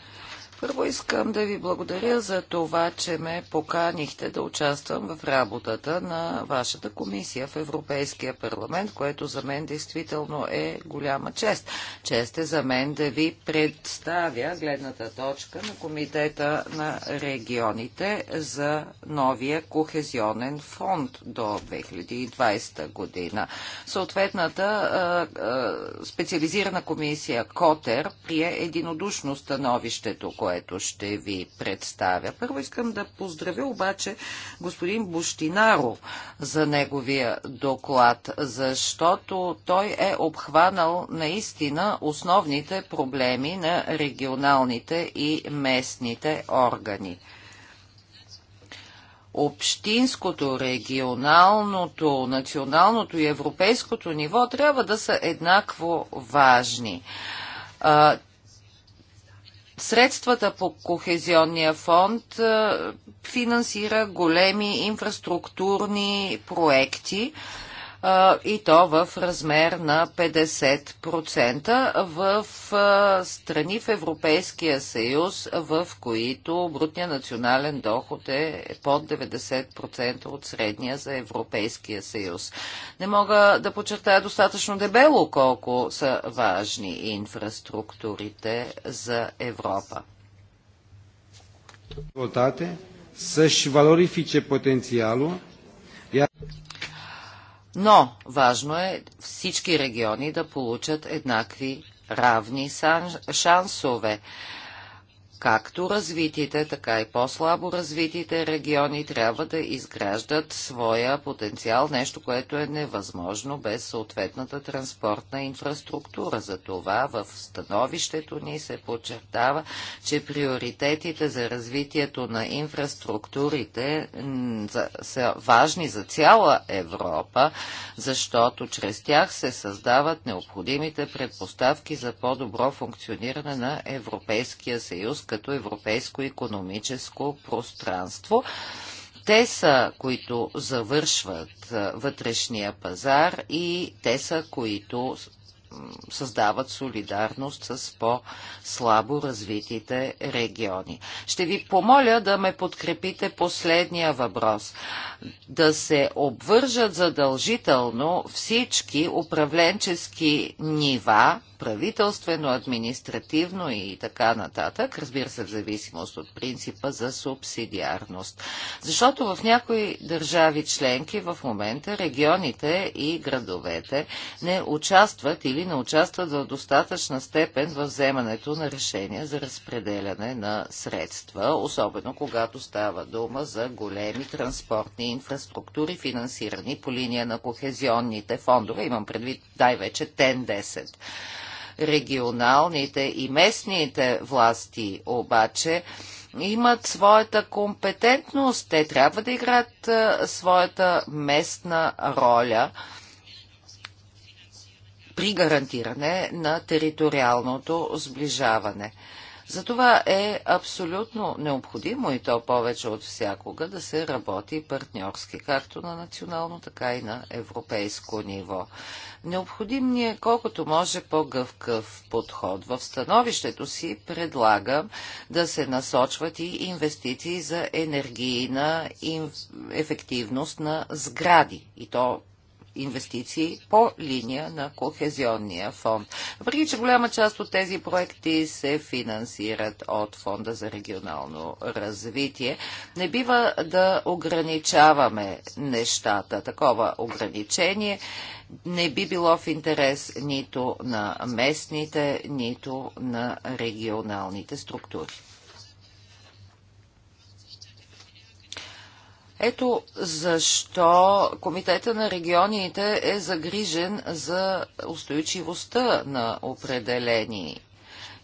първо искам да ви благодаря за това, че ме поканихте да участвам в работата на вашата комисия в Европейския парламент, което за мен действително е голяма чест. Чест е за мен да ви представя гледната точка на Комитета на регионите за новия кохезионен фонд до 2020 година. Съответната специализирана комисия Котер прие единодушно становището, което което ще ви представя. Първо искам да поздравя обаче господин Буштинаро за неговия доклад, защото той е обхванал наистина основните проблеми на регионалните и местните органи общинското, регионалното, националното и европейското ниво трябва да са еднакво важни. Средствата по Кохезионния фонд е, финансира големи инфраструктурни проекти, и то в размер на 50% в страни в Европейския съюз, в които брутния национален доход е под 90% от средния за Европейския съюз. Не мога да подчертая достатъчно дебело колко са важни инфраструктурите за Европа. Să-și valorifice potențialul, но важно е всички региони да получат еднакви равни шансове. Както развитите, така и по-слабо развитите региони трябва да изграждат своя потенциал, нещо, което е невъзможно без съответната транспортна инфраструктура. За това в становището ни се подчертава, че приоритетите за развитието на инфраструктурите са важни за цяла Европа, защото чрез тях се създават необходимите предпоставки за по-добро функциониране на Европейския съюз като Европейско економическо пространство. Те са, които завършват вътрешния пазар и те са, които създават солидарност с по-слабо развитите региони. Ще ви помоля да ме подкрепите последния въпрос. Да се обвържат задължително всички управленчески нива, правителствено, административно и така нататък, разбира се в зависимост от принципа за субсидиарност. Защото в някои държави членки в момента регионите и градовете не участват или не участват в достатъчна степен в вземането на решения за разпределяне на средства, особено когато става дума за големи транспортни инфраструктури, финансирани по линия на кохезионните фондове. Имам предвид най-вече ТЕН-10. Регионалните и местните власти обаче имат своята компетентност. Те трябва да играят своята местна роля – при гарантиране на териториалното сближаване. Затова е абсолютно необходимо и то повече от всякога да се работи партньорски, както на национално, така и на европейско ниво. Необходим ни е колкото може по-гъвкъв подход. В становището си предлагам да се насочват и инвестиции за енергийна ефективност на сгради и то инвестиции по линия на Кохезионния фонд. Въпреки, че голяма част от тези проекти се финансират от Фонда за регионално развитие, не бива да ограничаваме нещата. Такова ограничение не би било в интерес нито на местните, нито на регионалните структури. Ето защо Комитета на регионите е загрижен за устойчивостта на определени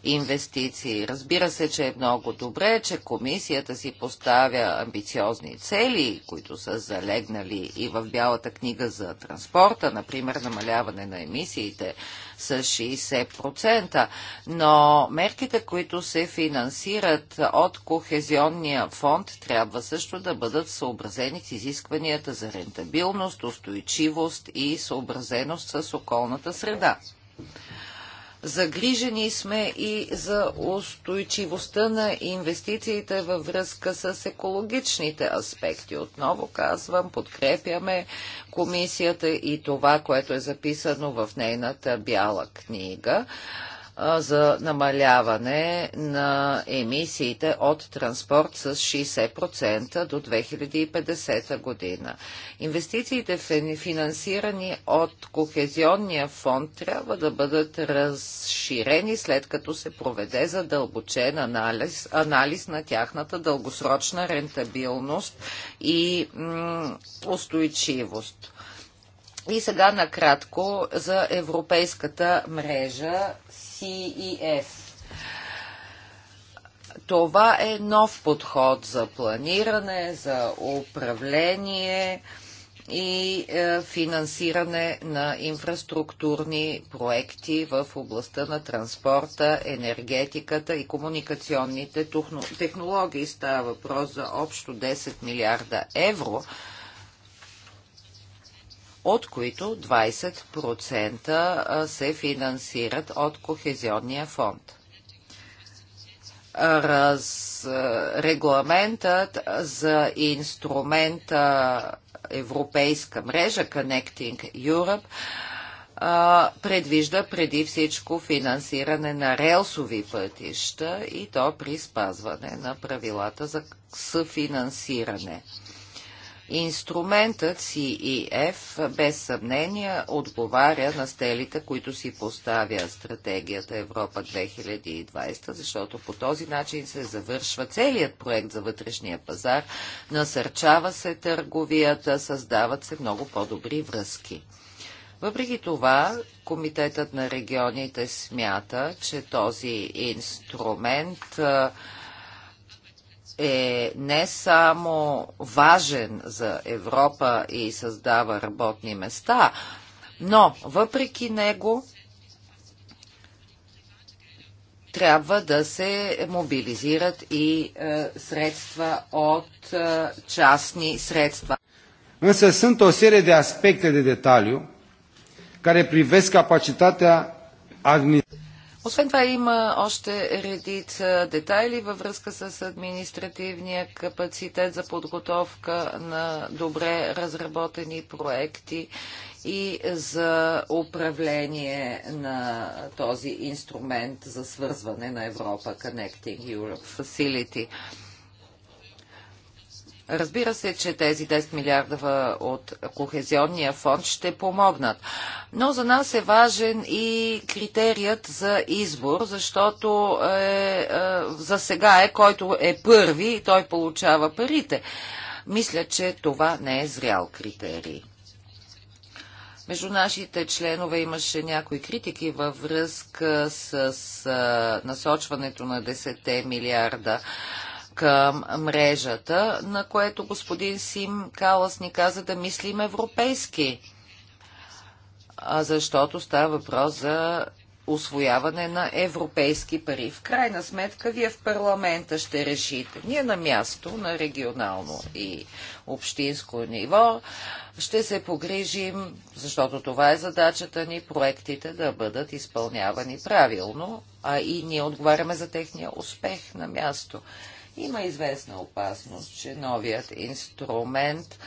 инвестиции. Разбира се, че е много добре, че комисията си поставя амбициозни цели, които са залегнали и в Бялата книга за транспорта, например намаляване на емисиите с 60%, но мерките, които се финансират от Кохезионния фонд, трябва също да бъдат съобразени с изискванията за рентабилност, устойчивост и съобразеност с околната среда. Загрижени сме и за устойчивостта на инвестициите във връзка с екологичните аспекти. Отново казвам, подкрепяме комисията и това, което е записано в нейната бяла книга за намаляване на емисиите от транспорт с 60% до 2050 година. Инвестициите, финансирани от Кохезионния фонд, трябва да бъдат разширени след като се проведе задълбочен анализ, анализ на тяхната дългосрочна рентабилност и устойчивост. И сега накратко за европейската мрежа CEF. Това е нов подход за планиране, за управление и е, финансиране на инфраструктурни проекти в областта на транспорта, енергетиката и комуникационните технологии. Става въпрос за общо 10 милиарда евро от които 20% се финансират от Кохезионния фонд. Раз, регламентът за инструмента Европейска мрежа Connecting Europe предвижда преди всичко финансиране на релсови пътища и то при спазване на правилата за съфинансиране. Инструментът CEF без съмнение отговаря на стелите, които си поставя стратегията Европа 2020, защото по този начин се завършва целият проект за вътрешния пазар, насърчава се търговията, създават се много по-добри връзки. Въпреки това, Комитетът на регионите смята, че този инструмент е не само важен за Европа и създава работни места, но въпреки него трябва да се мобилизират и е, средства от е, частни средства. Însă sunt o serie de aspecte de detaliu care privesc capacitatea administrativă. Освен това има още редица детайли във връзка с административния капацитет за подготовка на добре разработени проекти и за управление на този инструмент за свързване на Европа Connecting Europe Facility. Разбира се, че тези 10 милиарда от кохезионния фонд ще помогнат. Но за нас е важен и критерият за избор, защото е, е, за сега е който е първи и той получава парите. Мисля, че това не е зрял критерий. Между нашите членове имаше някои критики във връзка с, с насочването на 10 милиарда към мрежата, на което господин Сим Калас ни каза да мислим европейски, защото става въпрос за освояване на европейски пари. В крайна сметка, вие в парламента ще решите. Ние на място, на регионално и общинско ниво, ще се погрижим, защото това е задачата ни, проектите да бъдат изпълнявани правилно, а и ние отговаряме за техния успех на място. Има известна опасност, че новият инструмент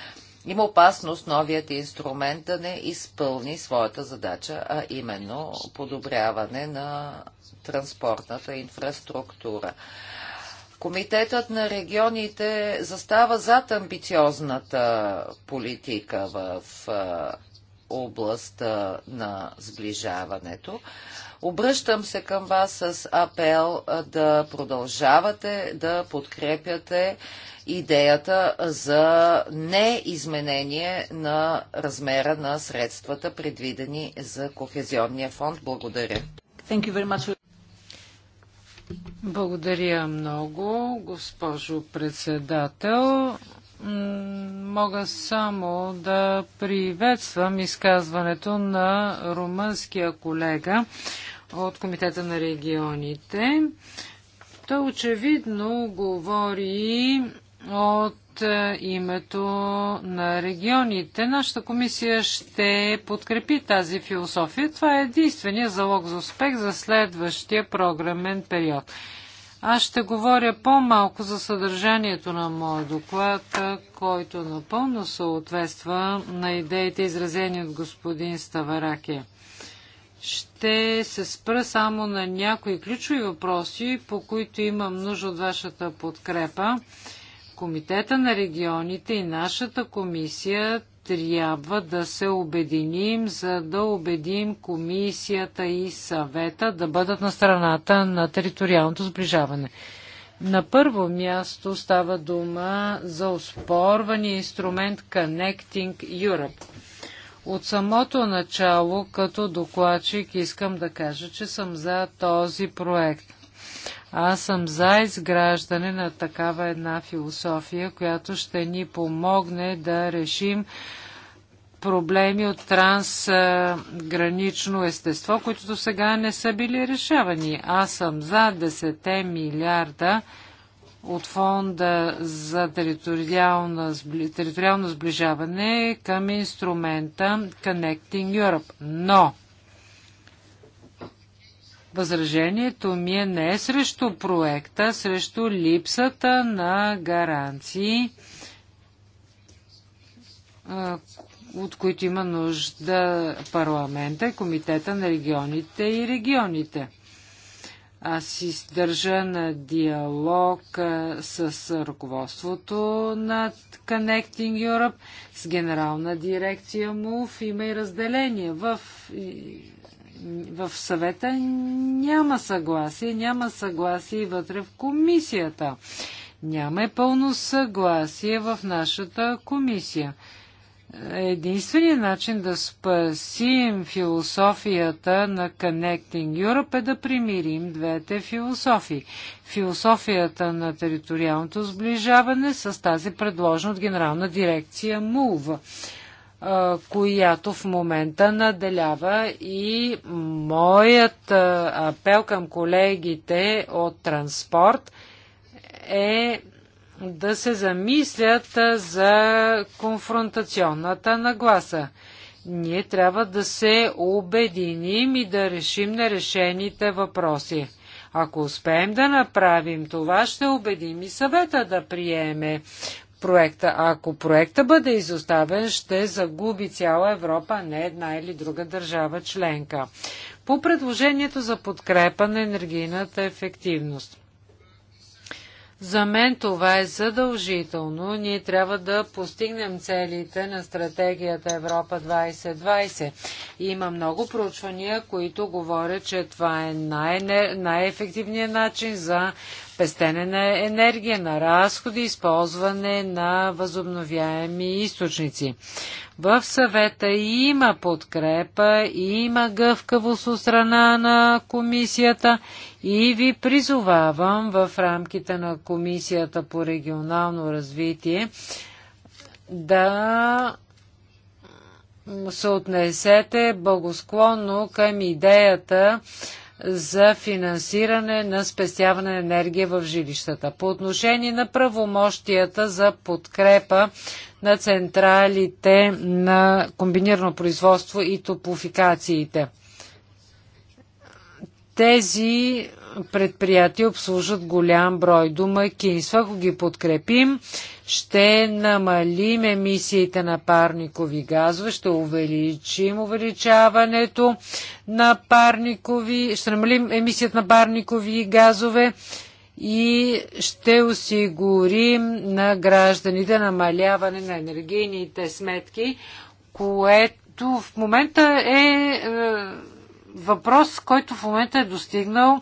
има опасност новият инструмент да не изпълни своята задача, а именно подобряване на транспортната инфраструктура. Комитетът на регионите застава зад амбициозната политика в областта на сближаването, Обръщам се към вас с апел да продължавате да подкрепяте идеята за неизменение на размера на средствата, предвидени за Кохезионния фонд. Благодаря. Благодаря много, госпожо председател мога само да приветствам изказването на румънския колега от Комитета на регионите. Той очевидно говори от е, името на регионите. Нашата комисия ще подкрепи тази философия. Това е единствения залог за успех за следващия програмен период. Аз ще говоря по-малко за съдържанието на моя доклад, който напълно съответства на идеите, изразени от господин Ставараки. Ще се спра само на някои ключови въпроси, по които имам нужда от вашата подкрепа. Комитета на регионите и нашата комисия трябва да се обединим, за да убедим комисията и съвета да бъдат на страната на териториалното сближаване. На първо място става дума за оспорвания инструмент Connecting Europe. От самото начало, като докладчик, искам да кажа, че съм за този проект. Аз съм за изграждане на такава една философия, която ще ни помогне да решим проблеми от трансгранично естество, които до сега не са били решавани. Аз съм за 10 милиарда от фонда за териториално, териториално сближаване към инструмента Connecting Europe. Но Възражението ми е не срещу проекта, срещу липсата на гаранции, от които има нужда парламента и комитета на регионите и регионите. Аз издържа на диалог с ръководството на Connecting Europe, с генерална дирекция МУФ. Има и разделение в в съвета няма съгласие, няма съгласие вътре в комисията. Няма пълно съгласие в нашата комисия. Единственият начин да спасим философията на Connecting Europe е да примирим двете философии. Философията на териториалното сближаване с тази предложена от генерална дирекция МУВ която в момента наделява и моят апел към колегите от транспорт е да се замислят за конфронтационната нагласа. Ние трябва да се обединим и да решим нерешените въпроси. Ако успеем да направим това, ще убедим и съвета да приеме проекта. А ако проекта бъде изоставен, ще загуби цяла Европа, а не една или друга държава членка. По предложението за подкрепа на енергийната ефективност. За мен това е задължително. Ние трябва да постигнем целите на стратегията Европа 2020. Има много проучвания, които говорят, че това е най-ефективният начин за пестене на енергия, на разходи, използване на възобновяеми източници. В съвета има подкрепа, има гъвкавост от страна на комисията и ви призовавам в рамките на комисията по регионално развитие да се отнесете благосклонно към идеята за финансиране на спестяване на енергия в жилищата. По отношение на правомощията за подкрепа на централите на комбинирано производство и топофикациите. Тези предприятия обслужват голям брой домакинства. Ако ги подкрепим, ще намалим емисиите на парникови газове, ще увеличим увеличаването на парникови, ще намалим емисията на парникови газове и ще осигурим на гражданите намаляване на енергийните сметки, което в момента е, е въпрос, който в момента е достигнал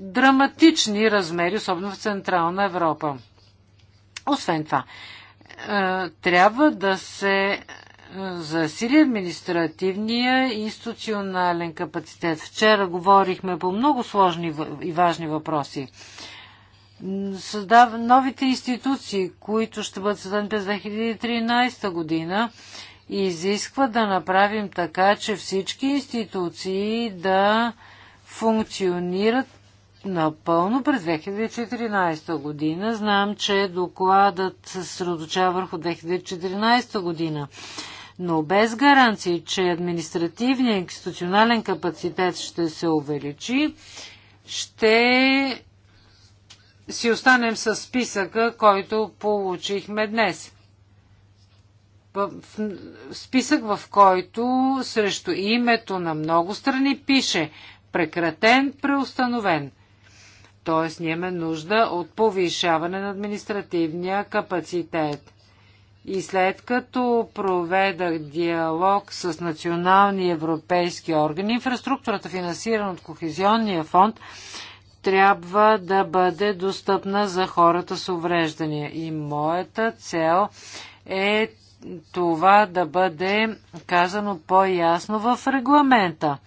драматични размери, особено в Централна Европа. Освен това, е, трябва да се е, засили административния и институционален капацитет. Вчера говорихме по много сложни и важни въпроси. Създав... Новите институции, които ще бъдат създадени през 2013 година, изисква да направим така, че всички институции да функционират напълно през 2014 година. Знам, че докладът се средочава върху 2014 година, но без гаранции, че административният институционален капацитет ще се увеличи, ще си останем с списъка, който получихме днес списък, в който срещу името на много страни пише прекратен, преустановен. Тоест, ние имаме нужда от повишаване на административния капацитет. И след като проведах диалог с национални европейски органи, инфраструктурата, финансирана от Кохезионния фонд, трябва да бъде достъпна за хората с увреждания. И моята цел е това да бъде казано по-ясно в регламента.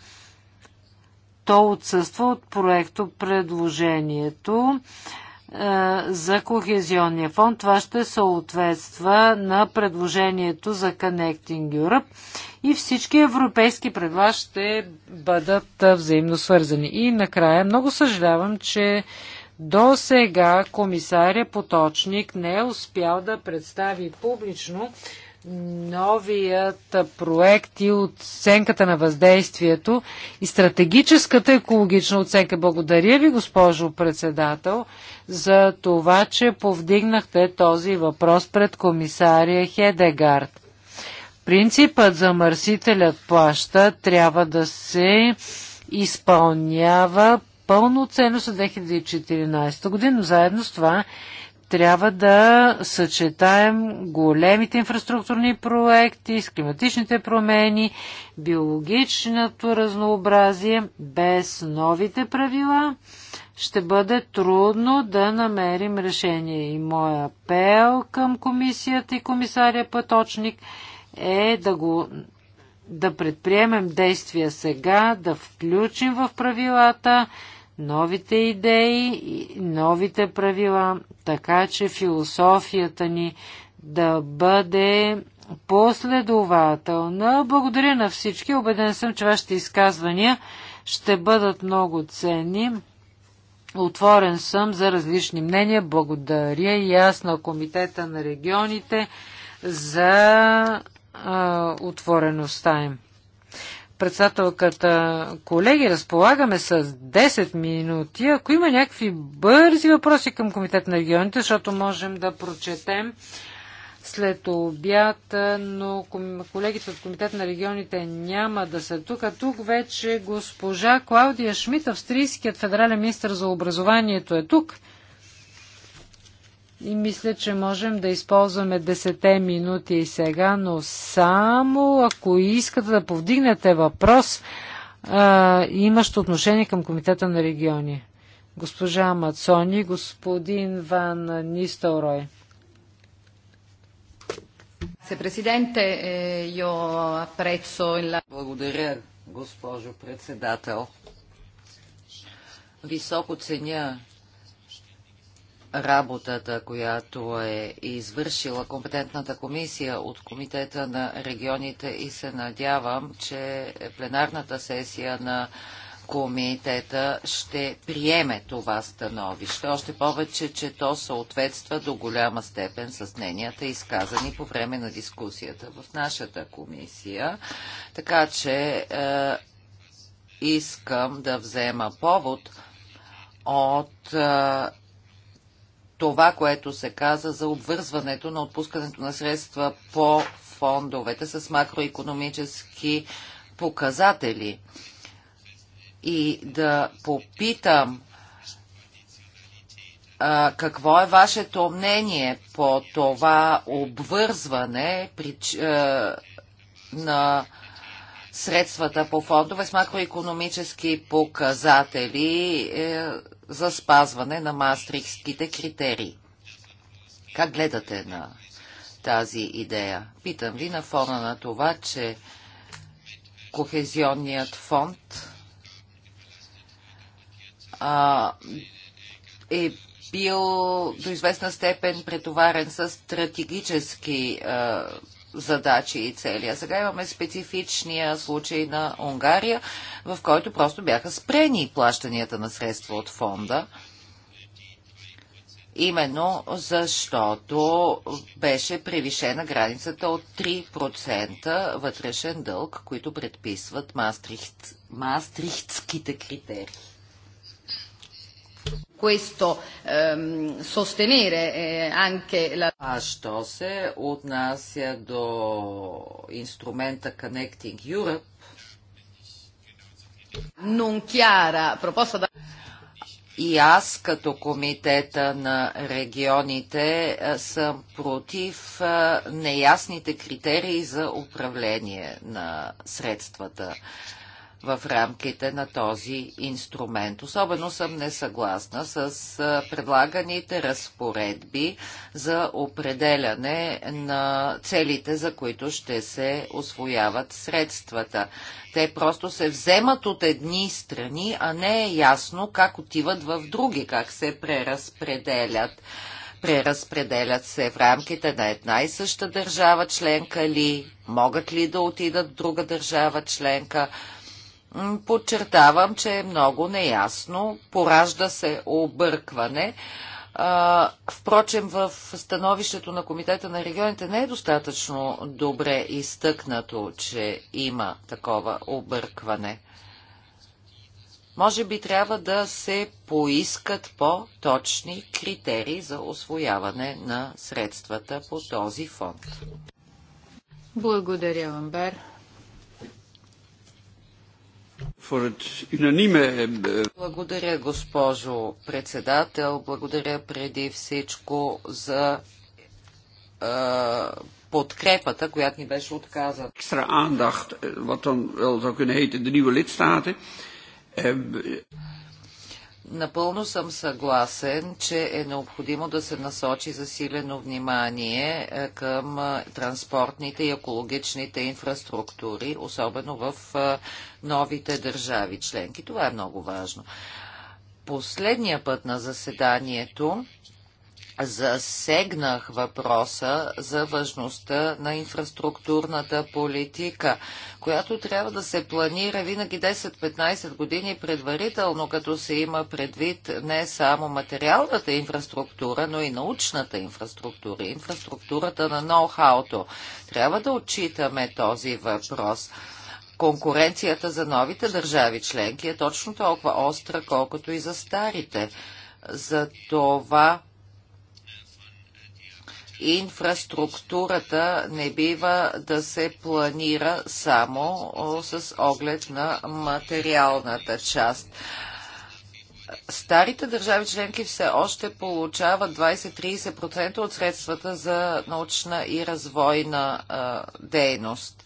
То отсъства от проекто предложението е, за Кохезионния фонд. Това ще съответства на предложението за Connecting Europe и всички европейски правила ще бъдат е, взаимно свързани. И накрая много съжалявам, че до сега комисаря Поточник не е успял да представи публично новият проект и оценката на въздействието и стратегическата екологична оценка. Благодаря ви, госпожо председател, за това, че повдигнахте този въпрос пред комисария Хедегард. Принципът за мърсителят плаща трябва да се изпълнява пълноценно с 2014 година, но заедно с това трябва да съчетаем големите инфраструктурни проекти с климатичните промени, биологичното разнообразие. Без новите правила ще бъде трудно да намерим решение. И моя апел към комисията и комисаря Пъточник е да го да предприемем действия сега, да включим в правилата новите идеи, новите правила, така че философията ни да бъде последователна. Благодаря на всички. Обеден съм, че вашите изказвания ще бъдат много ценни. Отворен съм за различни мнения. Благодаря и аз на Комитета на регионите за а, отвореността им председателката. Колеги, разполагаме с 10 минути. Ако има някакви бързи въпроси към Комитет на регионите, защото можем да прочетем след обяд, но колегите от Комитет на регионите няма да са тук. А тук вече госпожа Клаудия Шмидт, австрийският федерален министр за образованието е тук. И мисля, че можем да използваме 10 минути и сега, но само ако искате да повдигнете въпрос, а, имащо отношение към Комитета на региони. Госпожа Мацони, господин Ван Нистелрой. Е, Благодаря, госпожо председател. Високо ценя работата, която е извършила компетентната комисия от Комитета на регионите и се надявам, че пленарната сесия на комитета ще приеме това становище. Още повече, че то съответства до голяма степен с мненията, изказани по време на дискусията в нашата комисия. Така че е, искам да взема повод от е, това, което се каза за обвързването на отпускането на средства по фондовете с макроекономически показатели. И да попитам а, какво е вашето мнение по това обвързване при, а, на средствата по фондове с макроекономически показатели, е, за спазване на мастрихските критерии. Как гледате на тази идея? Питам ви на фона на това, че Кохезионният фонд а, е бил до известна степен претоварен с стратегически а, задачи и цели. А сега имаме специфичния случай на Унгария, в който просто бяха спрени плащанията на средства от фонда именно защото беше превишена границата от 3% вътрешен дълг, които предписват мастрихт, мастрихтските критерии questo ehm, sostenere eh, anche la... A što se odnasja do instrumenta Connecting Europe? Non chiara, proposta da... И аз като комитета на регионите съм против неясните критерии за управление на средствата в рамките на този инструмент. Особено съм несъгласна с предлаганите разпоредби за определяне на целите, за които ще се освояват средствата. Те просто се вземат от едни страни, а не е ясно как отиват в други, как се преразпределят преразпределят се в рамките на една и съща държава членка ли, могат ли да отидат в друга държава членка подчертавам, че е много неясно, поражда се объркване. А, впрочем, в становището на Комитета на регионите не е достатъчно добре изтъкнато, че има такова объркване. Може би трябва да се поискат по-точни критерии за освояване на средствата по този фонд. Благодаря, Амбер. Eh, Благодаря, госпожо председател. Благодаря преди всичко за подкрепата, която ни беше отказана. Екстра aandacht, eh, wat dan wel zou kunnen heten de nieuwe lidstaten. Ehm, Напълно съм съгласен, че е необходимо да се насочи засилено внимание е, към е, транспортните и екологичните инфраструктури, особено в е, новите държави членки. Това е много важно. Последния път на заседанието засегнах въпроса за важността на инфраструктурната политика, която трябва да се планира винаги 10-15 години предварително, като се има предвид не само материалната инфраструктура, но и научната инфраструктура, инфраструктурата на ноу-хауто. Трябва да отчитаме този въпрос. Конкуренцията за новите държави членки е точно толкова остра, колкото и за старите. За това Инфраструктурата не бива да се планира само с оглед на материалната част. Старите държави членки все още получават 20-30% от средствата за научна и развойна а, дейност.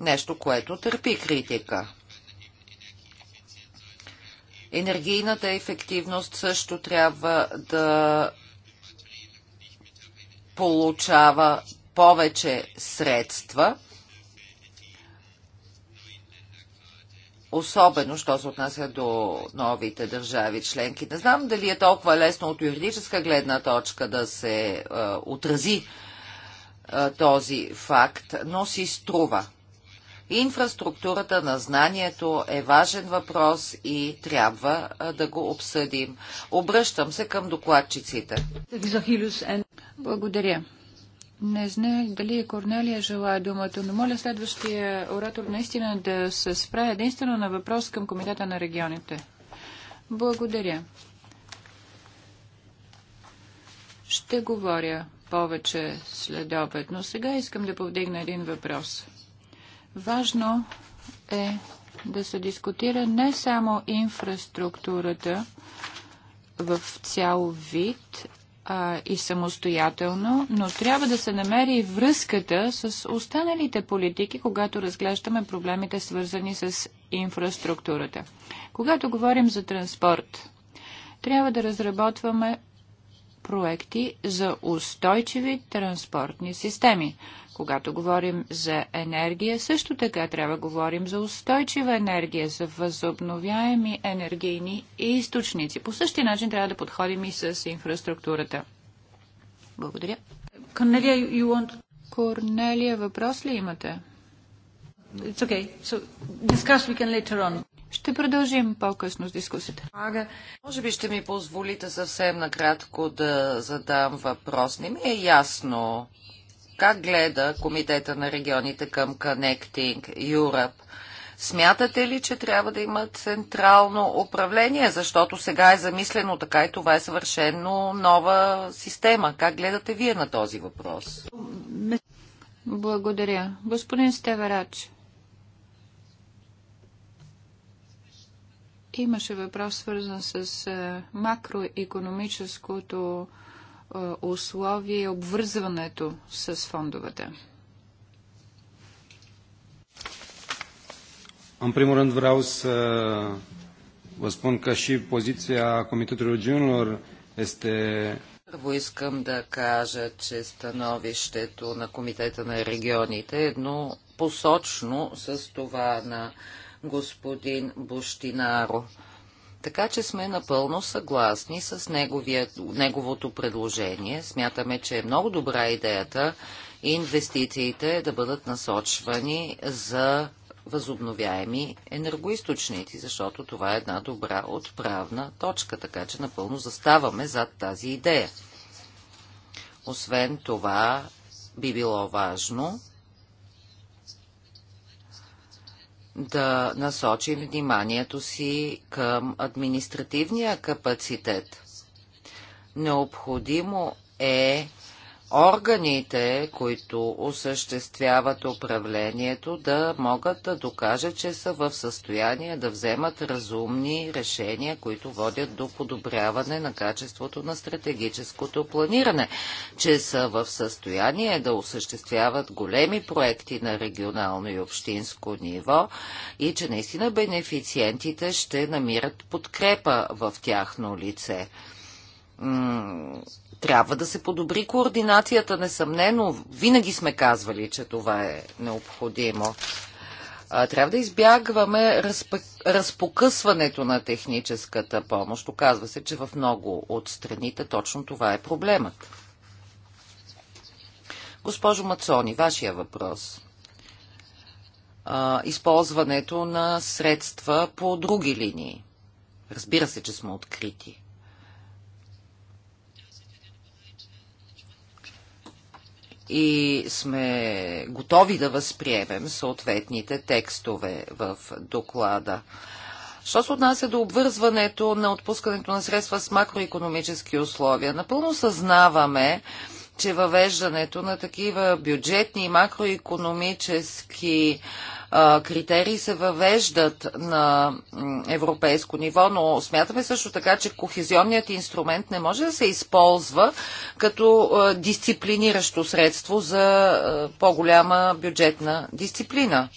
Нещо, което търпи критика. Енергийната ефективност също трябва да получава повече средства, особено, що се отнася до новите държави членки. Не знам дали е толкова лесно от юридическа гледна точка да се е, отрази е, този факт, но си струва. Инфраструктурата на знанието е важен въпрос и трябва да го обсъдим. Обръщам се към докладчиците. Благодаря. Не знаех дали Корнелия желая думата, но моля следващия оратор наистина да се справя единствено на въпрос към Комитета на регионите. Благодаря. Ще говоря повече след обед, но сега искам да повдигна един въпрос. Важно е да се дискутира не само инфраструктурата в цял вид а, и самостоятелно, но трябва да се намери връзката с останалите политики, когато разглеждаме проблемите свързани с инфраструктурата. Когато говорим за транспорт, трябва да разработваме проекти за устойчиви транспортни системи. Когато говорим за енергия, също така трябва да говорим за устойчива енергия, за възобновяеми енергийни източници. По същия начин трябва да подходим и с инфраструктурата. Благодаря. Корнелия, you want... Корнелия, въпрос ли имате? It's okay. So discuss we can later on. Ще продължим по-късно с дискусията. Ага. Може би ще ми позволите съвсем накратко да задам въпрос. Не ми е ясно как гледа Комитета на регионите към Connecting Europe? Смятате ли, че трябва да има централно управление? Защото сега е замислено така и това е съвършено нова система. Как гледате вие на този въпрос? Благодаря. Господин Стеверач, имаше въпрос свързан с е, макроекономическото е, условие и е обвързването с фондовете? În primul rând vreau să vă spun că și poziția Comitetului Regiunilor este първо искам да кажа, че становището на Комитета на регионите е едно посочно с това на господин Буштинаро. Така че сме напълно съгласни с неговия, неговото предложение. Смятаме, че е много добра идеята инвестициите да бъдат насочвани за възобновяеми енергоисточници, защото това е една добра отправна точка, така че напълно заставаме зад тази идея. Освен това, би било важно да насочим вниманието си към административния капацитет. Необходимо е органите, които осъществяват управлението, да могат да докажат, че са в състояние да вземат разумни решения, които водят до подобряване на качеството на стратегическото планиране, че са в състояние да осъществяват големи проекти на регионално и общинско ниво и че наистина бенефициентите ще намират подкрепа в тяхно лице трябва да се подобри координацията, несъмнено. Винаги сме казвали, че това е необходимо. Трябва да избягваме разпокъсването на техническата помощ. Оказва се, че в много от страните точно това е проблемът. Госпожо Мацони, вашия въпрос. използването на средства по други линии. Разбира се, че сме открити. и сме готови да възприемем съответните текстове в доклада. Що се отнася до обвързването на отпускането на средства с макроекономически условия, напълно съзнаваме, че въвеждането на такива бюджетни и макроекономически критерии се въвеждат на европейско ниво, но смятаме също така, че кохезионният инструмент не може да се използва като дисциплиниращо средство за по-голяма бюджетна дисциплина.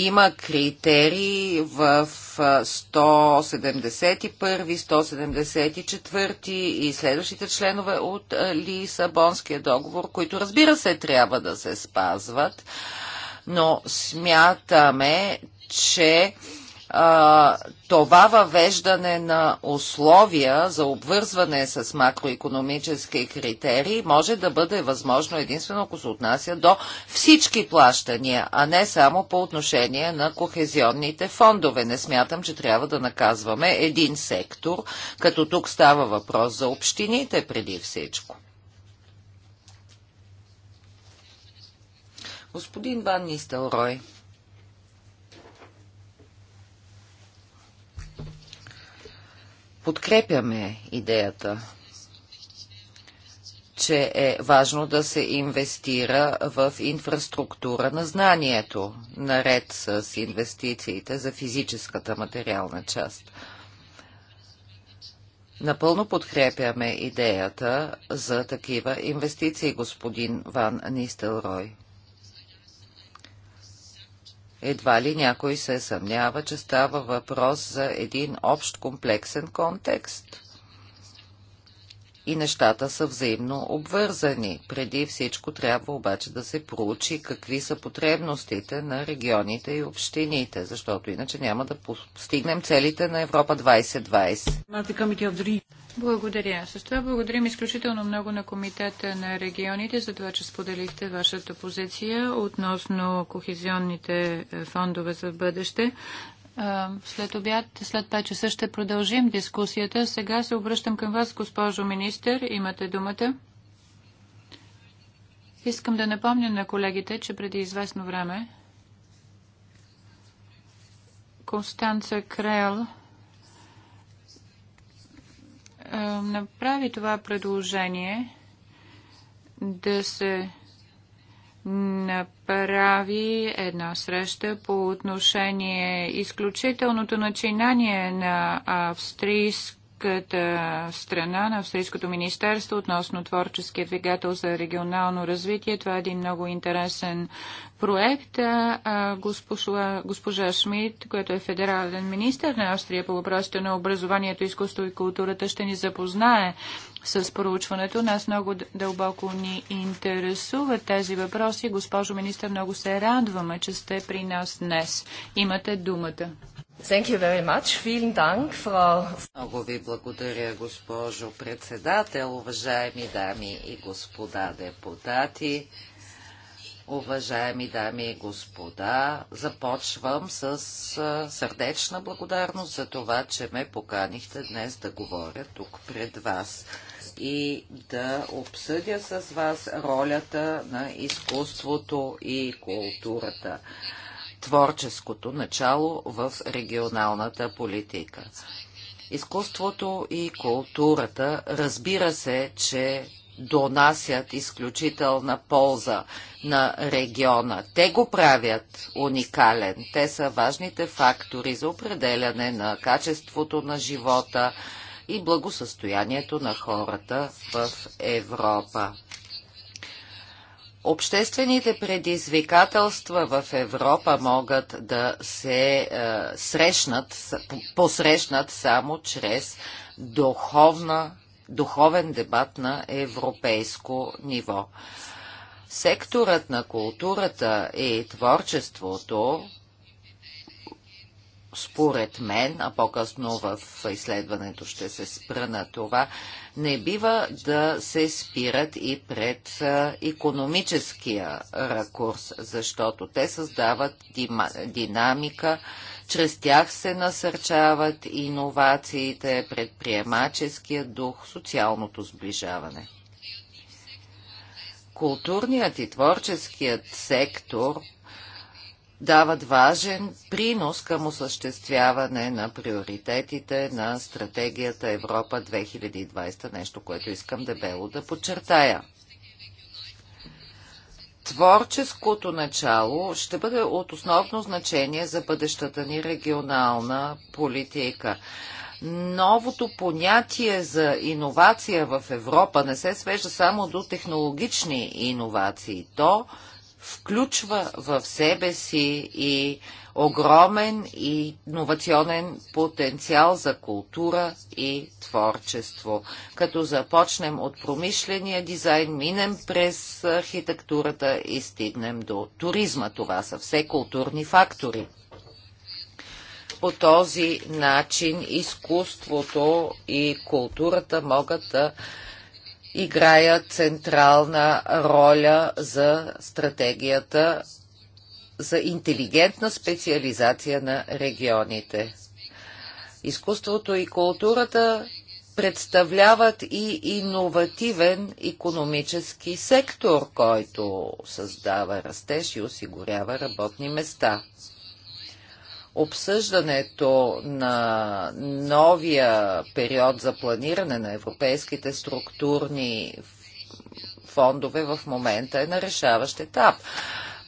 Има критерии в 171, 174 и следващите членове от Лисабонския договор, които разбира се трябва да се спазват, но смятаме, че а, това въвеждане на условия за обвързване с макроекономически критерии може да бъде възможно единствено ако се отнася до всички плащания, а не само по отношение на кохезионните фондове. Не смятам, че трябва да наказваме един сектор, като тук става въпрос за общините преди всичко. Господин Ван Нистелрой. Подкрепяме идеята, че е важно да се инвестира в инфраструктура на знанието, наред с инвестициите за физическата материална част. Напълно подкрепяме идеята за такива инвестиции, господин Ван Нистелрой. Едва ли някой се съмнява, че става въпрос за един общ комплексен контекст и нещата са взаимно обвързани. Преди всичко трябва обаче да се проучи какви са потребностите на регионите и общините, защото иначе няма да постигнем целите на Европа 2020. Благодаря. С това благодарим изключително много на Комитета на регионите за това, че споделихте вашата позиция относно кохезионните е, фондове за бъдеще. След обяд, след 5 часа ще продължим дискусията. Сега се обръщам към вас, госпожо министър. Имате думата. Искам да напомня на колегите, че преди известно време Констанца Крел направи това предложение да се направи една среща по отношение изключителното начинание на австрийската страна, на австрийското министерство относно творческия двигател за регионално развитие. Това е един много интересен проект. Госпожа, госпожа Шмидт, която е федерален министр на Австрия по въпросите на образованието, изкуство и културата, ще ни запознае с проучването. Нас много дълбоко ни интересуват тези въпроси. Госпожо министър, много се радваме, че сте при нас днес. Имате думата. Thank you very much. Vielen Dank, Frau... Много ви благодаря, госпожо председател, уважаеми дами и господа депутати. Уважаеми дами и господа, започвам с сърдечна благодарност за това, че ме поканихте днес да говоря тук пред вас и да обсъдя с вас ролята на изкуството и културата творческото начало в регионалната политика. Изкуството и културата разбира се, че донасят изключителна полза на региона. Те го правят уникален. Те са важните фактори за определяне на качеството на живота и благосъстоянието на хората в Европа. Обществените предизвикателства в Европа могат да се е, срещнат, посрещнат само чрез духовна духовен дебат на европейско ниво. Секторът на културата и творчеството според мен, а по-късно в изследването ще се спра на това, не бива да се спират и пред економическия ракурс, защото те създават динамика, чрез тях се насърчават иновациите, предприемаческия дух, социалното сближаване. Културният и творческият сектор дават важен принос към осъществяване на приоритетите на стратегията Европа 2020, нещо, което искам дебело да подчертая. Творческото начало ще бъде от основно значение за бъдещата ни регионална политика новото понятие за иновация в Европа не се свежда само до технологични иновации. То включва в себе си и огромен и иновационен потенциал за култура и творчество. Като започнем от промишления дизайн, минем през архитектурата и стигнем до туризма. Това са все културни фактори. По този начин изкуството и културата могат да играят централна роля за стратегията за интелигентна специализация на регионите. Изкуството и културата представляват и иновативен економически сектор, който създава растеж и осигурява работни места. Обсъждането на новия период за планиране на европейските структурни фондове в момента е на решаващ етап.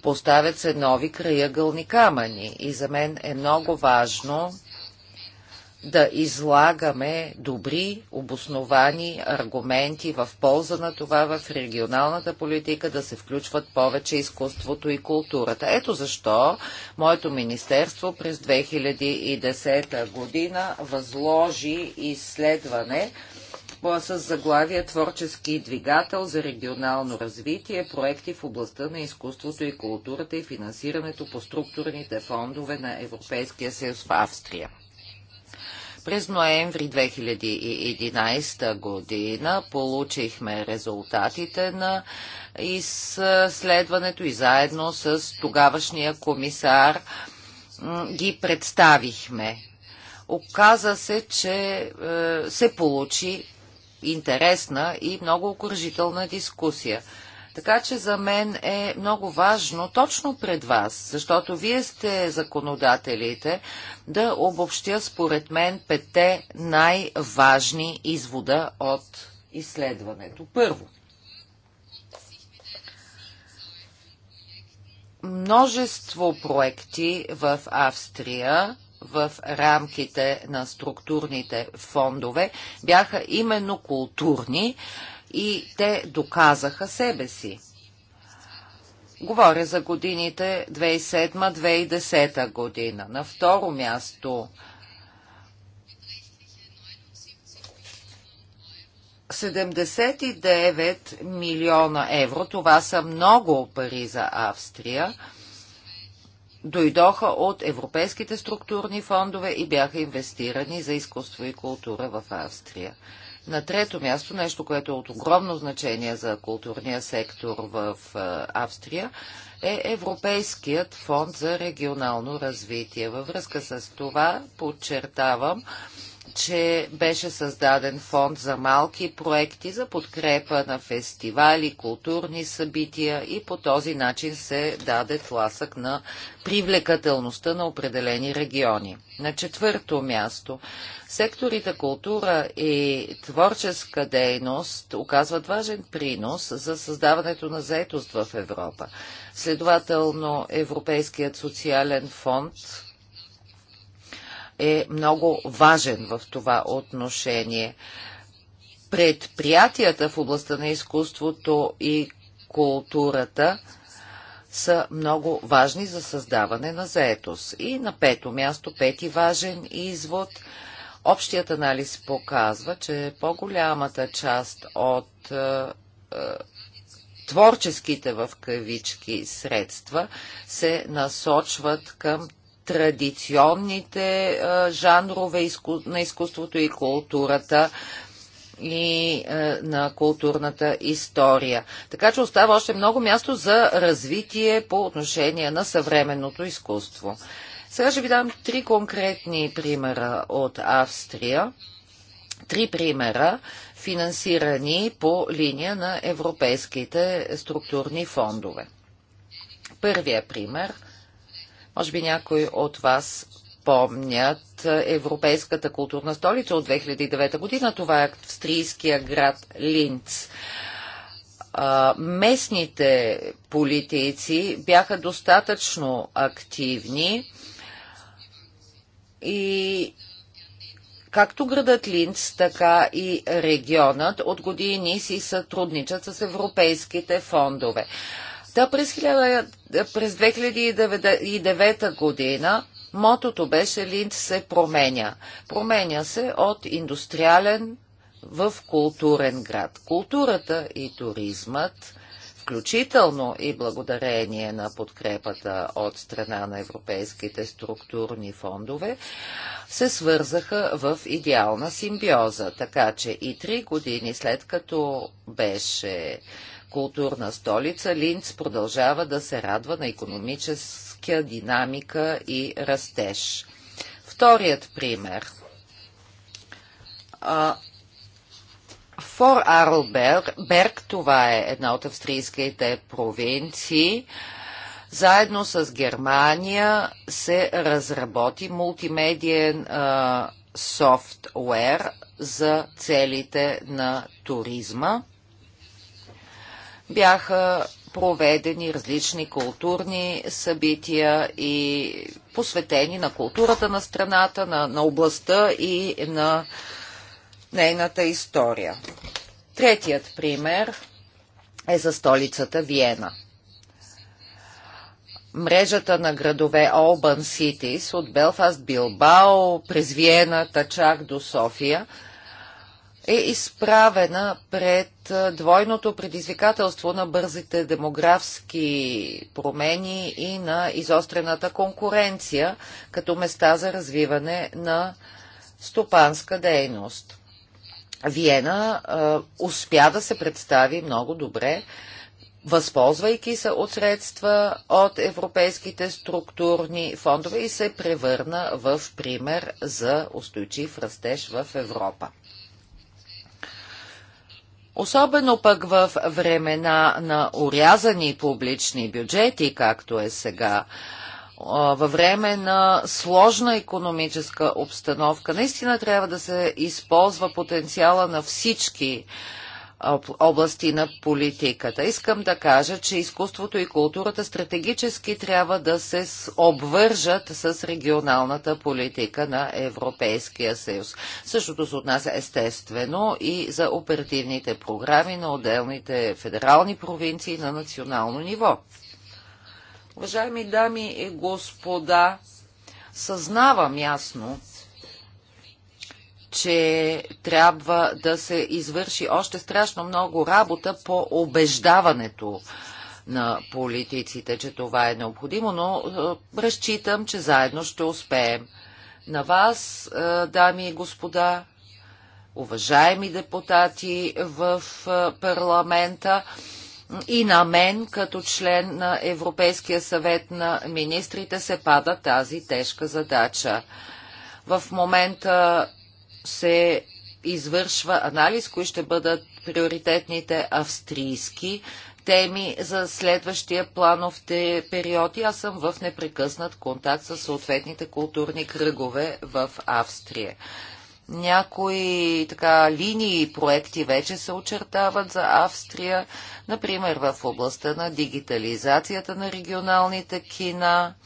Поставят се нови краягълни камъни и за мен е много важно да излагаме добри, обосновани аргументи в полза на това в регионалната политика да се включват повече изкуството и културата. Ето защо моето министерство през 2010 година възложи изследване с заглавие Творчески двигател за регионално развитие, проекти в областта на изкуството и културата и финансирането по структурните фондове на Европейския съюз в Австрия. През ноември 2011 година получихме резултатите на изследването и заедно с тогавашния комисар ги представихме. Оказа се, че е, се получи интересна и много окоръжителна дискусия. Така че за мен е много важно точно пред вас, защото вие сте законодателите, да обобщя според мен пете най-важни извода от изследването. Първо, множество проекти в Австрия в рамките на структурните фондове бяха именно културни и те доказаха себе си. Говоря за годините 2007-2010 година. На второ място 79 милиона евро. Това са много пари за Австрия дойдоха от европейските структурни фондове и бяха инвестирани за изкуство и култура в Австрия. На трето място, нещо, което е от огромно значение за културния сектор в Австрия, е Европейският фонд за регионално развитие. Във връзка с това подчертавам, че беше създаден фонд за малки проекти за подкрепа на фестивали, културни събития и по този начин се даде тласък на привлекателността на определени региони. На четвърто място, секторите култура и творческа дейност оказват важен принос за създаването на заетост в Европа. Следователно, Европейският социален фонд е много важен в това отношение. Предприятията в областта на изкуството и културата са много важни за създаване на заетост. И на пето място, пети важен извод. Общият анализ показва, че по-голямата част от е, е творческите в кавички средства се насочват към традиционните жанрове на изкуството и културата и на културната история. Така че остава още много място за развитие по отношение на съвременното изкуство. Сега ще ви дам три конкретни примера от Австрия. Три примера, финансирани по линия на европейските структурни фондове. Първия пример – може би някой от вас помнят Европейската културна столица от 2009 година. Това е австрийския град Линц. местните политици бяха достатъчно активни и както градът Линц, така и регионът от години си сътрудничат с европейските фондове. Та през, 1000, през 2009 година мотото беше Линд се променя. Променя се от индустриален в културен град. Културата и туризмът, включително и благодарение на подкрепата от страна на европейските структурни фондове, се свързаха в идеална симбиоза. Така че и три години след като беше културна столица, Линц продължава да се радва на економическа динамика и растеж. Вторият пример. Фор Арлберг, това е една от австрийските провинции, заедно с Германия се разработи мултимедиен софтуер за целите на туризма бяха проведени различни културни събития и посветени на културата на страната, на, на областта и на нейната история. Третият пример е за столицата Виена. Мрежата на градове Олбан Ситис от Белфаст, Билбао, през Виена, Тачак до София – е изправена пред двойното предизвикателство на бързите демографски промени и на изострената конкуренция като места за развиване на стопанска дейност. Виена а, успя да се представи много добре, възползвайки се от средства от европейските структурни фондове и се превърна в пример за устойчив растеж в Европа. Особено пък в времена на урязани публични бюджети, както е сега, във време на сложна економическа обстановка, наистина трябва да се използва потенциала на всички области на политиката. Искам да кажа, че изкуството и културата стратегически трябва да се обвържат с регионалната политика на Европейския съюз. Същото се отнася естествено и за оперативните програми на отделните федерални провинции на национално ниво. Уважаеми дами и господа, съзнавам ясно, че трябва да се извърши още страшно много работа по убеждаването на политиците, че това е необходимо, но е, разчитам, че заедно ще успеем. На вас, е, дами и господа, уважаеми депутати в е, парламента и на мен, като член на Европейския съвет на министрите, се пада тази тежка задача. В момента се извършва анализ, кои ще бъдат приоритетните австрийски теми за следващия планов период и аз съм в непрекъснат контакт с съответните културни кръгове в Австрия. Някои така линии и проекти вече се очертават за Австрия, например в областта на дигитализацията на регионалните кина –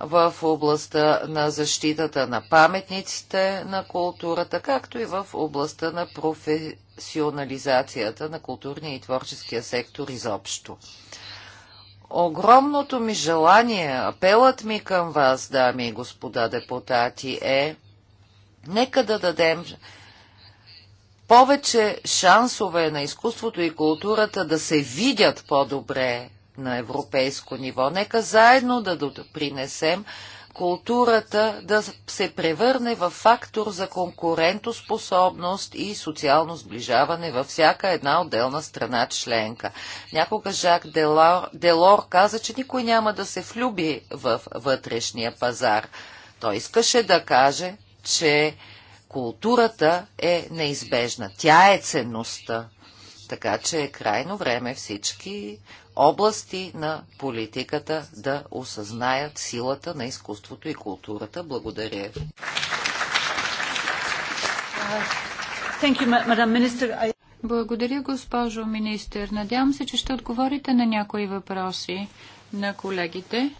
в областта на защитата на паметниците на културата, както и в областта на професионализацията на културния и творческия сектор изобщо. Огромното ми желание, апелът ми към вас, дами и господа депутати, е нека да дадем повече шансове на изкуството и културата да се видят по-добре на европейско ниво. Нека заедно да допринесем културата да се превърне в фактор за конкурентоспособност и социално сближаване във всяка една отделна страна членка. Някога Жак Делор, Делор каза, че никой няма да се влюби в вътрешния пазар. Той искаше да каже, че културата е неизбежна. Тя е ценността. Така че е крайно време всички области на политиката да осъзнаят силата на изкуството и културата. Благодаря ви. Благодаря, госпожо министр. Надявам се, че ще отговорите на някои въпроси на колегите.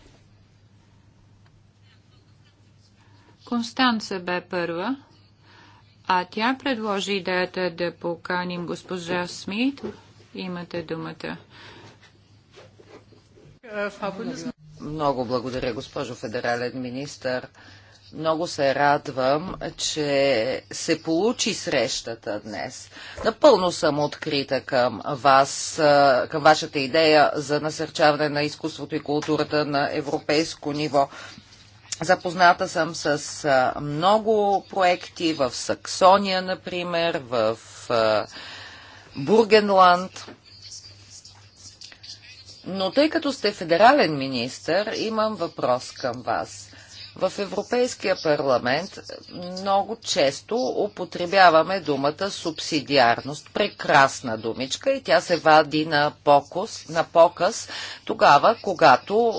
Констанца бе първа, а тя предложи идеята да поканим госпожа Смит. Имате думата. Много благодаря, госпожо федерален министър. Много се радвам, че се получи срещата днес. Напълно съм открита към вас, към вашата идея за насърчаване на изкуството и културата на европейско ниво. Запозната съм с много проекти в Саксония, например, в Бургенланд. Но тъй като сте федерален министр, имам въпрос към вас. В Европейския парламент много често употребяваме думата субсидиарност. Прекрасна думичка и тя се вади на, покус, на показ тогава, когато е,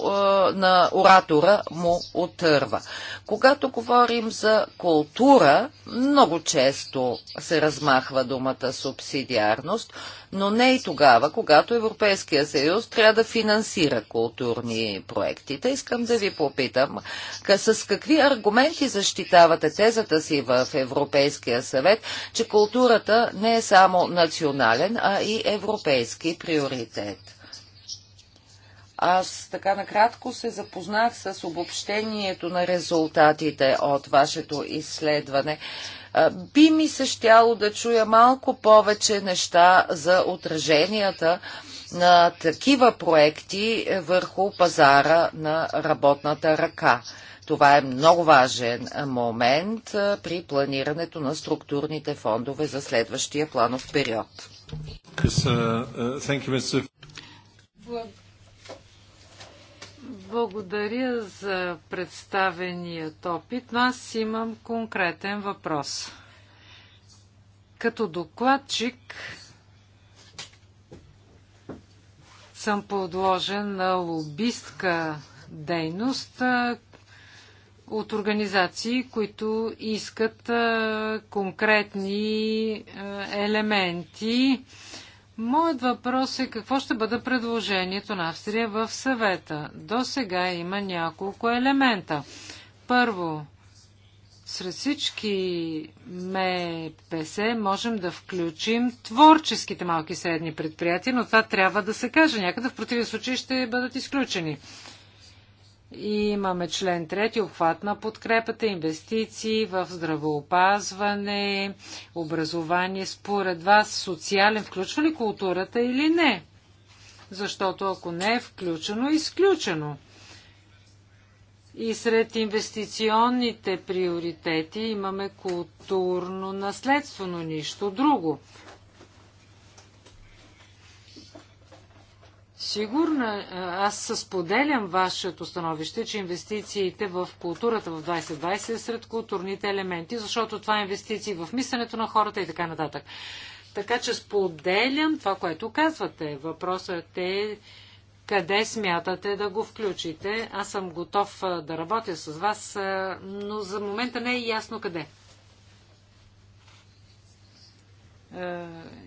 на оратора му отърва. Когато говорим за култура, много често се размахва думата субсидиарност – но не и тогава, когато Европейския съюз трябва да финансира културни проекти. Та искам да ви попитам, с какви аргументи защитавате тезата си в Европейския съвет, че културата не е само национален, а и европейски приоритет? Аз така накратко се запознах с обобщението на резултатите от вашето изследване. Би ми се щяло да чуя малко повече неща за отраженията на такива проекти върху пазара на работната ръка. Това е много важен момент при планирането на структурните фондове за следващия планов период. Uh, uh, Благодаря. Благодаря за представеният опит, но аз имам конкретен въпрос. Като докладчик съм подложен на лобистка дейност от организации, които искат конкретни елементи Моят въпрос е какво ще бъде предложението на Австрия в съвета. До сега има няколко елемента. Първо, сред всички МПС можем да включим творческите малки и средни предприятия, но това трябва да се каже. Някъде в противен случай ще бъдат изключени. И имаме член 3, обхват на подкрепата, инвестиции в здравеопазване, образование. Според вас социален включва ли културата или не? Защото ако не е включено, е изключено. И сред инвестиционните приоритети имаме културно наследство, но нищо друго. Сигурно, аз споделям вашето становище, че инвестициите в културата в 2020 е сред културните елементи, защото това е инвестиции в мисленето на хората и така нататък. Така че споделям това, което казвате. Въпросът е къде смятате да го включите. Аз съм готов да работя с вас, но за момента не е ясно къде.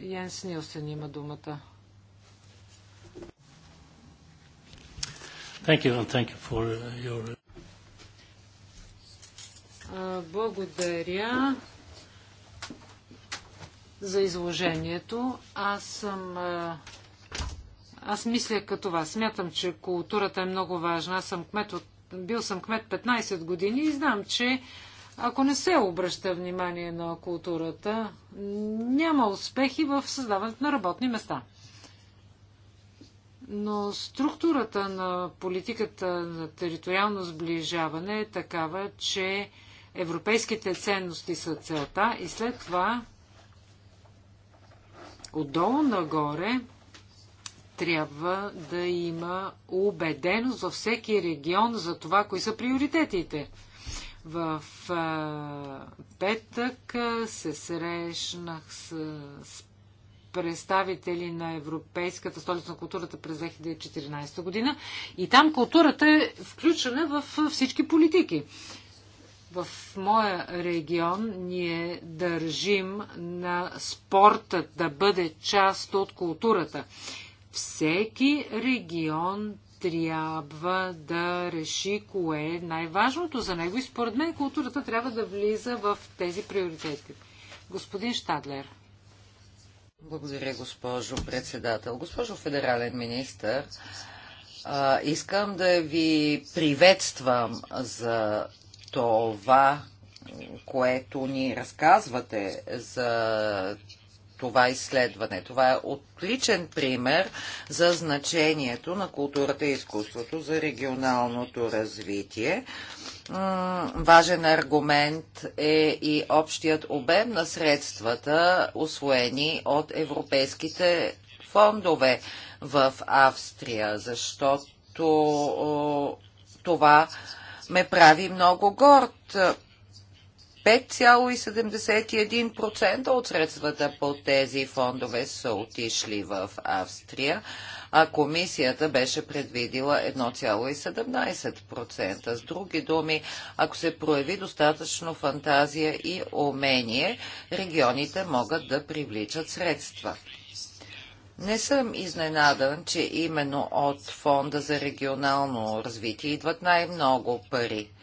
Янс е, Нилсен има думата. Thank you and thank you for uh, your... Благодаря за изложението. Аз съм. Аз мисля като вас. Смятам, че културата е много важна. Аз съм кмет от, бил съм кмет 15 години и знам, че ако не се обръща внимание на културата, няма успехи в създаването на работни места. Но структурата на политиката на териториално сближаване е такава, че европейските ценности са целта и след това отдолу нагоре трябва да има убеденост във всеки регион за това, кои са приоритетите. В а, петък се срещнах с, с представители на Европейската столица на културата през 2014 година. И там културата е включена в всички политики. В моя регион ние държим на спорта да бъде част от културата. Всеки регион трябва да реши кое е най-важното за него и според мен културата трябва да влиза в тези приоритети. Господин Штадлер. Благодаря, госпожо председател. Госпожо федерален министр, искам да ви приветствам за това, което ни разказвате за това изследване. Това е отличен пример за значението на културата и изкуството за регионалното развитие. Важен аргумент е и общият обем на средствата, освоени от европейските фондове в Австрия, защото това ме прави много горд 5,71% от средствата по тези фондове са отишли в Австрия, а комисията беше предвидила 1,17%. С други думи, ако се прояви достатъчно фантазия и умение, регионите могат да привличат средства. Не съм изненадан, че именно от Фонда за регионално развитие идват най-много пари –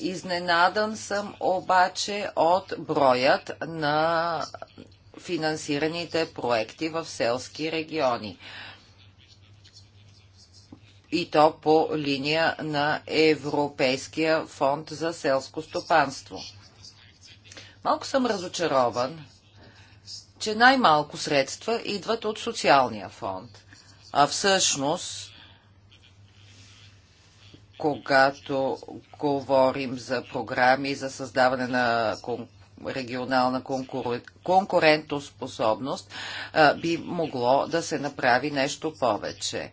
изненадан съм обаче от броят на финансираните проекти в селски региони. И то по линия на Европейския фонд за селско стопанство. Малко съм разочарован, че най-малко средства идват от социалния фонд. А всъщност когато говорим за програми за създаване на регионална конкурентоспособност, би могло да се направи нещо повече.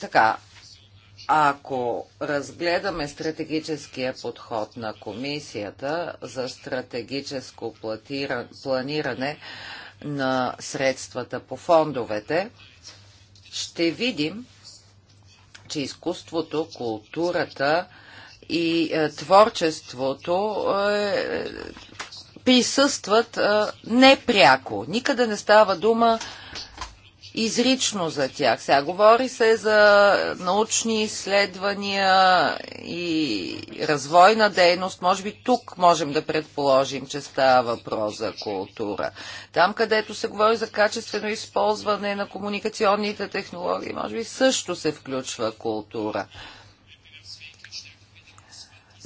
Така, ако разгледаме стратегическия подход на комисията за стратегическо планиране на средствата по фондовете, ще видим, че изкуството, културата и е, творчеството е, е, присъстват непряко. Никъде не става дума изрично за тях. Сега говори се за научни изследвания и развойна дейност. Може би тук можем да предположим, че става въпрос за култура. Там, където се говори за качествено използване на комуникационните технологии, може би също се включва култура.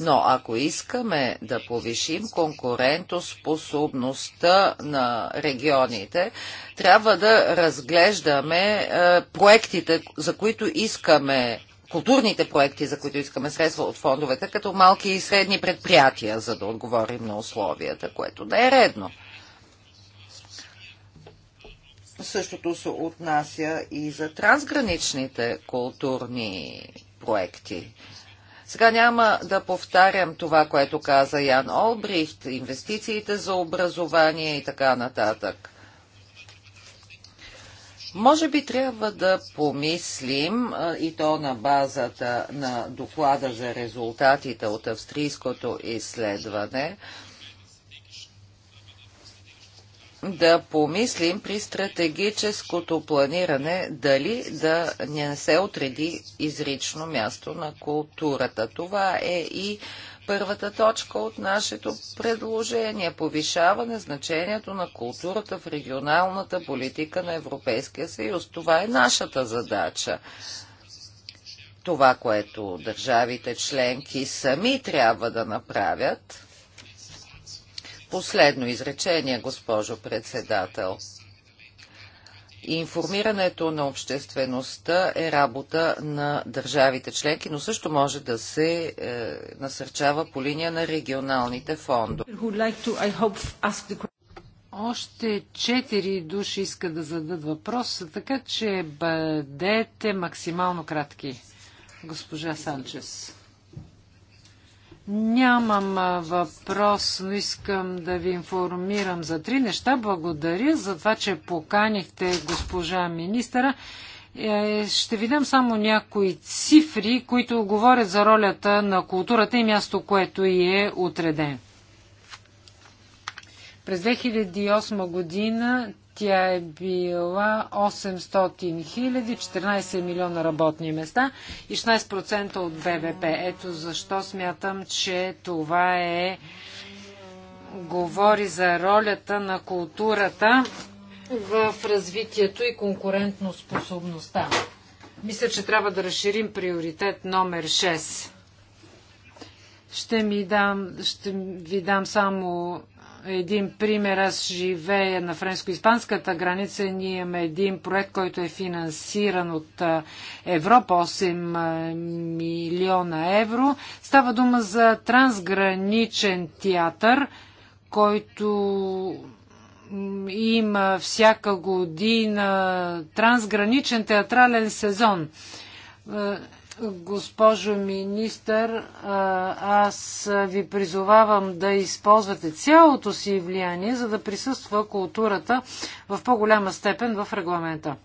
Но ако искаме да повишим конкурентоспособността на регионите, трябва да разглеждаме е, проектите, за които искаме културните проекти, за които искаме средства от фондовете, като малки и средни предприятия, за да отговорим на условията, което да е редно. Същото се отнася и за трансграничните културни проекти. Сега няма да повтарям това, което каза Ян Олбрихт, инвестициите за образование и така нататък. Може би трябва да помислим и то на базата на доклада за резултатите от австрийското изследване, да помислим при стратегическото планиране дали да не се отреди изрично място на културата. Това е и първата точка от нашето предложение – повишаване значението на културата в регионалната политика на Европейския съюз. Това е нашата задача. Това, което държавите членки сами трябва да направят – Последно изречение, госпожо председател. Информирането на обществеността е работа на държавите членки, но също може да се е, насърчава по линия на регионалните фондове. Още четири души искат да зададат въпрос, така че бъдете максимално кратки. Госпожа Санчес. Нямам въпрос, но искам да ви информирам за три неща. Благодаря за това, че поканихте госпожа министъра. Е, ще ви дам само някои цифри, които говорят за ролята на културата и място, което й е отреден. През 2008 година тя е била 800 хиляди, 14 милиона работни места и 16% от ВВП. Ето защо смятам, че това е говори за ролята на културата в развитието и конкурентно способността. Мисля, че трябва да разширим приоритет номер 6. Ще, ми дам, ще ви дам само един пример. Аз живея на френско-испанската граница. Ние имаме един проект, който е финансиран от Европа, 8 милиона евро. Става дума за трансграничен театър, който има всяка година трансграничен театрален сезон Госпожо министър, аз ви призовавам да използвате цялото си влияние, за да присъства културата в по-голяма степен в регламента.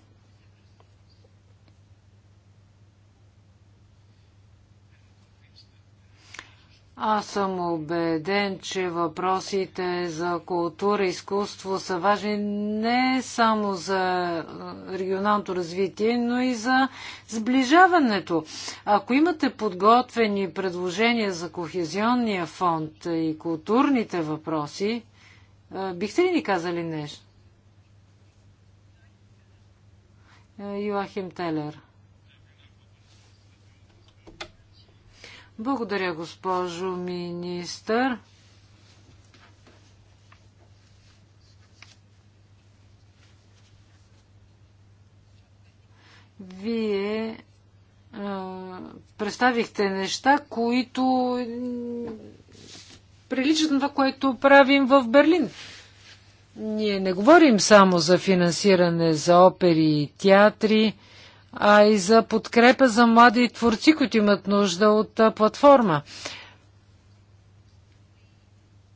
Аз съм убеден, че въпросите за култура и изкуство са важни не само за регионалното развитие, но и за сближаването. Ако имате подготвени предложения за Кохезионния фонд и културните въпроси, бихте ли ни казали нещо? Е, Йоахим Телер. Благодаря, госпожо министър. Вие а, представихте неща, които приличат на това, което правим в Берлин. Ние не говорим само за финансиране за опери и театри, а и за подкрепа за млади творци, които имат нужда от платформа.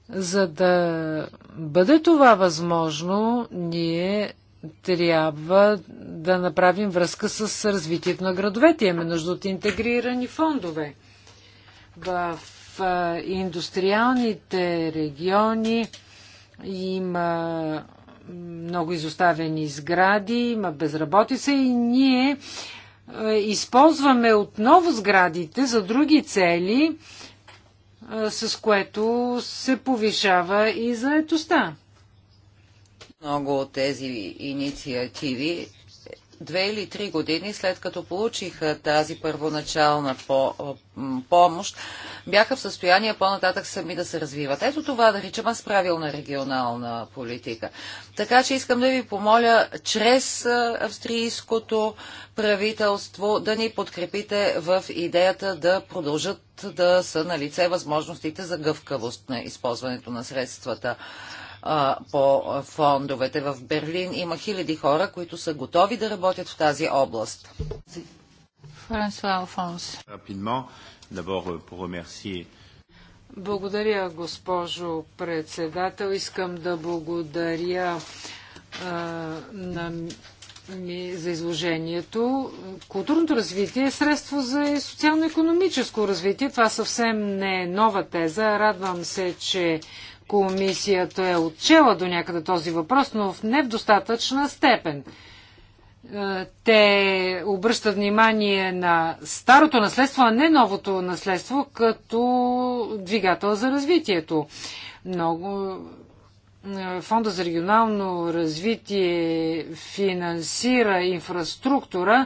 За да бъде това възможно, ние трябва да направим връзка с развитието на градовете. Имаме нужда от интегрирани фондове. В индустриалните региони има много изоставени сгради, има безработица и ние е, използваме отново сградите за други цели, е, с което се повишава и заетостта. Много от тези инициативи две или три години след като получиха тази първоначална по, помощ, бяха в състояние по-нататък сами да се развиват. Ето това да речем аз правилна регионална политика. Така че искам да ви помоля чрез австрийското правителство да ни подкрепите в идеята да продължат да са на лице възможностите за гъвкавост на използването на средствата а, по фондовете. В Берлин има хиляди хора, които са готови да работят в тази област. Франсуа Алфонс. Euh, благодаря, госпожо председател. Искам да благодаря а, на ми за изложението. Културното развитие е средство за социално-економическо развитие. Това съвсем не е нова теза. Радвам се, че Комисията е отчела до някъде този въпрос, но не в достатъчна степен. Е, те обръщат внимание на старото наследство, а не новото наследство, като двигател за развитието. Много е, Фонда за регионално развитие финансира инфраструктура,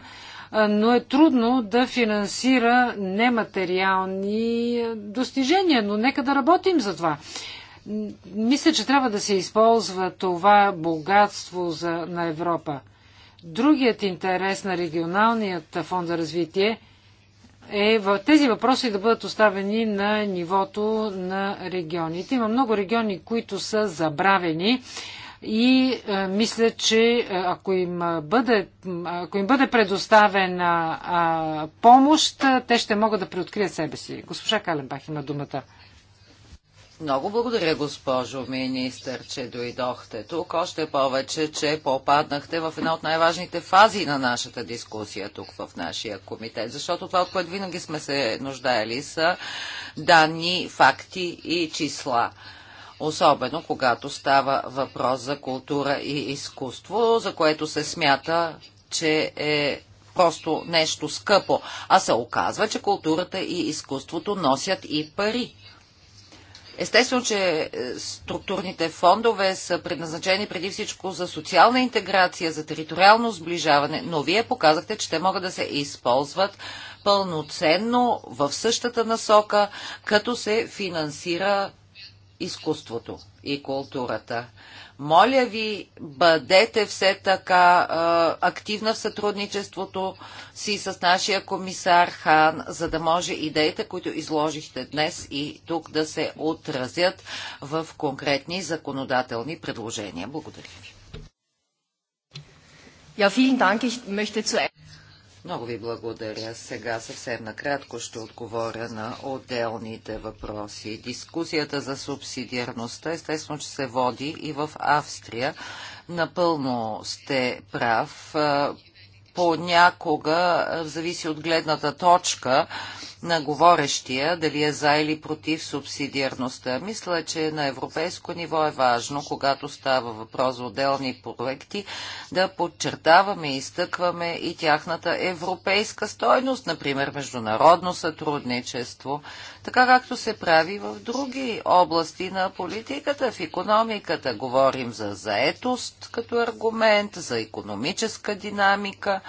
е, но е трудно да финансира нематериални достижения, но нека да работим за това. Мисля, че трябва да се използва това богатство за, на Европа. Другият интерес на регионалният фонд за развитие е в тези въпроси да бъдат оставени на нивото на регионите. Има много региони, които са забравени и а, е, мисля, че е, ако им е, бъде, ако им бъде предоставена а, помощ, те ще могат да преоткрият себе си. Госпожа Каленбах има думата. Много благодаря, госпожо министър, че дойдохте тук. Още повече, че попаднахте в една от най-важните фази на нашата дискусия тук в нашия комитет. Защото това, от което винаги сме се нуждаели, са данни, факти и числа особено когато става въпрос за култура и изкуство, за което се смята, че е просто нещо скъпо, а се оказва, че културата и изкуството носят и пари. Естествено, че е, структурните фондове са предназначени преди всичко за социална интеграция, за териториално сближаване, но вие показахте, че те могат да се използват пълноценно в същата насока, като се финансира изкуството и културата. Моля ви, бъдете все така а, активна в сътрудничеството си с нашия комисар Хан, за да може идеите, които изложихте днес и тук да се отразят в конкретни законодателни предложения. Благодаря ви. Ja, vielen Dank. Ich möchte zu много ви благодаря. Сега съвсем накратко ще отговоря на отделните въпроси. Дискусията за субсидиарността естествено, че се води и в Австрия. Напълно сте прав. Понякога, зависи от гледната точка, на говорещия, дали е за или против субсидиарността. Мисля, че на европейско ниво е важно, когато става въпрос за отделни проекти, да подчертаваме и изтъкваме и тяхната европейска стойност, например международно сътрудничество, така както се прави в други области на политиката, в економиката. Говорим за заетост като аргумент, за економическа динамика.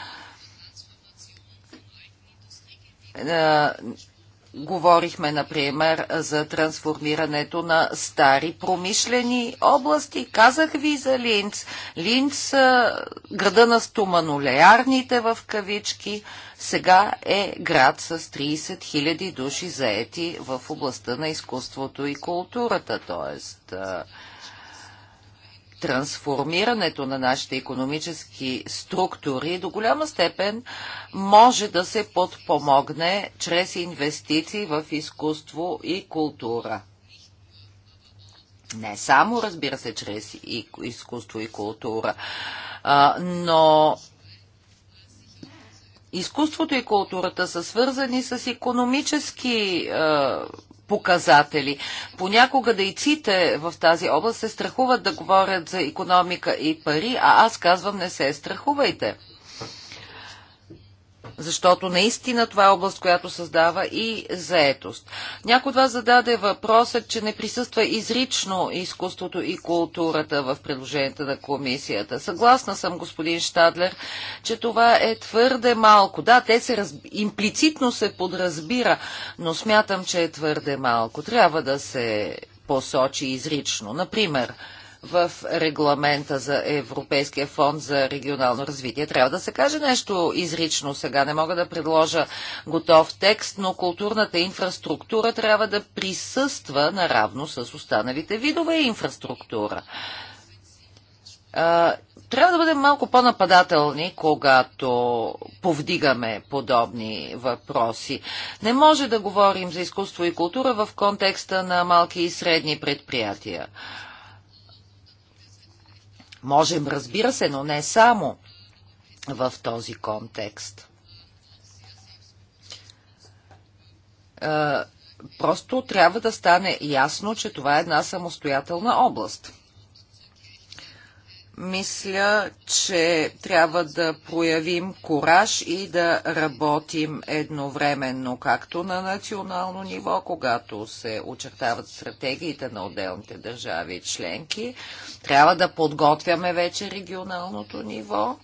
Е, говорихме, например, за трансформирането на стари промишлени области. Казах ви за Линц. Линц, е, града на стоманолеярните в кавички, сега е град с 30 000 души заети в областта на изкуството и културата. Тоест, трансформирането на нашите економически структури до голяма степен може да се подпомогне чрез инвестиции в изкуство и култура. Не само, разбира се, чрез изкуство и култура, но изкуството и културата са свързани с економически показатели. Понякога дейците в тази област се страхуват да говорят за економика и пари, а аз казвам не се страхувайте защото наистина това е област, която създава и заетост. Някой от вас зададе въпросът, че не присъства изрично изкуството и културата в предложенията на комисията. Съгласна съм, господин Штадлер, че това е твърде малко. Да, те се разб... имплицитно се подразбира, но смятам, че е твърде малко. Трябва да се посочи изрично. Например, в регламента за Европейския фонд за регионално развитие. Трябва да се каже нещо изрично сега. Не мога да предложа готов текст, но културната инфраструктура трябва да присъства наравно с останалите видове инфраструктура трябва да бъдем малко по-нападателни, когато повдигаме подобни въпроси. Не може да говорим за изкуство и култура в контекста на малки и средни предприятия. Можем, разбира се, но не само в този контекст. Е, просто трябва да стане ясно, че това е една самостоятелна област. Мисля, че трябва да проявим кораж и да работим едновременно, както на национално ниво, когато се очертават стратегиите на отделните държави и членки. Трябва да подготвяме вече регионалното ниво,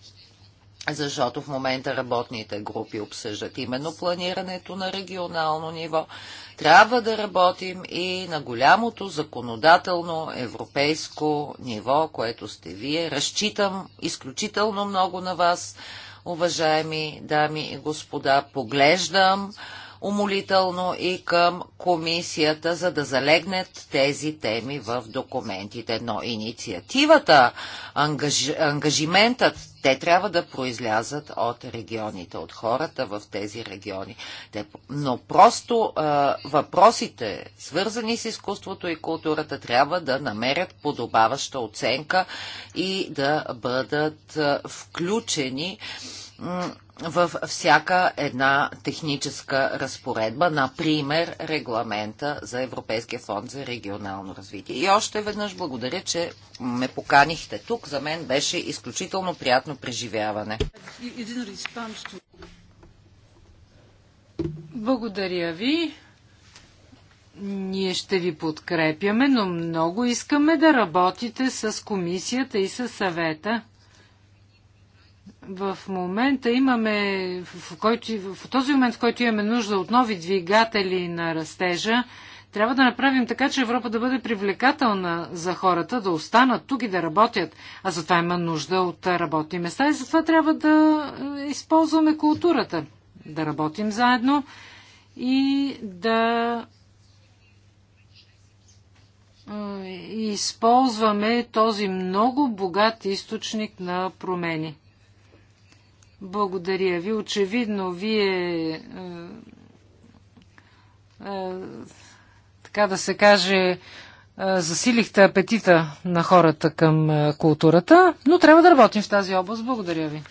защото в момента работните групи обсъждат именно планирането на регионално ниво. Трябва да работим и на голямото законодателно европейско ниво, което сте вие. Разчитам изключително много на вас, уважаеми дами и господа. Поглеждам умолително и към комисията, за да залегнат тези теми в документите. Но инициативата, ангаж... ангажиментът, те трябва да произлязат от регионите, от хората в тези региони. Но просто а, въпросите, свързани с изкуството и културата, трябва да намерят подобаваща оценка и да бъдат а, включени а, във всяка една техническа разпоредба, например регламента за Европейския фонд за регионално развитие. И още веднъж благодаря, че ме поканихте тук. За мен беше изключително приятно преживяване. Благодаря ви. Ние ще ви подкрепяме, но много искаме да работите с комисията и с съвета в момента имаме, в, който, в този момент, в който имаме нужда от нови двигатели на растежа, трябва да направим така, че Европа да бъде привлекателна за хората, да останат тук и да работят. А затова има нужда от работни места и затова трябва да е, използваме културата, да работим заедно и да е, използваме този много богат източник на промени. Благодаря ви. Очевидно, вие е, е, така да се каже, е, засилихте апетита на хората към културата, но трябва да работим в тази област. Благодаря ви.